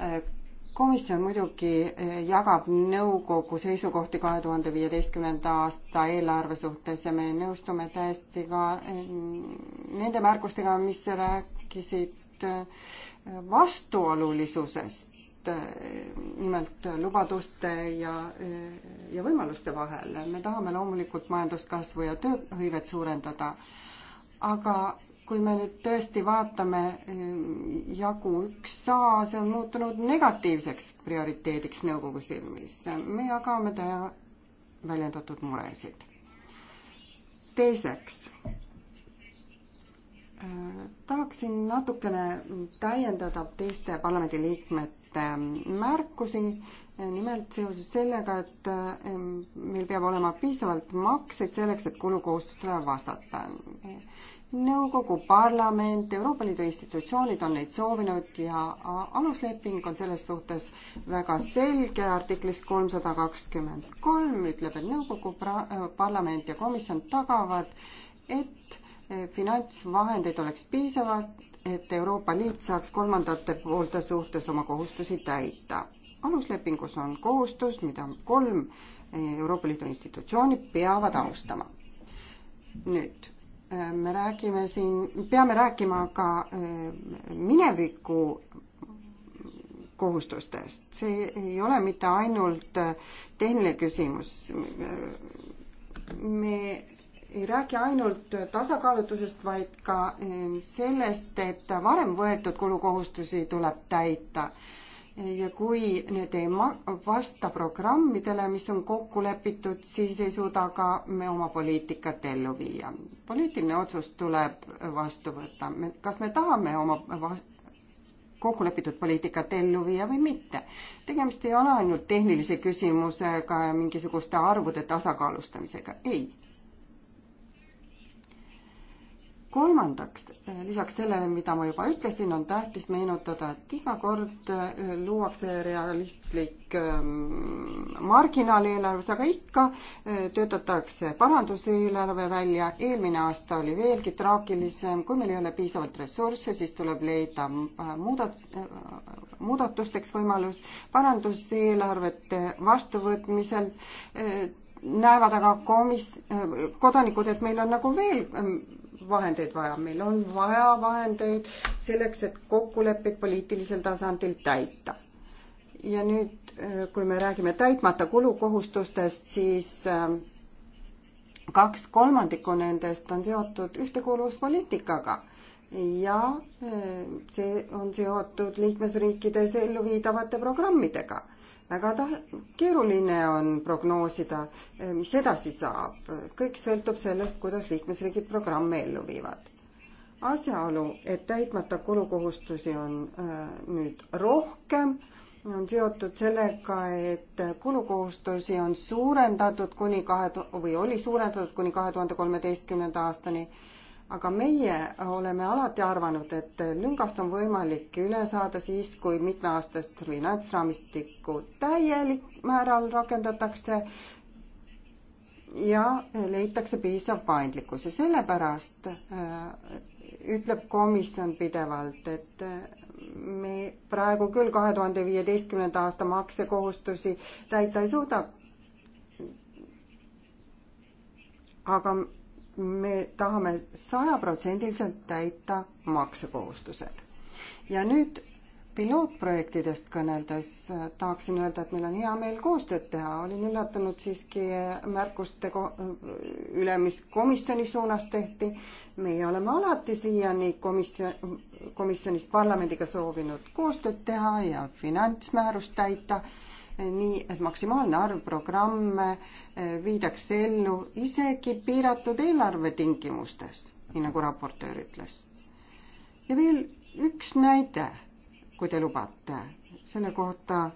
äh, komisjon muidugi jagab nõukogu seisukohti kahe tuhande viieteistkümnenda aasta eelarve suhtes ja me nõustume täiesti ka nende märkustega, mis rääkisid vastuolulisusest, nimelt lubaduste ja, ja võimaluste vahel. me tahame loomulikult majanduskasvu ja tööhõivet suurendada, aga kui me nüüd tõesti vaatame eh, jagu üks A, see on muutunud negatiivseks prioriteediks nõukogu silmis. me jagame teie väljendatud muresid. teiseks tahaksin natukene täiendada teiste parlamendiliikmete märkusi, nimelt seoses sellega, et meil peab olema piisavalt makseid selleks, et kulukohustustele vastata. nõukogu, parlament, Euroopa Liidu institutsioonid on neid soovinud ja alusleping on selles suhtes väga selge, artiklis kolmsada kakskümmend kolm ütleb, et nõukogu, parlament ja komisjon tagavad, et finantsvahendeid oleks piisavalt, et Euroopa Liit saaks kolmandate poolte suhtes oma kohustusi täita. aluslepingus on kohustus, mida kolm Euroopa Liidu institutsiooni peavad austama. nüüd äh, me räägime siin, peame rääkima ka äh, mineviku kohustustest, see ei ole mitte ainult äh, tehniline küsimus. me ei räägi ainult tasakaalutusest, vaid ka eh, sellest, et varem võetud kulukohustusi tuleb täita. ja kui need ei ma-, vasta programmidele, mis on kokku lepitud, siis ei suuda ka me oma poliitikat ellu viia. poliitiline otsus tuleb vastu võtta, me, kas me tahame oma kokkulepitud poliitikat ellu viia või mitte. tegemist ei ole ainult tehnilise küsimusega ja mingisuguste arvude tasakaalustamisega, ei kolmandaks, eh, lisaks sellele, mida ma juba ütlesin, on tähtis meenutada, et iga kord eh, luuakse realistlik ehm, marginaal eelarves, aga ikka eh, töötatakse paranduseelarve välja. eelmine aasta oli veelgi traagilisem, kui meil ei ole piisavalt ressursse, siis tuleb leida muudat-, muudatusteks võimalus. paranduseelarvete vastuvõtmisel näevad aga komis-, kodanikud, et meil on nagu veel ehm, vahendeid vaja, meil on vaja vahendeid selleks, et kokkuleppeid poliitilisel tasandil täita. ja nüüd, äh, kui me räägime täitmata kulukohustustest, siis äh, kaks kolmandikku nendest on seotud ühtekuuluvuspoliitikaga ja äh, see on seotud liikmesriikides elluviidavate programmidega väga tah-, keeruline on prognoosida, eh, mis edasi saab, kõik sõltub sellest, kuidas liikmesriigid programme ellu viivad. asjaolu, et täitmata kulukohustusi on äh, nüüd rohkem, on seotud sellega, et kulukohustusi on suurendatud kuni kahe tu-, või oli suurendatud kuni kahe tuhande kolmeteistkümnenda aastani äh, aga meie oleme alati arvanud, et lüngast on võimalik üle saada siis, kui mitmeaastast finantsraamistikku täielik määral rakendatakse ja leitakse piisav paindlikkus ja sellepärast äh, ütleb komisjon pidevalt, et me praegu küll kahe tuhande viieteistkümnenda aasta maksekohustusi täita ei suuda, aga me tahame sajaprotsendiliselt täita maksekohustused. ja nüüd pilootprojektidest kõneldes äh, tahaksin öelda, et meil on hea meel koostööd teha, olin üllatunud siiski äh, märkuste äh, üle, mis komisjoni suunas tehti. meie oleme alati siiani komisjon, komisjonis parlamendiga soovinud koostööd teha ja finantsmäärust täita nii et maksimaalne arv programme eh, viidaks ellu isegi piiratud eelarve tingimustes, nii nagu raportöör ütles. ja veel üks näide, kui te lubate, selle kohta,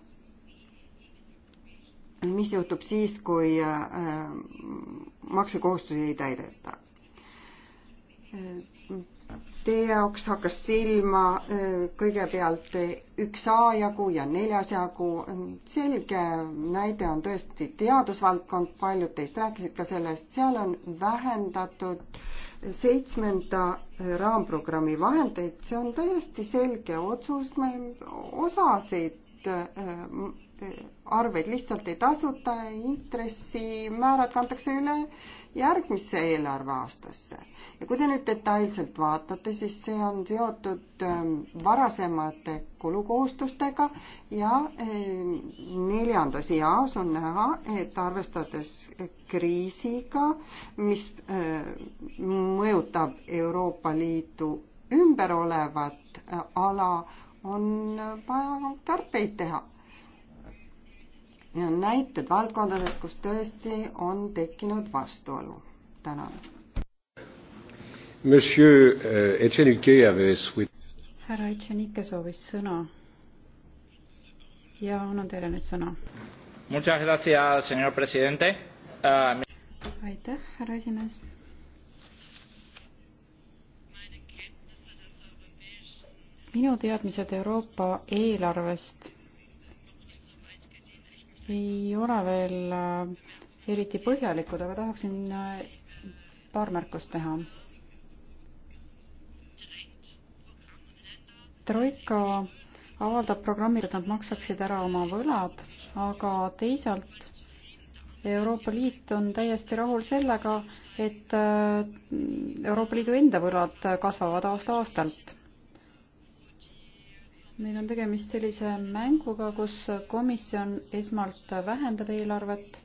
mis juhtub siis, kui eh, maksekohustusi ei täideta eh, teie jaoks hakkas silma äh, kõigepealt üks A jagu ja neljas jagu. selge näide on tõesti teadusvaldkond, paljud teist rääkisid ka sellest, seal on vähendatud seitsmenda äh, raamprogrammi vahendeid, see on täiesti selge otsus, me osasid äh, arveid lihtsalt ei tasuta, intressimäärad kantakse üle järgmisse eelarveaastasse. ja kui te nüüd detailselt vaatate, siis see on seotud ähm, varasemate kulukohustustega ja ähm, neljandas jaos on näha, et arvestades kriisiga, mis äh, mõjutab Euroopa Liidu ümber olevat äh, ala, on vaja kärpeid teha Need on näited valdkondadest, kus tõesti on tekkinud vastuolu. tänan. Äh, härra Etšenike soovis sõna. ja annan teile nüüd sõna. Ah, aitäh, härra esimees minu teadmised Euroopa eelarvest ei ole veel äh, eriti põhjalikud, aga tahaksin äh, paar märkust teha. troika avaldab programmi, et nad maksaksid ära oma võlad, aga teisalt Euroopa Liit on täiesti rahul sellega, et äh, Euroopa Liidu enda võlad kasvavad aasta-aastalt meil on tegemist sellise mänguga, kus komisjon esmalt vähendab eelarvet.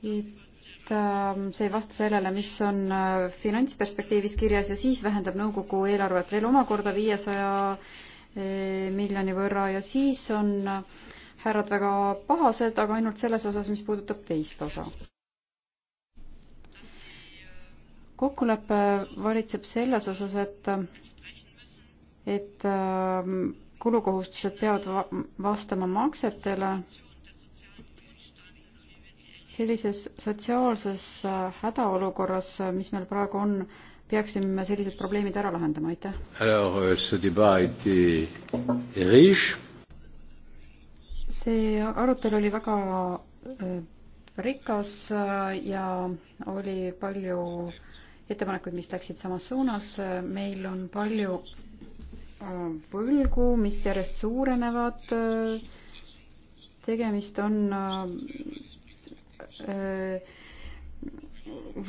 et ähm, see ei vasta sellele, mis on äh, finantsperspektiivis kirjas ja siis vähendab nõukogu eelarvet veel omakorda viiesaja äh, miljoni võrra ja siis on äh, härrad väga pahased, aga ainult selles osas, mis puudutab teist osa kokkulepe valitseb selles osas, et et ähm, kulukohustused peavad vastama maksetele. sellises sotsiaalses äh, hädaolukorras, äh, mis meil praegu on, peaksime me sellised probleemid ära lahendama, aitäh. Euh, see arutelu oli väga äh, rikas ja oli palju ettepanekuid, mis läksid samas suunas, meil on palju äh, võlgu, mis järjest suurenevad, tegemist on äh, äh,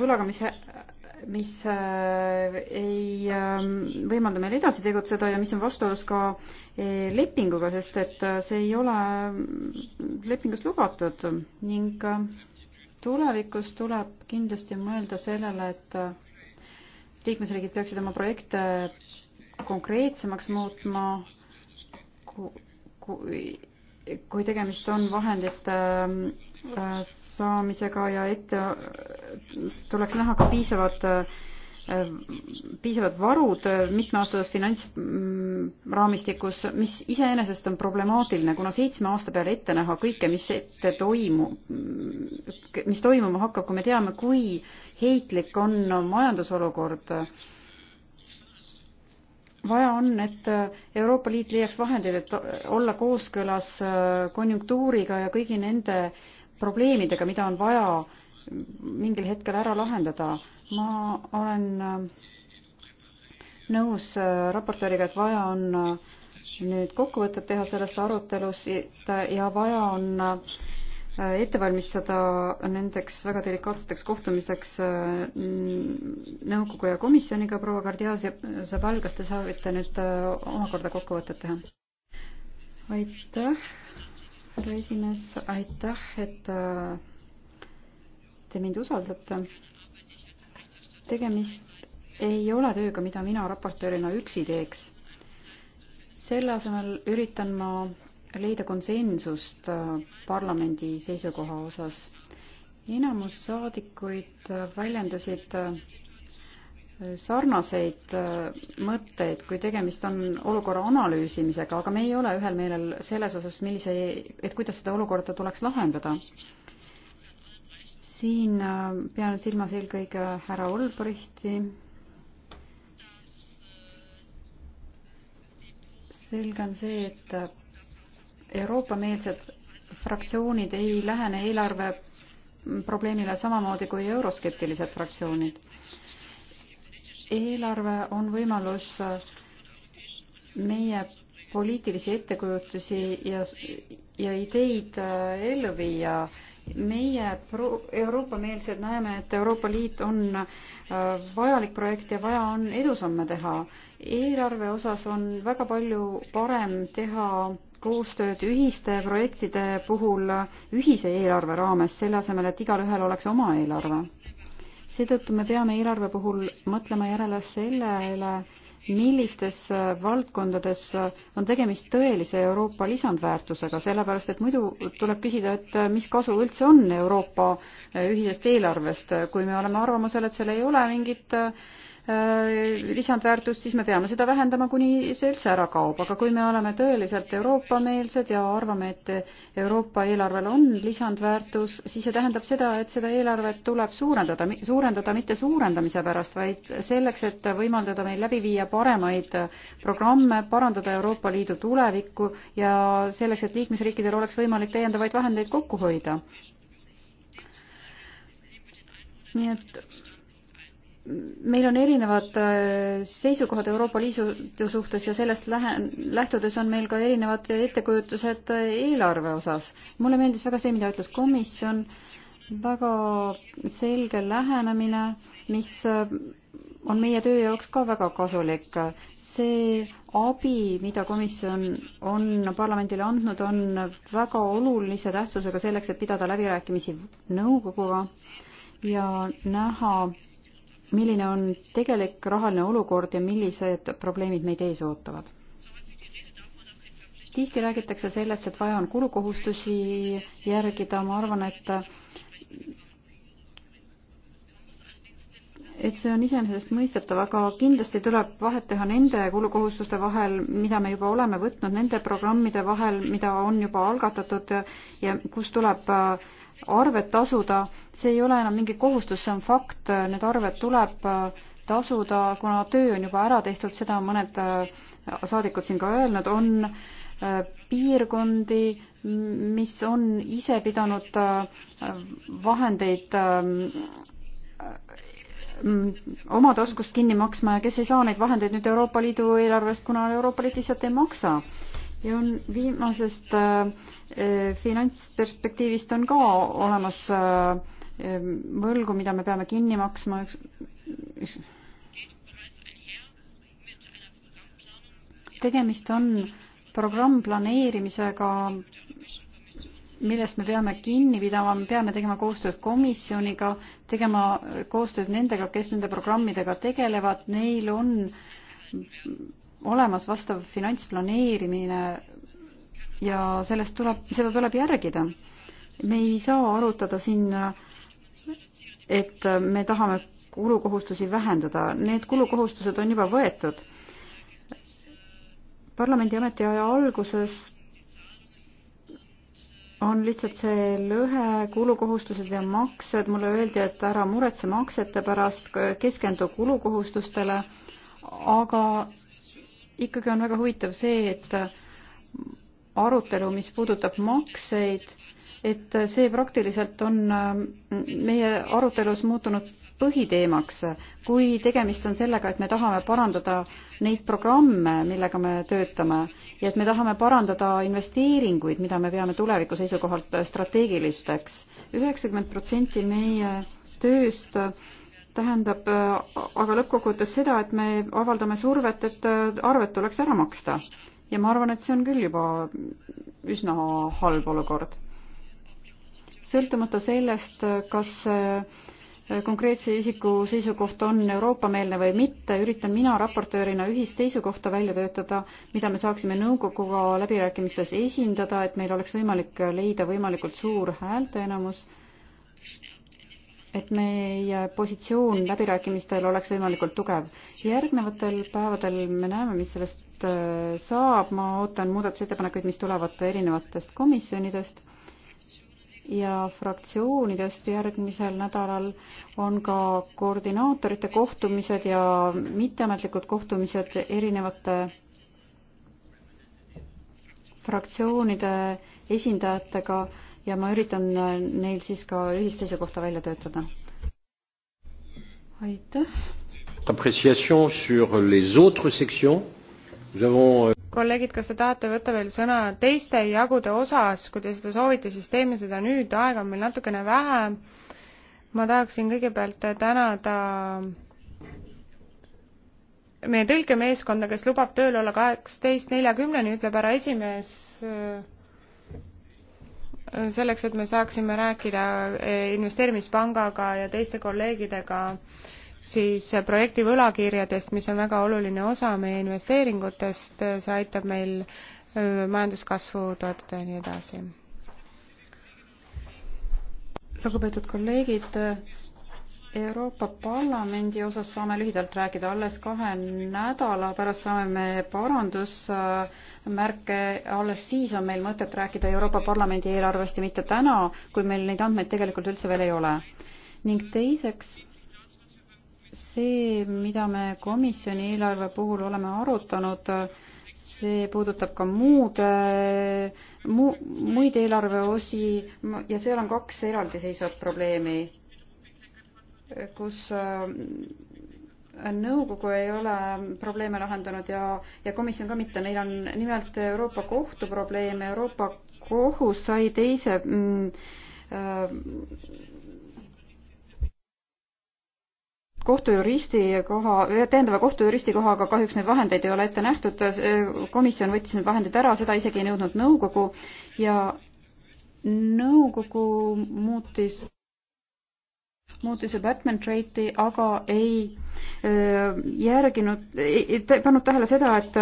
võlaga, mis mis äh, ei äh, võimalda meil edasi tegutseda ja mis on vastuolus ka äh, lepinguga, sest et äh, see ei ole lepingus lubatud ning äh, tulevikus tuleb kindlasti mõelda sellele, et äh, liikmesriigid peaksid oma projekte konkreetsemaks muutma, kui, kui tegemist on vahendite äh, saamisega ja ette tuleks näha ka piisavat äh, piisavad varud mitmeaastases finantsraamistikus, mis iseenesest on problemaatiline, kuna seitsme aasta peale ette näha kõike, mis ette toimub, mis toimuma hakkab, kui me teame, kui heitlik on majandusolukord, vaja on, et Euroopa Liit leiaks vahendeid, et olla kooskõlas konjunktuuriga ja kõigi nende probleemidega, mida on vaja mingil hetkel ära lahendada ma olen äh, nõus äh, raportööriga, et vaja on äh, nüüd kokkuvõtted teha sellest arutelust ja vaja on ette valmistada nendeks väga delikaatseteks kohtumiseks nõukogu ja komisjoniga. proua Kardias ja Val, kas te soovite nüüd omakorda kokkuvõtted teha? aitäh, härra esimees, aitäh, et te mind usaldate tegemist ei ole tööga, mida mina raportöörina üksi teeks. selle asemel üritan ma leida konsensust äh, parlamendi seisukoha osas. enamus saadikuid väljendasid äh, sarnaseid äh, mõtteid, kui tegemist on olukorra analüüsimisega, aga me ei ole ühel meelel selles osas, millise, et kuidas seda olukorda tuleks lahendada siin äh, pean silmas eelkõige härra Olbrichti. selge on see, et äh, Euroopa-meelsed fraktsioonid ei lähene eelarve probleemile samamoodi kui euroskeptilised fraktsioonid. eelarve on võimalus äh, meie poliitilisi ettekujutusi ja, ja ideid ellu viia meie pro-, Euroopa-meelsed näeme, et Euroopa Liit on äh, vajalik projekt ja vaja on edusamme teha. eelarve osas on väga palju parem teha koostööd ühiste projektide puhul ühise eelarve raames, selle asemel, et igalühel oleks oma eelarve. seetõttu me peame eelarve puhul mõtlema järele sellele, millistes äh, valdkondades äh, on tegemist tõelise Euroopa lisandväärtusega, sellepärast et muidu tuleb küsida, et äh, mis kasu üldse on Euroopa ühisest eelarvest, kui me oleme arvamusel, et seal ei ole mingit Äh, lisandväärtust, siis me peame seda vähendama, kuni see üldse ära kaob, aga kui me oleme tõeliselt Euroopa-meelsed ja arvame, et Euroopa eelarvel on lisandväärtus, siis see tähendab seda, et seda eelarvet tuleb suurendada, suurendada mitte suurendamise pärast, vaid selleks, et võimaldada meil läbi viia paremaid programme, parandada Euroopa Liidu tulevikku ja selleks, et liikmesriikidel oleks võimalik täiendavaid vahendeid kokku hoida. nii et meil on erinevad äh, seisukohad Euroopa Liidu suhtes ja sellest lähe, lähtudes on meil ka erinevad ettekujutused äh, eelarve osas. mulle meeldis väga see, mida ütles komisjon, väga selge lähenemine, mis äh, on meie töö jaoks ka väga kasulik. see abi, mida komisjon on parlamendile andnud, on väga olulise tähtsusega selleks, et pidada läbirääkimisi nõukoguga ja näha milline on tegelik rahaline olukord ja millised probleemid meid ees ootavad. tihti räägitakse sellest, et vaja on kulukohustusi järgida, ma arvan, et et see on iseenesestmõistetav, aga kindlasti tuleb vahet teha nende kulukohustuste vahel, mida me juba oleme võtnud, nende programmide vahel, mida on juba algatatud ja kus tuleb äh, arved tasuda, see ei ole enam mingi kohustus, see on fakt, need arved tuleb äh, tasuda, kuna töö on juba ära tehtud, seda on mõned äh, saadikud siin ka öelnud, on äh, piirkondi, mis on ise pidanud vahendeid oma taskust kinni maksma ja kes ei saa neid vahendeid nüüd Euroopa Liidu eelarvest, kuna Euroopa Liit lihtsalt ei maksa ja on viimasest äh, äh, finantsperspektiivist on ka olemas äh, äh, võlgu, mida me peame kinni maksma. tegemist on programm planeerimisega, millest me peame kinni pidama, me peame tegema koostööd komisjoniga, tegema äh, koostööd nendega, kes nende programmidega tegelevad, neil on olemas vastav finantsplaneerimine ja sellest tuleb, seda tuleb järgida. me ei saa arutada siin, et me tahame kulukohustusi vähendada, need kulukohustused on juba võetud. parlamendi ametiaja alguses on lihtsalt see lõhe, kulukohustused ja maksed, mulle öeldi, et ära muretse maksete pärast, keskendu kulukohustustele, aga ikkagi on väga huvitav see, et arutelu, mis puudutab makseid, et see praktiliselt on äh, meie arutelus muutunud põhiteemaks, kui tegemist on sellega, et me tahame parandada neid programme, millega me töötame ja et me tahame parandada investeeringuid, mida me peame tuleviku seisukohalt strateegilisteks. üheksakümmend protsenti meie tööst tähendab aga lõppkokkuvõttes seda, et me avaldame survet, et äh, arved tuleks ära maksta. ja ma arvan, et see on küll juba üsna halb olukord. sõltumata sellest, kas äh, konkreetse isiku seisukoht on Euroopa-meelne või mitte, üritan mina raportöörina ühist seisukohta välja töötada, mida me saaksime nõukoguga läbirääkimistes esindada, et meil oleks võimalik leida võimalikult suur häälteenamus et meie positsioon läbirääkimistel oleks võimalikult tugev. järgnevatel päevadel me näeme, mis sellest äh, saab, ma ootan muudatusettepanekuid, mis tulevad erinevatest komisjonidest ja fraktsioonidest järgmisel nädalal on ka koordinaatorite kohtumised ja mitteametlikud kohtumised erinevate fraktsioonide esindajatega ja ma üritan äh, neil siis ka ühist seisukohta välja töötada. aitäh. Appréciation sur les autres sections. Nous avons euh, kolleegid, kas te tahate võtta veel sõna teiste jagude osas, kui te seda soovite, siis teeme seda nüüd, aega on meil natukene vähe. ma tahaksin kõigepealt tänada meie tõlkemeeskonda, kes lubab tööl olla kaheksateist neljakümneni, ütleb härra esimees selleks, et me saaksime rääkida eh, investeerimispangaga ja teiste kolleegidega siis projekti võlakirjadest, mis on väga oluline osa meie investeeringutest, see aitab meil eh, majanduskasvu toetada ja nii edasi. lugupeetud kolleegid, Euroopa Parlamendi osas saame lühidalt rääkida, alles kahe nädala pärast saame me parandus äh, märke, alles siis on meil mõtet rääkida Euroopa Parlamendi eelarvest ja mitte täna, kui meil neid andmeid tegelikult üldse veel ei ole. ning teiseks, see, mida me komisjoni eelarve puhul oleme arutanud, see puudutab ka muud, mu-, muid eelarveosi ja seal on kaks eraldiseisvat probleemi, kus nõukogu ei ole probleeme lahendanud ja, ja komisjon ka mitte, meil on nimelt Euroopa Kohtu probleem, Euroopa Kohus sai teise mm, äh, kohtujuristi koha, täiendava kohtujuristi kohaga kahjuks neid vahendeid ei ole ette nähtud, komisjon võttis need vahendid ära, seda isegi ei nõudnud nõukogu ja nõukogu muutis muutis abatement rate'i, aga ei järginud, pannud tähele seda, et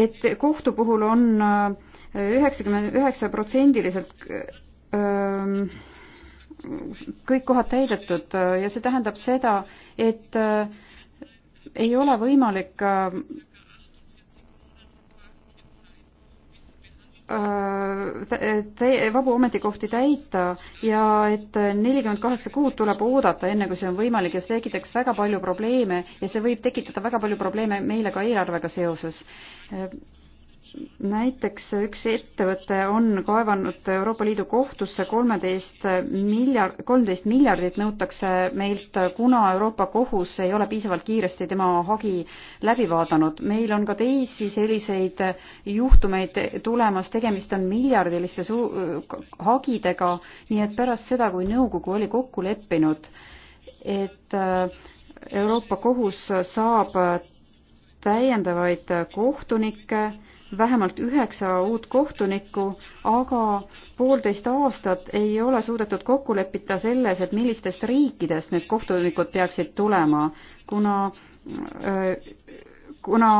et kohtu puhul on üheksakümmend üheksa protsendiliselt kõik kohad täidetud ja see tähendab seda, et ei ole võimalik Äh, vabu ametikohti täita ja et nelikümmend kaheksa kuud tuleb oodata, enne kui see on võimalik ja see tekitaks väga palju probleeme ja see võib tekitada väga palju probleeme meile ka eelarvega seoses näiteks üks ettevõte on kaevanud Euroopa Liidu kohtusse kolmeteist miljard, kolmteist miljardit nõutakse meilt, kuna Euroopa Kohus ei ole piisavalt kiiresti tema hagi läbi vaadanud. meil on ka teisi selliseid juhtumeid tulemas, tegemist on miljardiliste su-, hagidega, nii et pärast seda, kui nõukogu oli kokku leppinud, et äh, Euroopa Kohus saab täiendavaid kohtunikke, vähemalt üheksa uut kohtunikku, aga poolteist aastat ei ole suudetud kokku leppida selles, et millistest riikidest need kohtunikud peaksid tulema, kuna öö, äh, kuna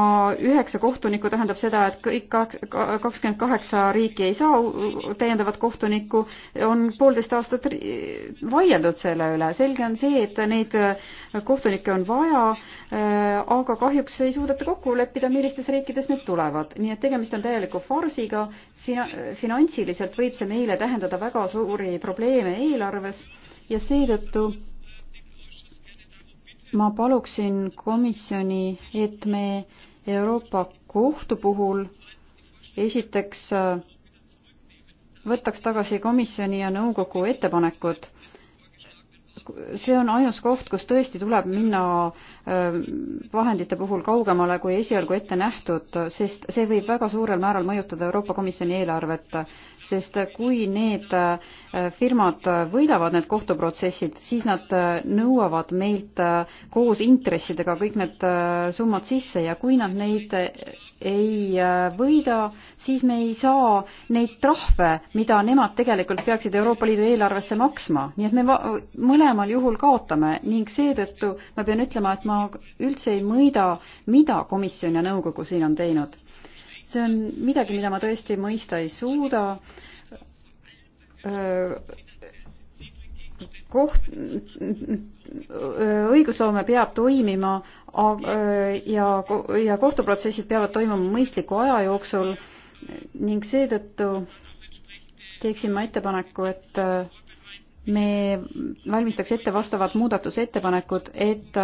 üheksa kohtunikku tähendab seda, et kõik kakskümmend kaheksa riiki ei saa täiendavat kohtunikku, on poolteist aastat vaieldud selle üle. selge on see, et neid äh, kohtunikke on vaja, äh, aga kahjuks ei suudeta kokku leppida, millistes riikides need tulevad. nii et tegemist on täieliku farsiga. Fina-, finantsiliselt võib see meile tähendada väga suuri probleeme eelarves ja seetõttu ma paluksin komisjoni, et me Euroopa Kohtu puhul esiteks võtaks tagasi komisjoni ja nõukogu ettepanekud see on ainus koht, kus tõesti tuleb minna ähm, vahendite puhul kaugemale kui esialgu ette nähtud, sest see võib väga suurel määral mõjutada Euroopa Komisjoni eelarvet, sest kui need äh, firmad võidavad need kohtuprotsessid, siis nad äh, nõuavad meilt äh, koos intressidega kõik need summad sisse ja kui nad neid ei äh, võida, siis me ei saa neid trahve, mida nemad tegelikult peaksid Euroopa Liidu eelarvesse maksma, nii et me mõlemal juhul kaotame ning seetõttu ma pean ütlema, et ma üldse ei mõida, mida komisjon ja nõukogu siin on teinud. see on midagi, mida ma tõesti mõista ei suuda öö äh, koht, õigusloome peab toimima ja, ja kohtuprotsessid peavad toimuma mõistliku aja jooksul ning seetõttu teeksin ma ettepaneku, et me valmistaks ette vastavad muudatusettepanekud, et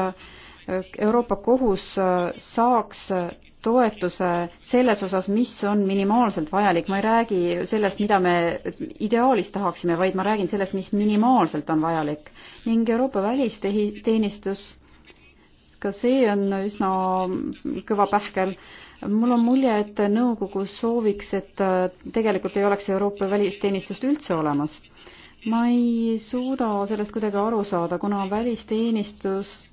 Euroopa Kohus saaks toetuse selles osas, mis on minimaalselt vajalik, ma ei räägi sellest, mida me ideaalis tahaksime, vaid ma räägin sellest, mis minimaalselt on vajalik. ning Euroopa välisteenistus, ka see on üsna kõva pähkel, mul on mulje, et nõukogu sooviks, et tegelikult ei oleks Euroopa välisteenistust üldse olemas ma ei suuda sellest kuidagi aru saada, kuna välisteenistus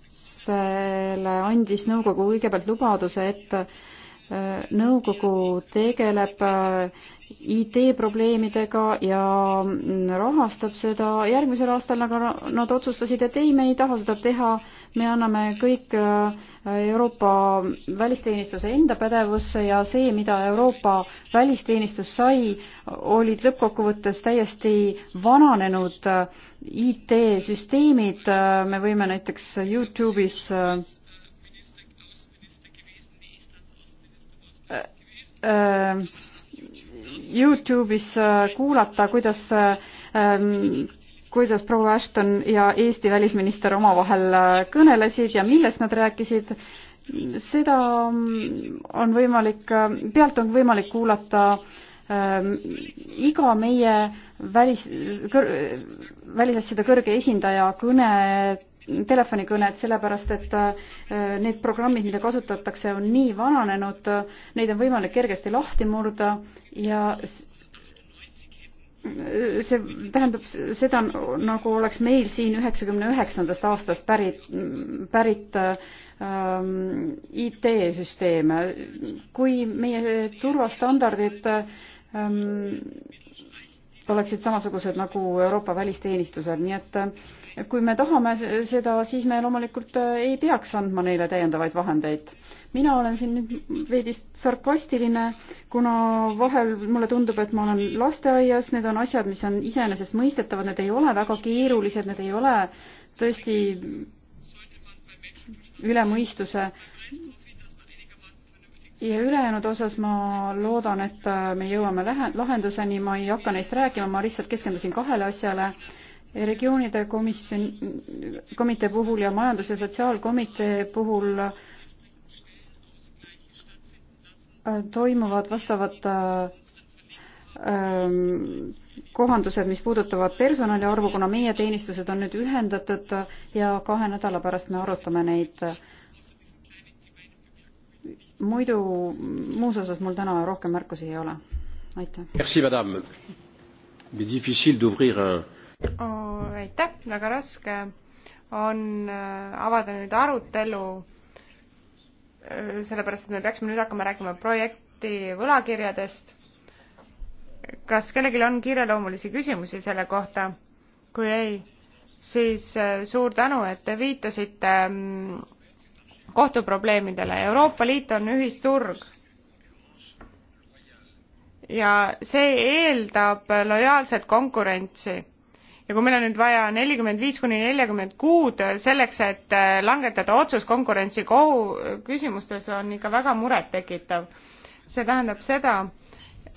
valitsusele andis nõukogu kõigepealt lubaduse, et äh, nõukogu tegeleb äh, IT-probleemidega ja rahastab seda järgmisel aastal, aga nad otsustasid, et ei, me ei taha seda teha, me anname kõik äh, Euroopa välisteenistuse enda pädevusse ja see, mida Euroopa välisteenistus sai, olid lõppkokkuvõttes täiesti vananenud äh, IT-süsteemid, äh, me võime näiteks Youtube'is äh, Youtube'is äh, kuulata, kuidas ähm, kuidas proua Ashton ja Eesti välisminister omavahel äh, kõnelesid ja millest nad rääkisid, seda on võimalik, äh, pealt on võimalik kuulata ähm, iga meie välis, kõr, välisasjade kõrge esindaja kõne telefonikõned, sellepärast et äh, need programmid, mida kasutatakse, on nii vananenud, neid on võimalik kergesti lahti murda ja see tähendab seda, nagu oleks meil siin üheksakümne üheksandast aastast pärit, pärit ähm, IT-süsteeme. kui meie turvastandardid ähm, oleksid samasugused nagu Euroopa välisteenistusel, nii et kui me tahame seda, siis me loomulikult äh, ei peaks andma neile täiendavaid vahendeid. mina olen siin nüüd veidi sarkastiline, kuna vahel mulle tundub, et ma olen lasteaias, need on asjad, mis on iseenesestmõistetavad, need ei ole väga keerulised, need ei ole tõesti üle mõistuse ja ülejäänud osas ma loodan, et äh, me jõuame lähe-, lahenduseni, ma ei hakka neist rääkima, ma lihtsalt keskendusin kahele asjale. regioonide komisjon, komitee puhul ja majandus- ja sotsiaalkomitee puhul äh, toimuvad vastavad äh, ähm, kohandused, mis puudutavad personali arvu, kuna meie teenistused on nüüd ühendatud ja kahe nädala pärast me arutame neid muidu muus osas mul täna rohkem märkusi ei ole. aitäh. Oh, aitäh, väga raske on äh, avada nüüd arutelu, äh, sellepärast et me peaksime nüüd hakkama rääkima projekti võlakirjadest. kas kellelgi on kiireloomulisi küsimusi selle kohta? kui ei, siis äh, suur tänu, et te viitasite mm, kohtuprobleemidele. Euroopa Liit on ühisturg ja see eeldab lojaalset konkurentsi. ja kui meil on nüüd vaja nelikümmend viis kuni neljakümmet kuud selleks, et äh, langetada otsus konkurentsi kohu äh, küsimustes, on ikka väga murettekitav. see tähendab seda,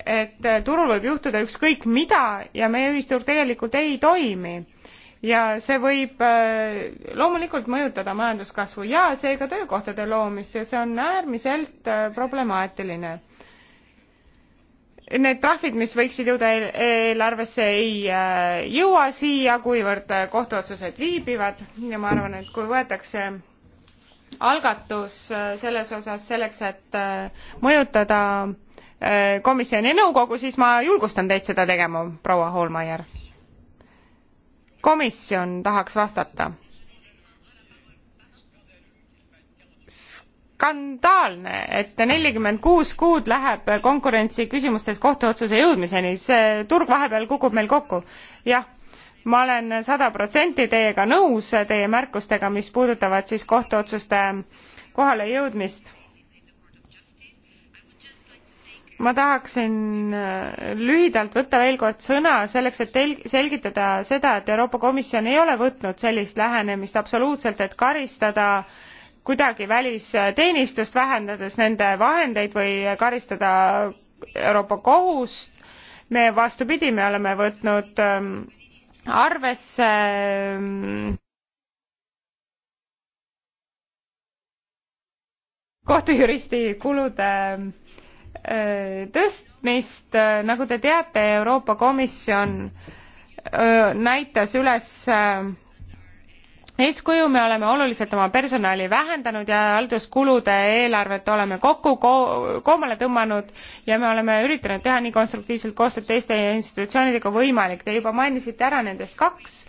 et äh, turul võib juhtuda ükskõik mida ja meie ühisturg tegelikult ei toimi ja see võib äh, loomulikult mõjutada majanduskasvu ja seega töökohtade loomist ja see on äärmiselt äh, problemaatiline. Need trahvid, mis võiksid jõuda eelarvesse, ei äh, jõua siia, kuivõrd kohtuotsused viibivad ja ma arvan, et kui võetakse algatus selles osas selleks, et mõjutada komisjoni nõukogu, siis ma julgustan teid seda tegema, proua Hoolmeier komisjon tahaks vastata? skandaalne, et nelikümmend kuus kuud läheb konkurentsi küsimustes kohtuotsuse jõudmiseni, see turg vahepeal kukub meil kokku. jah, ma olen sada protsenti teiega nõus, teie märkustega, mis puudutavad siis kohtuotsuste kohale jõudmist ma tahaksin äh, lühidalt võtta veel kord sõna selleks, et selgitada seda, et Euroopa Komisjon ei ole võtnud sellist lähenemist absoluutselt, et karistada kuidagi välisteenistust, vähendades nende vahendeid või karistada Euroopa Kohust. me vastupidi, me oleme võtnud ähm, arvesse ähm, kohtujuristi kulude Äh, tõstmist, äh, nagu te teate, Euroopa Komisjon äh, näitas üles eeskuju, me oleme oluliselt oma personali vähendanud ja halduskulude eelarvet oleme kokku ko koomale tõmmanud ja me oleme üritanud teha nii konstruktiivselt koostööd teiste institutsioonidega kui võimalik. Te juba mainisite ära nendest kaks,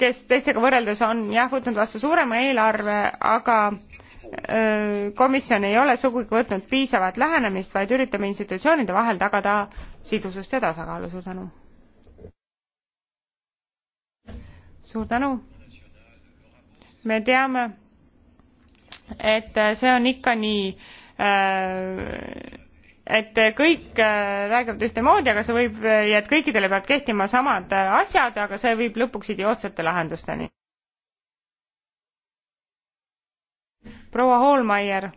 kes teistega võrreldes on jah, võtnud vastu suurema eelarve, aga Äh, komisjon ei ole sugugi võtnud piisavat lähenemist, vaid üritame institutsioonide vahel tagada sidusust ja tasakaalu, suur tänu. suur tänu. me teame, et see on ikka nii, äh, et kõik äh, räägivad ühtemoodi, aga see võib ja et kõikidele peab kehtima samad asjad, aga see viib lõpuks idiootsete lahendusteni proua Hoolmeier,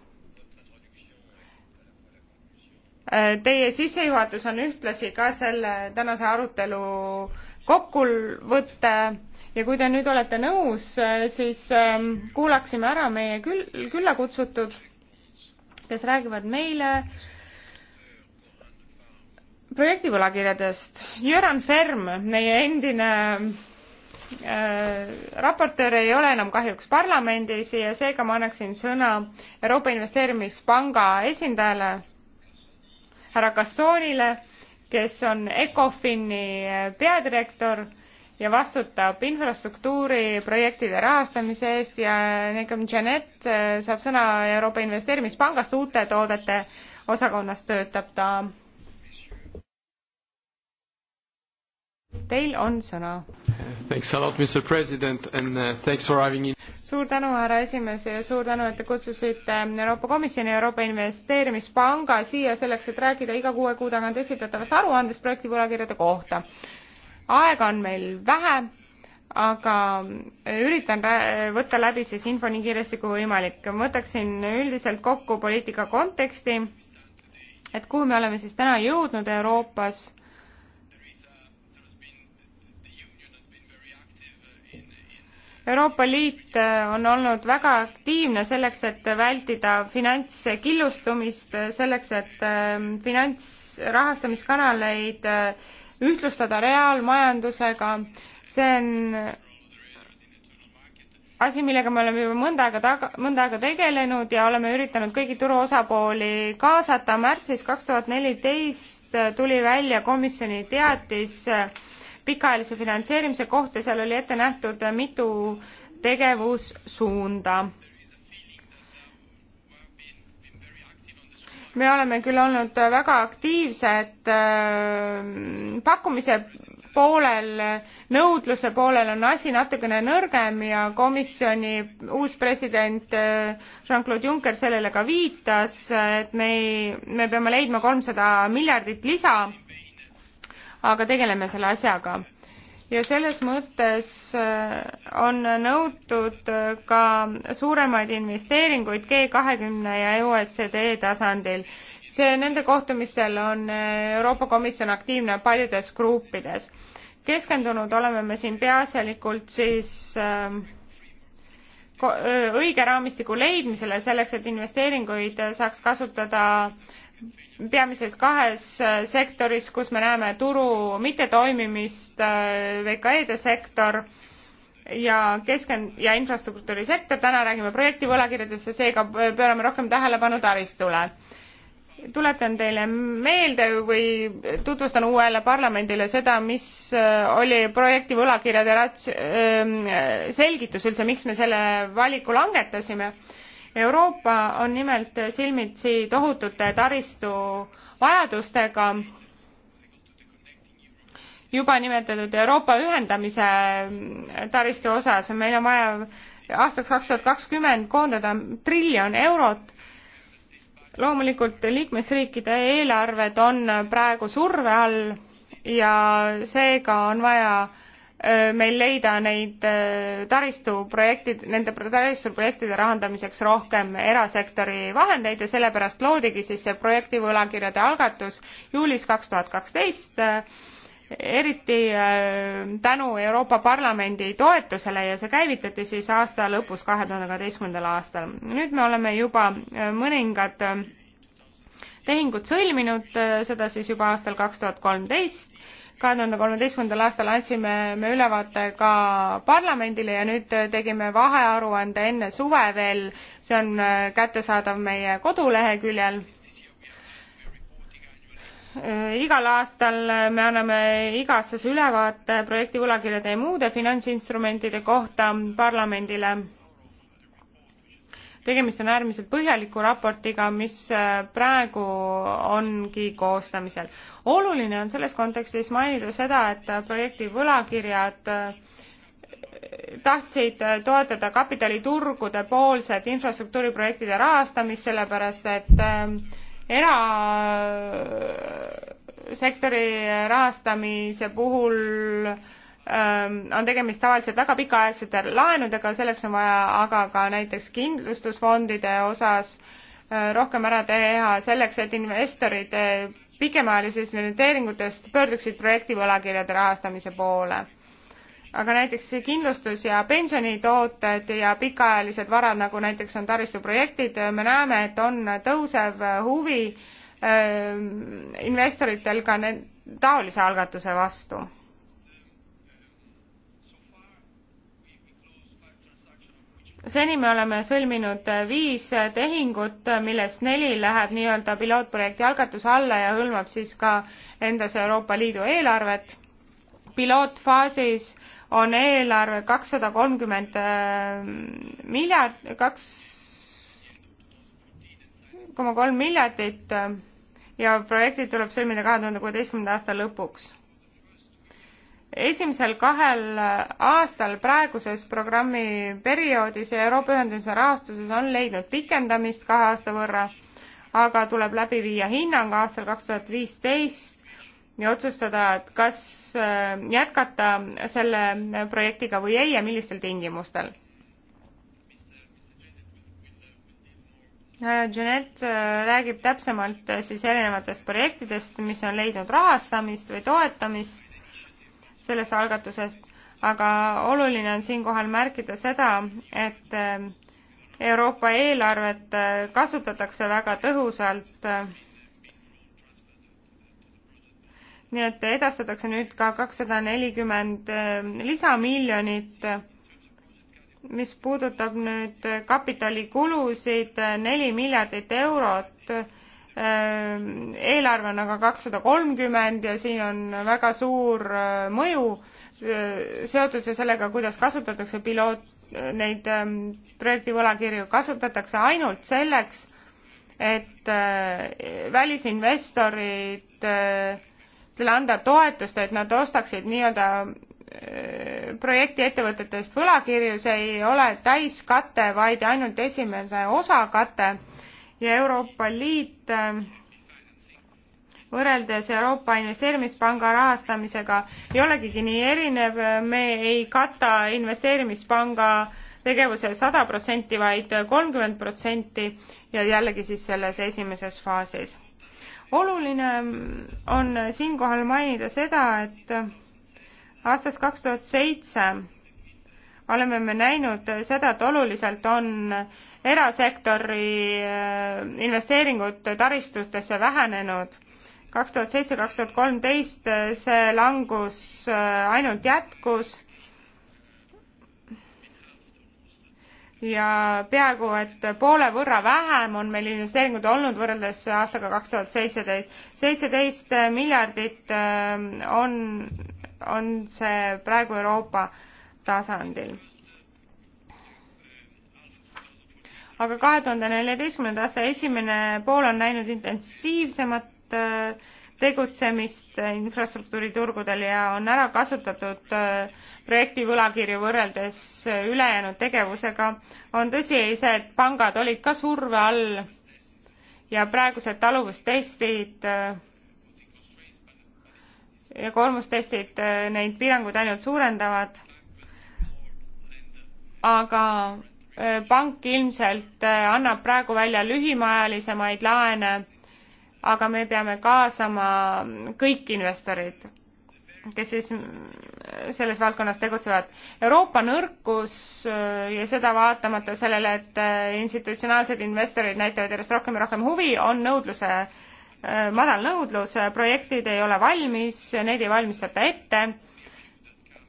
äh, teie sissejuhatus on ühtlasi ka selle tänase arutelu kokkuvõte ja kui te nüüd olete nõus, äh, siis ähm, kuulaksime ära meie küll, külla kutsutud, kes räägivad meile projektivõlakirjadest. Jüran Ferm, meie endine Äh, raportöör ei ole enam kahjuks parlamendis ja seega ma annaksin sõna Euroopa Investeerimispanga esindajale härra Kassoonile, kes on Ecofini äh, peadirektor ja vastutab infrastruktuuri projektide rahastamise eest ja Negem Janet äh, saab sõna Euroopa Investeerimispangast, uute toodete osakonnas töötab ta Teil on sõna. Uh, suur tänu, härra esimees ja suur tänu, et te kutsusite Euroopa Komisjoni ja Euroopa Investeerimispanga siia selleks, et rääkida iga kuue kuu tagant esitatavast aruandest projekti võlakirjade kohta. aega on meil vähe, aga üritan võtta läbi siis info nii kiiresti kui võimalik. ma võtaksin üldiselt kokku poliitika konteksti, et kuhu me oleme siis täna jõudnud Euroopas Euroopa Liit äh, on olnud väga aktiivne selleks, et vältida finantskillustumist, äh, selleks, et ähm, finantsrahastamiskanaleid äh, ühtlustada reaalmajandusega. see on asi, millega me oleme juba mõnda aega taga, mõnda aega tegelenud ja oleme üritanud kõigi turu osapooli kaasata. märtsis kaks tuhat neliteist tuli välja komisjoni teatis äh, pikaajalise finantseerimise kohta, seal oli ette nähtud mitu tegevussuunda. me oleme küll olnud väga aktiivsed äh, pakkumise poolel, nõudluse poolel on asi natukene nõrgem ja komisjoni uus president äh, Jean-Claude Juncker sellele ka viitas, et me ei, me peame leidma kolmsada miljardit lisa aga tegeleme selle asjaga. ja selles mõttes äh, on nõutud äh, ka suuremaid investeeringuid G kahekümne ja OECD e tasandil. see, nende kohtumistel on äh, Euroopa Komisjon aktiivne paljudes gruppides. keskendunud oleme me siin peaasjalikult siis äh, õige raamistiku leidmisele selleks, et investeeringuid saaks kasutada peamises kahes äh, sektoris, kus me näeme turu mittetoimimist, äh, VKE-de sektor ja keskend- ja infrastruktuurisektor, täna räägime projektivõlakirjadest ja seega äh, pöörame rohkem tähelepanu taristule. tuletan teile meelde või tutvustan uuele parlamendile seda, mis oli projektivõlakirjade rats-, selgitus üldse, miks me selle valiku langetasime Euroopa on nimelt silmitsi tohutute taristu vajadustega juba nimetatud Euroopa ühendamise taristu osas. meil on vaja aastaks kaks tuhat kakskümmend koondada triljon eurot. loomulikult liikmesriikide eelarved on praegu surve all ja seega on vaja meil leida neid taristuprojektid, nende taristuprojektide rahandamiseks rohkem erasektori vahendeid ja sellepärast loodigi siis see projekti võlakirjade algatus juulis kaks tuhat kaksteist eriti tänu Euroopa Parlamendi toetusele ja see käivitati siis aasta lõpus, kahe tuhande kaheteistkümnendal aastal. nüüd me oleme juba mõningad tehingud sõlminud, seda siis juba aastal kaks tuhat kolmteist kahe tuhande kolmeteistkümnendal aastal andsime me ülevaate ka parlamendile ja nüüd tegime vahearuande enne suve veel, see on äh, kättesaadav meie koduleheküljel äh, igal aastal äh, me anname iga-aastase ülevaate projekti võlakirjade ja muude finantsinstrumentide kohta parlamendile tegemist on äärmiselt põhjaliku raportiga, mis äh, praegu ongi koostamisel. oluline on selles kontekstis mainida seda, et äh, projekti võlakirjad äh, tahtsid toetada kapitaliturgude poolset infrastruktuuriprojektide rahastamist, sellepärast et erasektori rahastamise puhul äh, on tegemist tavaliselt väga pikaaegsete laenudega, selleks on vaja aga ka näiteks kindlustusfondide osas rohkem ära teha selleks, et investorid pikemaajalisest investeeringutest pöörduksid projekti võlakirjade rahastamise poole. aga näiteks kindlustus ja pensionitooted ja pikaajalised varad, nagu näiteks on taristuprojektid, me näeme, et on tõusev huvi investoritel ka taolise algatuse vastu seni me oleme sõlminud äh, viis äh, tehingut, äh, millest neli läheb nii-öelda pilootprojekti algatuse alla ja hõlmab siis ka endas Euroopa Liidu eelarvet. pilootfaasis on eelarve kakssada kolmkümmend miljard, kaks koma kolm miljardit ja projektid tuleb sõlmida kahe tuhande kuueteistkümnenda aasta lõpuks esimesel kahel aastal praeguses programmi perioodis ja Euroopa Ühendamise rahastuses on leidnud pikendamist kahe aasta võrra, aga tuleb läbi viia hinnang aastal kaks tuhat viisteist ja otsustada, et kas äh, jätkata selle projektiga või ei ja millistel tingimustel. härra Janet äh, räägib täpsemalt äh, siis erinevatest projektidest, mis on leidnud rahastamist või toetamist sellest algatusest, aga oluline on siinkohal märkida seda, et eh, Euroopa eelarvet eh, kasutatakse väga tõhusalt. Eh, nii et edastatakse nüüd ka kakssada nelikümmend lisamiljonit, mis puudutab nüüd kapitalikulusid, neli miljardit eurot Ehm, eelarve on aga kakssada kolmkümmend ja siin on väga suur äh, mõju äh, seotud ju sellega, kuidas kasutatakse piloot, neid ehm, projekti võlakirju kasutatakse ainult selleks, et äh, välisinvestoritele anda toetust, et nad ostaksid nii-öelda projekti ettevõtetest võlakirju, see ei ole täiskate, vaid ainult esimese osa kate ja Euroopa Liit äh, võrreldes Euroopa Investeerimispanga rahastamisega ei olegi nii erinev, me ei kata investeerimispanga tegevuse sada protsenti, vaid kolmkümmend protsenti ja jällegi siis selles esimeses faasis. oluline on siinkohal mainida seda, et aastast kaks tuhat seitse oleme me näinud seda, et oluliselt on erasektori äh, investeeringud taristutesse vähenenud. kaks tuhat seitse, kaks tuhat kolmteist äh, see langus äh, ainult jätkus ja peaaegu et poole võrra vähem on meil investeeringuid olnud võrreldes aastaga kaks tuhat seitseteist. seitseteist miljardit on, on see praegu Euroopa tasandil aga kahe tuhande neljateistkümnenda aasta esimene pool on näinud intensiivsemat äh, tegutsemist äh, infrastruktuuriturgudel ja on ära kasutatud äh, projekti võlakirju võrreldes ülejäänud tegevusega. on tõsiasi, et pangad olid ka surve all ja praegused taluvustestid ja koormustestid neid piiranguid ainult suurendavad aga pank ilmselt annab praegu välja lühimaajalisemaid laene, aga me peame kaasama kõik investorid, kes siis selles valdkonnas tegutsevad. Euroopa nõrkus ja seda vaatamata sellele, et institutsionaalsed investorid näitavad järjest rohkem ja rohkem huvi, on nõudluse, madal nõudlus, projektid ei ole valmis, neid ei valmistata ette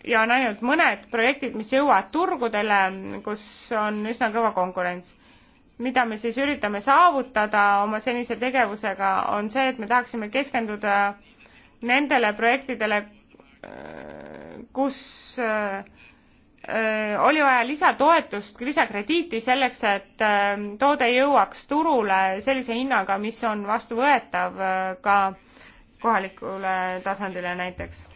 ja on ainult mõned projektid, mis jõuavad turgudele, kus on üsna kõva konkurents. mida me siis üritame saavutada oma senise tegevusega, on see, et me tahaksime keskenduda nendele projektidele, kus oli vaja lisatoetust, lisakrediiti selleks, et toode jõuaks turule sellise hinnaga, mis on vastuvõetav ka kohalikule tasandile näiteks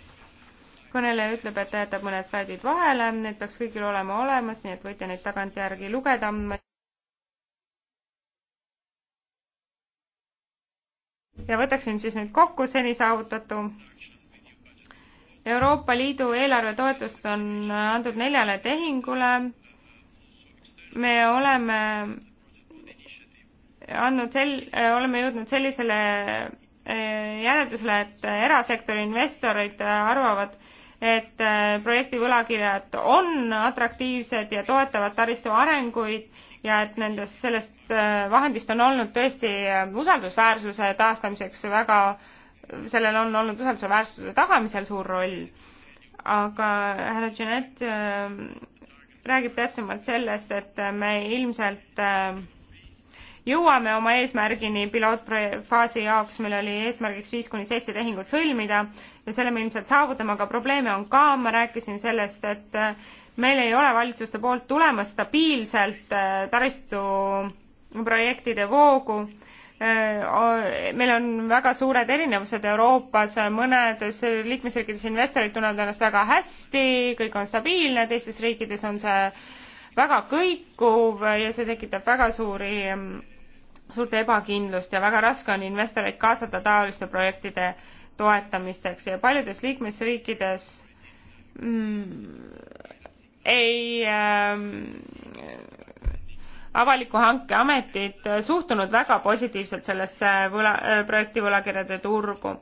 kõneleja ütleb, et ta jätab mõned slaidid vahele, need peaks kõigil olema olemas, nii et võite neid tagantjärgi lugeda. ja võtaksin siis nüüd kokku seni saavutatu. Euroopa Liidu eelarvetoetust on antud neljale tehingule. me oleme andnud sel-, oleme jõudnud sellisele eh, järeldusele, et erasektori investorid eh, arvavad, et äh, projekti võlakirjad on atraktiivsed ja toetavad taristu arenguid ja et nendest, sellest äh, vahendist on olnud tõesti äh, usaldusväärsuse taastamiseks väga, sellel on olnud usaldusväärsuse tagamisel suur roll. aga härra Jeanette räägib täpsemalt sellest, et me ilmselt äh, jõuame oma eesmärgini pilootfaasi jaoks, meil oli eesmärgiks viis kuni seitse tehingut sõlmida ja selle me ilmselt saavutame, aga probleeme on ka, ma rääkisin sellest, et äh, meil ei ole valitsuste poolt tulemas stabiilselt äh, taristuprojektide voogu äh, meil on väga suured erinevused Euroopas, mõnedes liikmesriikides investorid tunnevad ennast väga hästi, kõik on stabiilne, teistes riikides on see väga kõikuv ja see tekitab väga suuri mm, suurt ebakindlust ja väga raske on investoreid kaasata taoliste projektide toetamiseks ja paljudes liikmesriikides mm, ei ähm, avaliku hanke ametid äh, suhtunud väga positiivselt sellesse võla, äh, projekti võlakirjade turgu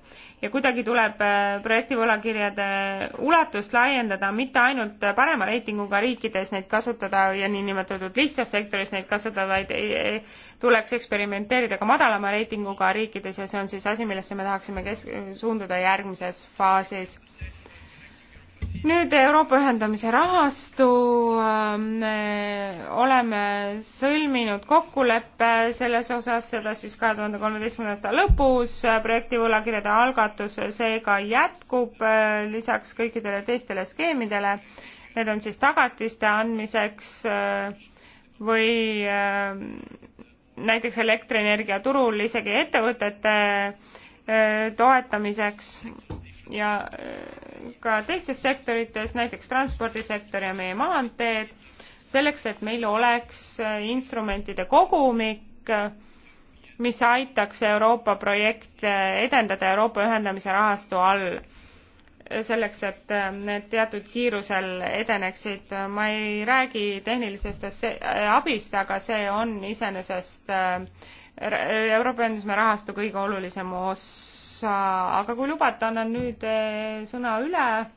ja kuidagi tuleb äh, projekti võlakirjade ulatust laiendada, mitte ainult parema reitinguga riikides neid kasutada ja niinimetatud lihtsas sektoris neid kasutada, vaid e, e, tuleks eksperimenteerida ka madalama reitinguga riikides ja see on siis asi, millesse me tahaksime kes-, suunduda järgmises faasis nüüd Euroopa ühendamise rahastu, ähm, oleme sõlminud kokkuleppe selles osas, seda siis kahe tuhande kolmeteistkümnenda aasta lõpus, äh, projekti võlakirjade algatus äh, seega jätkub äh, lisaks kõikidele teistele skeemidele. Need on siis tagatiste andmiseks või näiteks elektrienergia turul isegi ettevõtete toetamiseks ja äh, ka teistes sektorites, näiteks transpordisektor ja meie maanteed, selleks, et meil oleks äh, instrumentide kogumik, äh, mis aitaks Euroopa projekte edendada Euroopa ühendamise rahastu all. selleks, et need teatud kiirusel edeneksid. ma ei räägi tehnilisest abist, aga see on iseenesest Euroopa ühenduse rahastu kõige olulisem os-, osa, aga kui lubate, annan nüüd eh, sõna üle.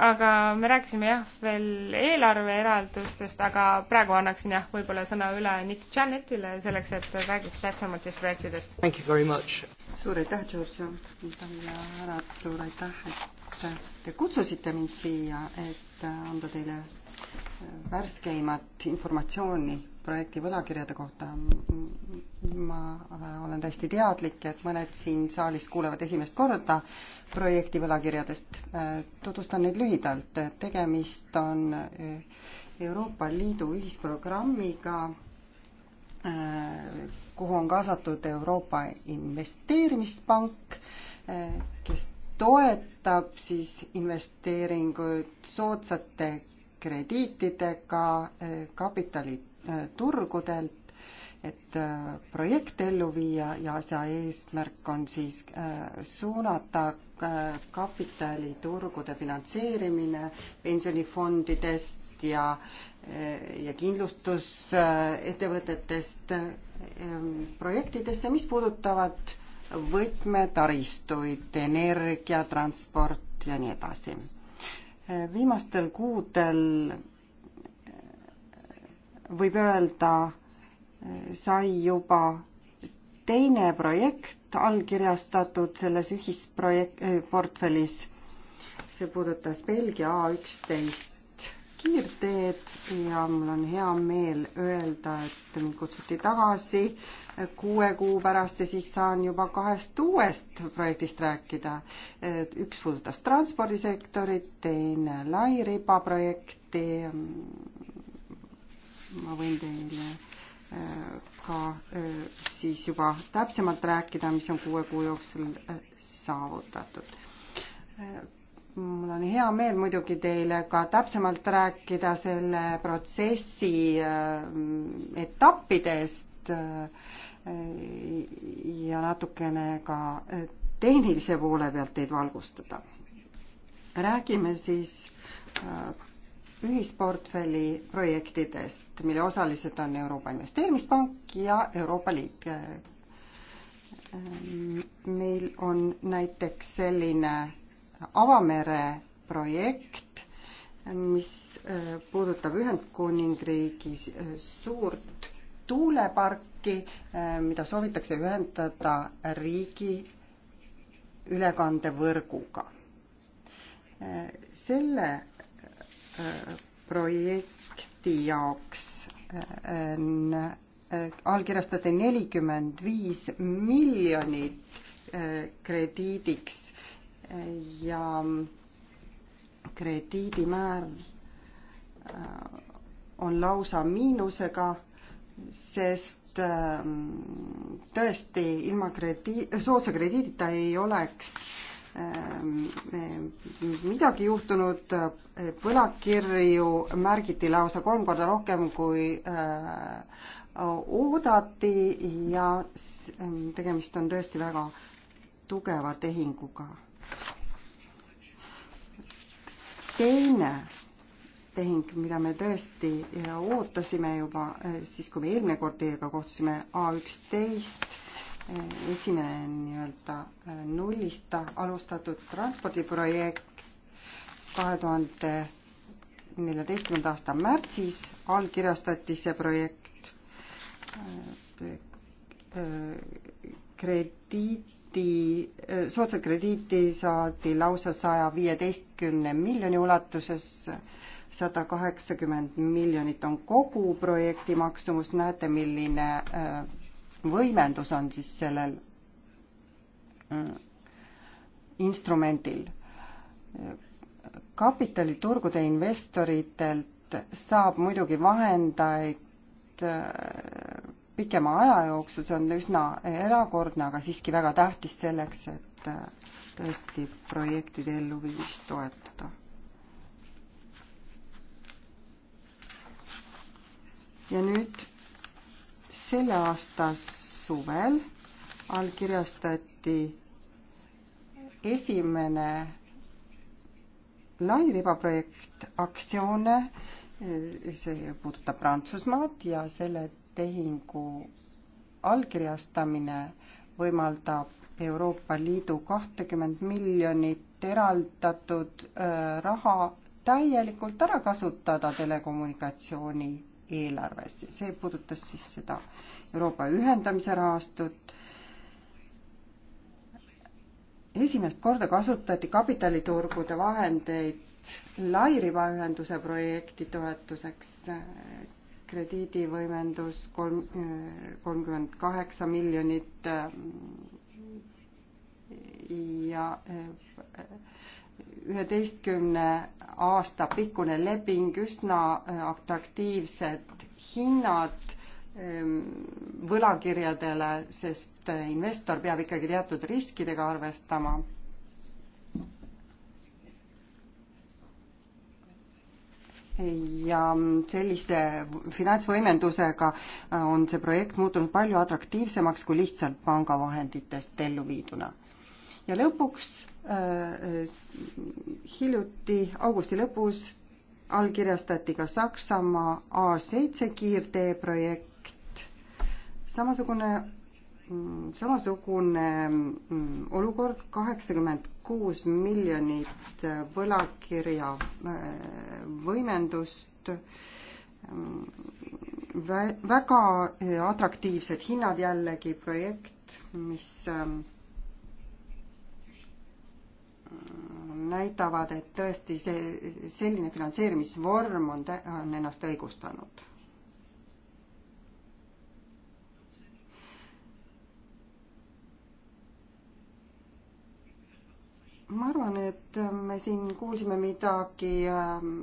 aga me rääkisime jah veel eelarveeraldustest, aga praegu annaksin jah, võib-olla sõna üle Nick Janetile selleks, et räägiks täpsemalt siis projektidest. suur aitäh, Georgia, daamid ja härrad, suur aitäh, et te kutsusite mind siia, et anda teile värskemat informatsiooni projekti võlakirjade kohta. ma olen täiesti teadlik, et mõned siin saalis kuulevad esimest korda projekti võlakirjadest. tutvustan neid lühidalt. tegemist on Euroopa Liidu ühisprogrammiga, kuhu on kaasatud Euroopa Investeerimispank, kes toetab siis investeeringuid soodsate krediitidega kapitali Äh, turgudelt, et äh, projekte ellu viia ja asja eesmärk on siis äh, suunata kapitaliturgude finantseerimine pensionifondidest ja, ja kindlustusettevõtetest ähm, projektidesse, mis puudutavad võtmetaristuid, energia, transport ja nii edasi. viimastel kuudel võib öelda, sai juba teine projekt allkirjastatud selles ühisprojekt, eh, portfellis. see puudutas Belgia A üksteist kiirteed ja mul on hea meel öelda, et mind kutsuti tagasi kuue kuu pärast ja siis saan juba kahest uuest projektist rääkida. üks puudutas transpordisektorit, teine lairiba projekti ma võin teile äh, ka äh, siis juba täpsemalt rääkida, mis on kuue kuu jooksul äh, saavutatud. mul on hea meel muidugi teile ka täpsemalt rääkida selle protsessi etappidest ja natukene ka tehnilise poole pealt teid valgustada. räägime siis ühisportfelli projektidest, mille osalised on Euroopa Investeerimispank ja Euroopa Liit. meil on näiteks selline avamere projekt, mis äh, puudutab Ühendkuningriigi suurt tuuleparki, äh, mida soovitakse ühendada riigi ülekandevõrguga. Äh, selle projekti jaoks äh, allkirjastati nelikümmend viis miljonit äh, krediidiks äh, ja krediidimäär on lausa miinusega, sest ähm, tõesti ilma krediit, soodsa krediidita ei oleks Ehm, eh, midagi juhtunud, eh, võlakirju märgiti lausa kolm korda rohkem, kui eh, oodati ja ehm, tegemist on tõesti väga tugeva tehinguga. teine tehing, mida me tõesti ootasime juba siis, kui me eelmine kord teiega kohtusime, A üksteist esimene nii-öelda äh, nullist alustatud transpordiprojekt kahe tuhande neljateistkümnenda aasta märtsis allkirjastati see projekt äh, krediiti, äh, soodsat krediiti saadi lausa saja viieteistkümne miljoni ulatuses, sada kaheksakümmend miljonit on kogu projekti maksumus, näete, milline äh, võimendus on siis sellel mm, instrumendil. kapitaliturgude investoritelt saab muidugi vahendajaid äh, pikema aja jooksul, see on üsna erakordne, aga siiski väga tähtis selleks, et äh, tõesti projektide elluviimist toetada. ja nüüd selle aasta suvel allkirjastati esimene lairibaprojekt Actione, see puudutab Prantsusmaad ja selle tehingu allkirjastamine võimaldab Euroopa Liidu kahtekümmend miljonit eraldatud äh, raha täielikult ära kasutada telekommunikatsiooni eelarves. see puudutas siis seda Euroopa ühendamise rahastut. esimest korda kasutati kapitaliturgude vahendeid lairibaühenduse projekti toetuseks, krediidivõimendus kolm, kolmkümmend kaheksa miljonit ja üheteistkümne aasta pikkune leping, üsna äh, atraktiivsed hinnad ähm, võlakirjadele, sest äh, investor peab ikkagi teatud riskidega arvestama. ja mm, sellise finantsvõimendusega äh, on see projekt muutunud palju atraktiivsemaks kui lihtsalt pangavahenditest ellu viiduna. ja lõpuks Äh, äh, hiljuti augusti lõpus allkirjastati ka Saksamaa A7 kiirtee projekt. samasugune, mm, samasugune mm, olukord, kaheksakümmend kuus miljonit võlakirja äh, võimendust, mm, väga atraktiivsed hinnad jällegi, projekt, mis ähm, näitavad, et tõesti see, selline finantseerimisvorm on, on ennast õigustanud. ma arvan, et me siin kuulsime midagi ähm,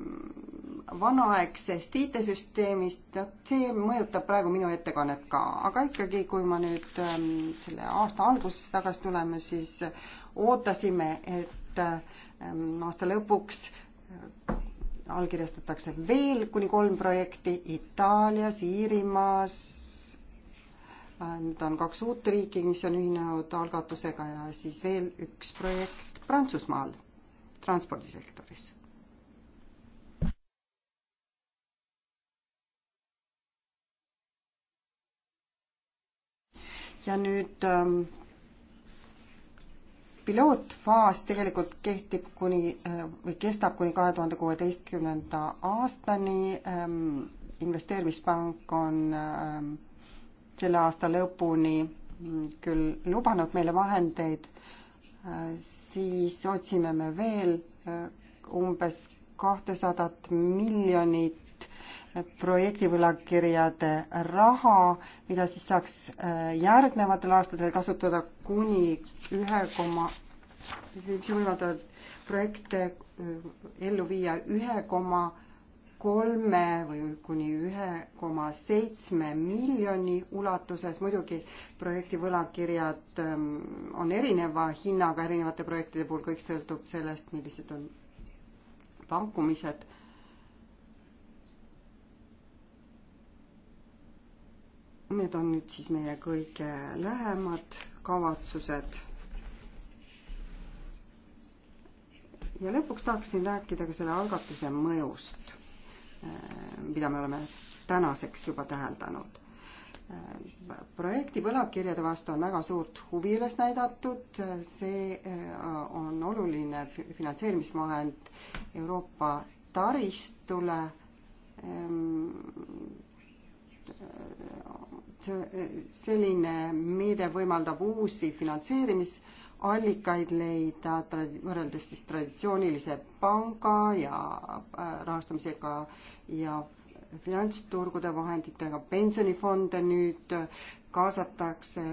vanaaegsest IT-süsteemist, see mõjutab praegu minu ettekannet ka, aga ikkagi, kui ma nüüd ähm, selle aasta algusesse tagasi tuleme, siis ootasime, et ähm, aasta lõpuks äh, allkirjastatakse veel kuni kolm projekti Itaalias, Iirimaas, äh, nüüd on kaks uut riiki, mis on ühinenud algatusega ja siis veel üks projekt Prantsusmaal transpordisektoris ja nüüd ähm, pilootfaas tegelikult kehtib kuni äh, või kestab kuni kahe tuhande kuueteistkümnenda aastani. Ähm, investeerimispank on ähm, selle aasta lõpuni mm, küll lubanud meile vahendeid, äh, siis otsime me veel äh, umbes kahtesadat miljonit projektivõlakirjade raha, mida siis saaks äh, järgnevatel aastatel kasutada kuni ühe koma, mis võimaldavad projekte äh, ellu viia ühe koma kolme või kuni ühe koma seitsme miljoni ulatuses, muidugi projekti võlakirjad ähm, on erineva hinnaga erinevate projektide puhul, kõik sõltub sellest, millised on pakkumised Need on nüüd siis meie kõige lähemad kavatsused. ja lõpuks tahaksin rääkida ka selle algatuse mõjust, eh, mida me oleme tänaseks juba täheldanud eh, projekti võlakirjade vastu on väga suurt huvi üles näidatud, see eh, on oluline finantseerimisvahend Euroopa taristule. Ehm, selline meede võimaldab uusi finantseerimisallikaid leida võrreldes siis traditsioonilise panga ja äh, rahastamisega ja finantsturgude vahenditega, pensionifonde nüüd kaasatakse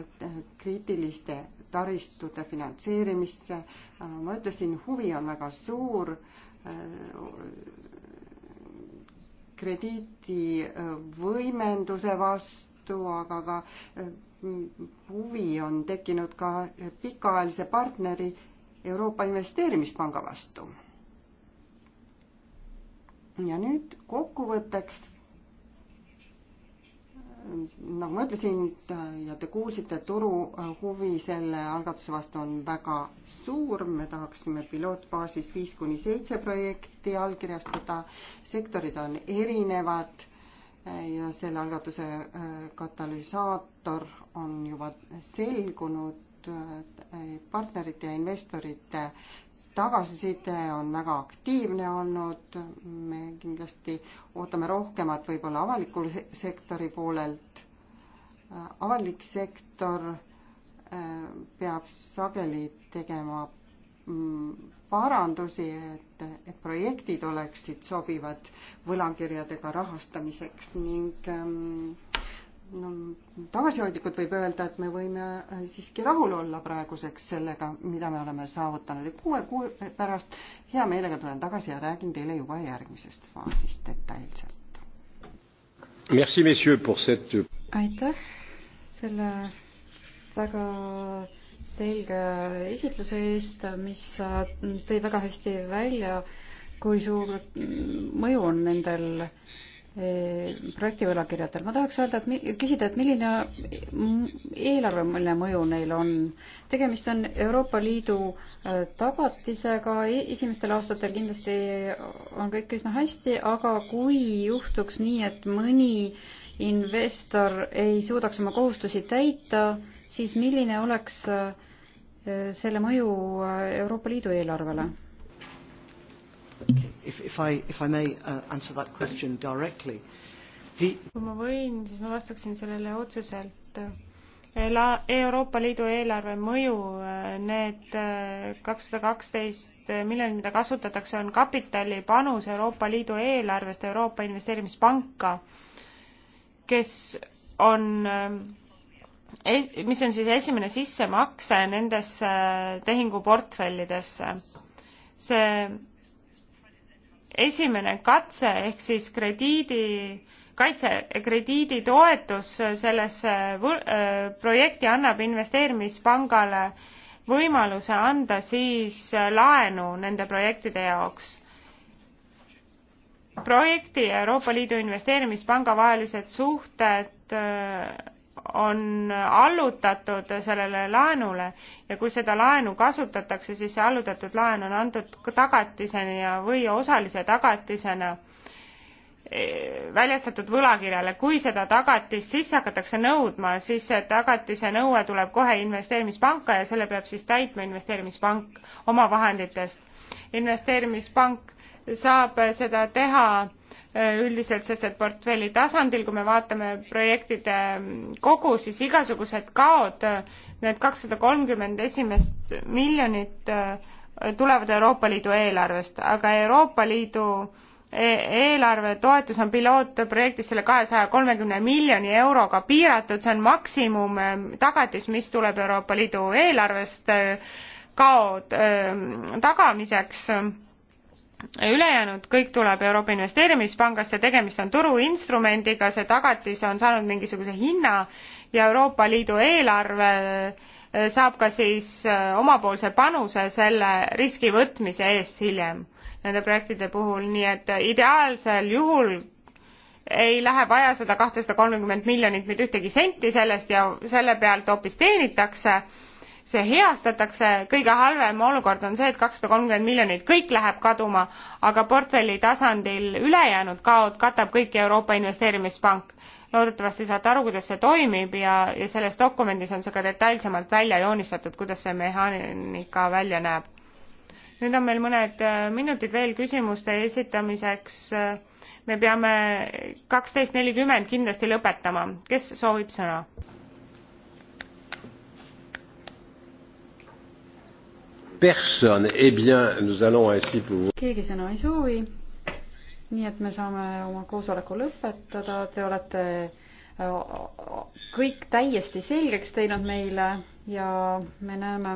kriitiliste taristute finantseerimisse. Äh, ma ütlesin, huvi on väga suur äh, krediidi võimenduse vastu, aga ka eh, huvi on tekkinud ka pikaajalise partneri Euroopa Investeerimispanga vastu. ja nüüd kokkuvõtteks nagu ma ütlesin ja te kuulsite, turu äh, huvi selle algatuse vastu on väga suur, me tahaksime pilootfaasis viis kuni seitse projekti allkirjastada, sektorid on erinevad äh, ja selle algatuse äh, katalüsaator on juba selgunud saadud partnerite ja investorite tagasiside on väga aktiivne olnud, me kindlasti ootame rohkemat võib-olla avalikul sektori poolelt. avalik sektor äh, peab sageli tegema mm, parandusi, et, et projektid oleksid sobivad võlakirjadega rahastamiseks ning ähm, no, tagasihoidlikud, võib öelda, et me võime äh, siiski rahul olla praeguseks sellega, mida me oleme saavutanud ja kuue kuu pärast hea meelega tulen tagasi ja räägin teile juba järgmisest faasist detailselt. Cette... aitäh selle väga selge esitluse eest, mis tõi väga hästi välja, kui suur mõju on nendel äh, Eh, projektivõlakirjadel. ma tahaks öelda, et küsida, et milline eelarveline mõju neil on. tegemist on Euroopa Liidu äh, tagatisega, e-, esimestel aastatel kindlasti on kõik üsna hästi, aga kui juhtuks nii, et mõni investor ei suudaks oma kohustusi täita, siis milline oleks äh, selle mõju äh, Euroopa Liidu eelarvele? Okay. If, if, I, if I may uh, answer that question directly. The... kui ma võin, siis ma vastaksin sellele otseselt. Euroopa Liidu eelarve mõju, äh, need äh, kakssada kaksteist miljonit, mida kasutatakse, on kapitalipanus Euroopa Liidu eelarvest Euroopa Investeerimispanka, kes on äh, mis on siis esimene sissemakse nendesse tehinguportfellidesse. see esimene katse ehk siis krediidi kaitse krediiditoetus sellesse äh, projekti annab investeerimispangale võimaluse anda siis äh, laenu nende projektide jaoks. projekti ja Euroopa Liidu Investeerimispanga vahelised suhted äh, on allutatud sellele laenule ja kui seda laenu kasutatakse, siis see allutatud laen on antud tagatisena ja, või osalise tagatisena e, väljastatud võlakirjale. kui seda tagatist sisse hakatakse nõudma, siis see tagatise nõue tuleb kohe investeerimispanka ja selle peab siis täitma investeerimispank oma vahenditest. investeerimispank saab seda teha üldiselt, sest et portfelli tasandil, kui me vaatame projektide kogu, siis igasugused kaod, need kakssada kolmkümmend esimest miljonit äh, tulevad Euroopa Liidu eelarvest, aga Euroopa Liidu e-, eelarve toetus on pilootprojektis selle kahesaja kolmekümne miljoni euroga piiratud, see on maksimum äh, tagatis, mis tuleb Euroopa Liidu eelarvest äh, kao tagamiseks ülejäänud kõik tuleb Euroopa Investeerimispangast ja tegemist on turuinstrumendiga, see tagatis on saanud mingisuguse hinna ja Euroopa Liidu eelarve äh, saab ka siis äh, omapoolse panuse selle riski võtmise eest hiljem nende projektide puhul, nii et ideaalsel juhul ei lähe vaja seda kahtesada kolmkümmend miljonit mitte ühtegi senti sellest ja selle pealt hoopis teenitakse see heastatakse, kõige halvem olukord on see, et kakssada kolmkümmend miljonit, kõik läheb kaduma, aga portfelli tasandil ülejäänud kaod katab kõik Euroopa Investeerimispank. loodetavasti saate aru, kuidas see toimib ja, ja selles dokumendis on see ka detailsemalt välja joonistatud, kuidas see mehaanika välja näeb. nüüd on meil mõned äh, minutid veel küsimuste esitamiseks. Äh, me peame kaksteist nelikümmend kindlasti lõpetama, kes soovib sõna? personne, eh bien, nous allons ainsi pouvoir. keegi sõna ei soovi. nii et me saame oma koosoleku lõpetada, te olete äh, kõik täiesti selgeks teinud meile ja me näeme,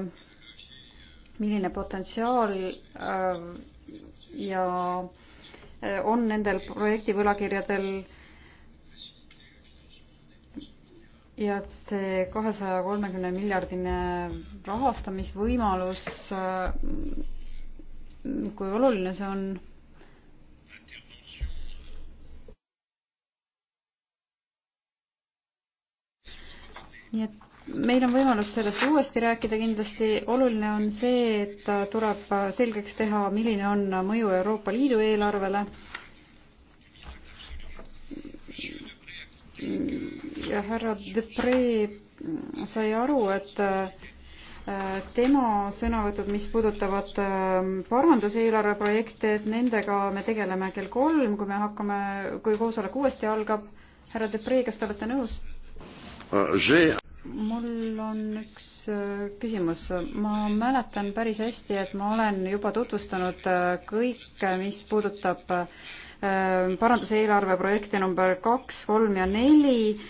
milline potentsiaal äh, ja äh, on nendel projekti võlakirjadel ja et see kahesaja kolmekümne miljardine rahastamisvõimalus, äh, kui oluline see on? nii et meil on võimalus sellest uuesti rääkida kindlasti. oluline on see, et tuleb selgeks teha, milline on mõju Euroopa Liidu eelarvele härra Depre sai aru, et äh, tema sõnavõtud, mis puudutavad ähm, paranduseelarve projekte, et nendega me tegeleme kell kolm, kui me hakkame, kui koosolek uuesti algab. härra Depre, kas te olete nõus? Äh, mul on üks äh, küsimus. ma mäletan päris hästi, et ma olen juba tutvustanud kõike, mis puudutab äh, Äh, paranduseelarve projekte number kaks, kolm ja neli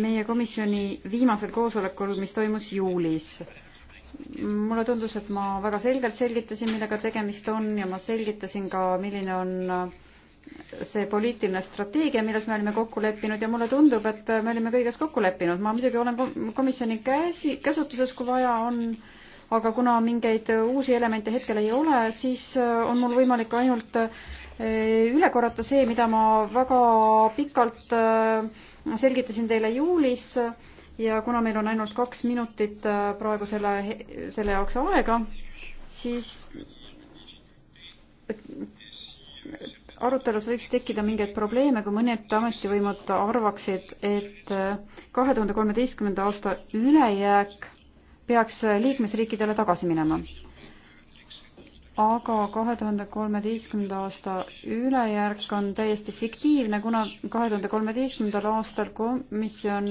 meie komisjoni viimasel koosolekul, mis toimus juulis mulle tundus, et ma väga selgelt selgitasin, millega tegemist on ja ma selgitasin ka, milline on äh, see poliitiline strateegia, milles me olime kokku leppinud ja mulle tundub, et äh, me olime kõiges kokku leppinud. ma muidugi olen komisjoni käsi, käsutuses, kui vaja on äh, aga kuna mingeid uusi elemente hetkel ei ole, siis äh, on mul võimalik ainult äh, üle korrata see, mida ma väga pikalt äh, selgitasin teile juulis ja kuna meil on ainult kaks minutit praegu selle, selle jaoks aega, siis arutelus võiks tekkida mingeid probleeme, kui mõned ametivõimud arvaksid, et kahe tuhande kolmeteistkümnenda aasta ülejääk peaks liikmesriikidele tagasi minema. aga kahe tuhande kolmeteistkümnenda aasta ülejärk on täiesti fiktiivne, kuna kahe tuhande kolmeteistkümnendal aastal komisjon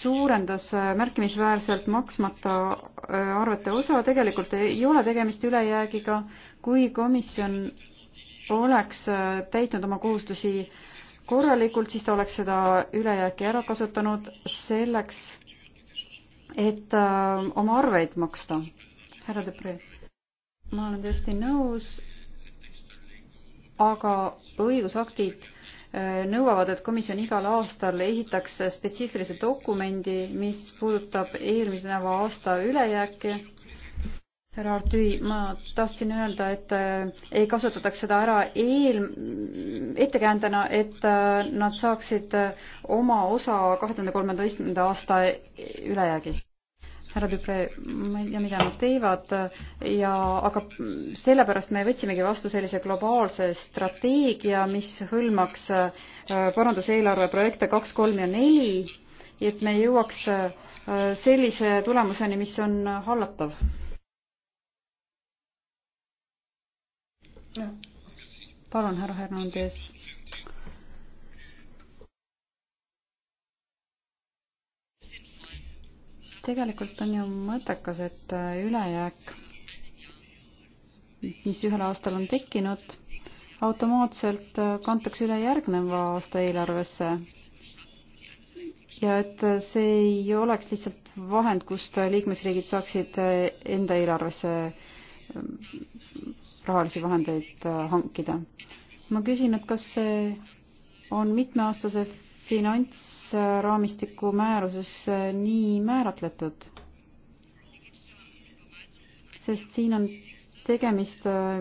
suurendas äh, märkimisväärselt maksmata äh, arvete osa, tegelikult ei ole tegemist ülejäägiga, kui komisjon oleks äh, täitnud oma kohustusi korralikult, siis ta oleks seda ülejääki ära kasutanud selleks, et äh, oma arveid maksta. härra Debre, ma olen täiesti nõus, aga õigusaktid äh, nõuavad, et komisjon igal aastal esitaks spetsiifilise dokumendi, mis puudutab eelmiseva aasta ülejääke härra Artüi, ma tahtsin öelda, et äh, ei kasutataks seda ära eel, ettekäändena, et äh, nad saaksid äh, oma osa kahe tuhande kolmeteistkümnenda aasta ülejäägist. härra Tüpre, ma ei tea, mida nad teevad ja, aga sellepärast me võtsimegi vastu sellise globaalse strateegia, mis hõlmaks paranduseelarve projekte kaks, kolm ja neli, et me jõuaks sellise tulemuseni, mis on hallatav palun, härra Hernandez. tegelikult on ju mõttekas, et äh, ülejääk, mis ühel aastal on tekkinud, automaatselt äh, kantakse üle järgneva aasta eelarvesse ja et äh, see ei oleks lihtsalt vahend, kust liikmesriigid saaksid enda eelarvesse rahalisi vahendeid äh, hankida. ma küsin, et kas see on mitmeaastase finantsraamistiku määruses äh, nii määratletud? sest siin on tegemist äh,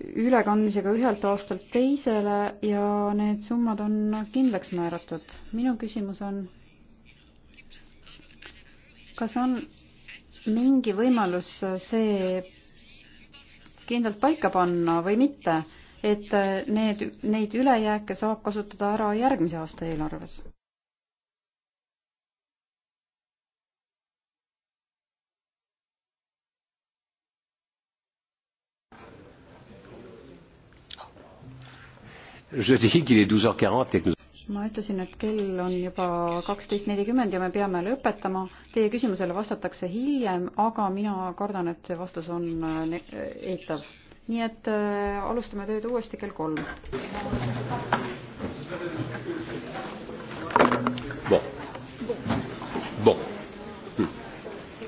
ülekandmisega ühelt aastalt teisele ja need summad on kindlaks määratud. minu küsimus on, kas on mingi võimalus see kindlalt paika panna või mitte, et need, neid ülejääke saab kasutada ära järgmise aasta eelarves? Je dis qu'il est 12h40 et que nous ma ütlesin, et kell on juba kaksteist nelikümmend ja me peame lõpetama. Teie küsimusele vastatakse hiljem, aga mina kardan, et see vastus on äh, eitav. nii et äh, alustame tööd uuesti kell kolm. Bon. Bon.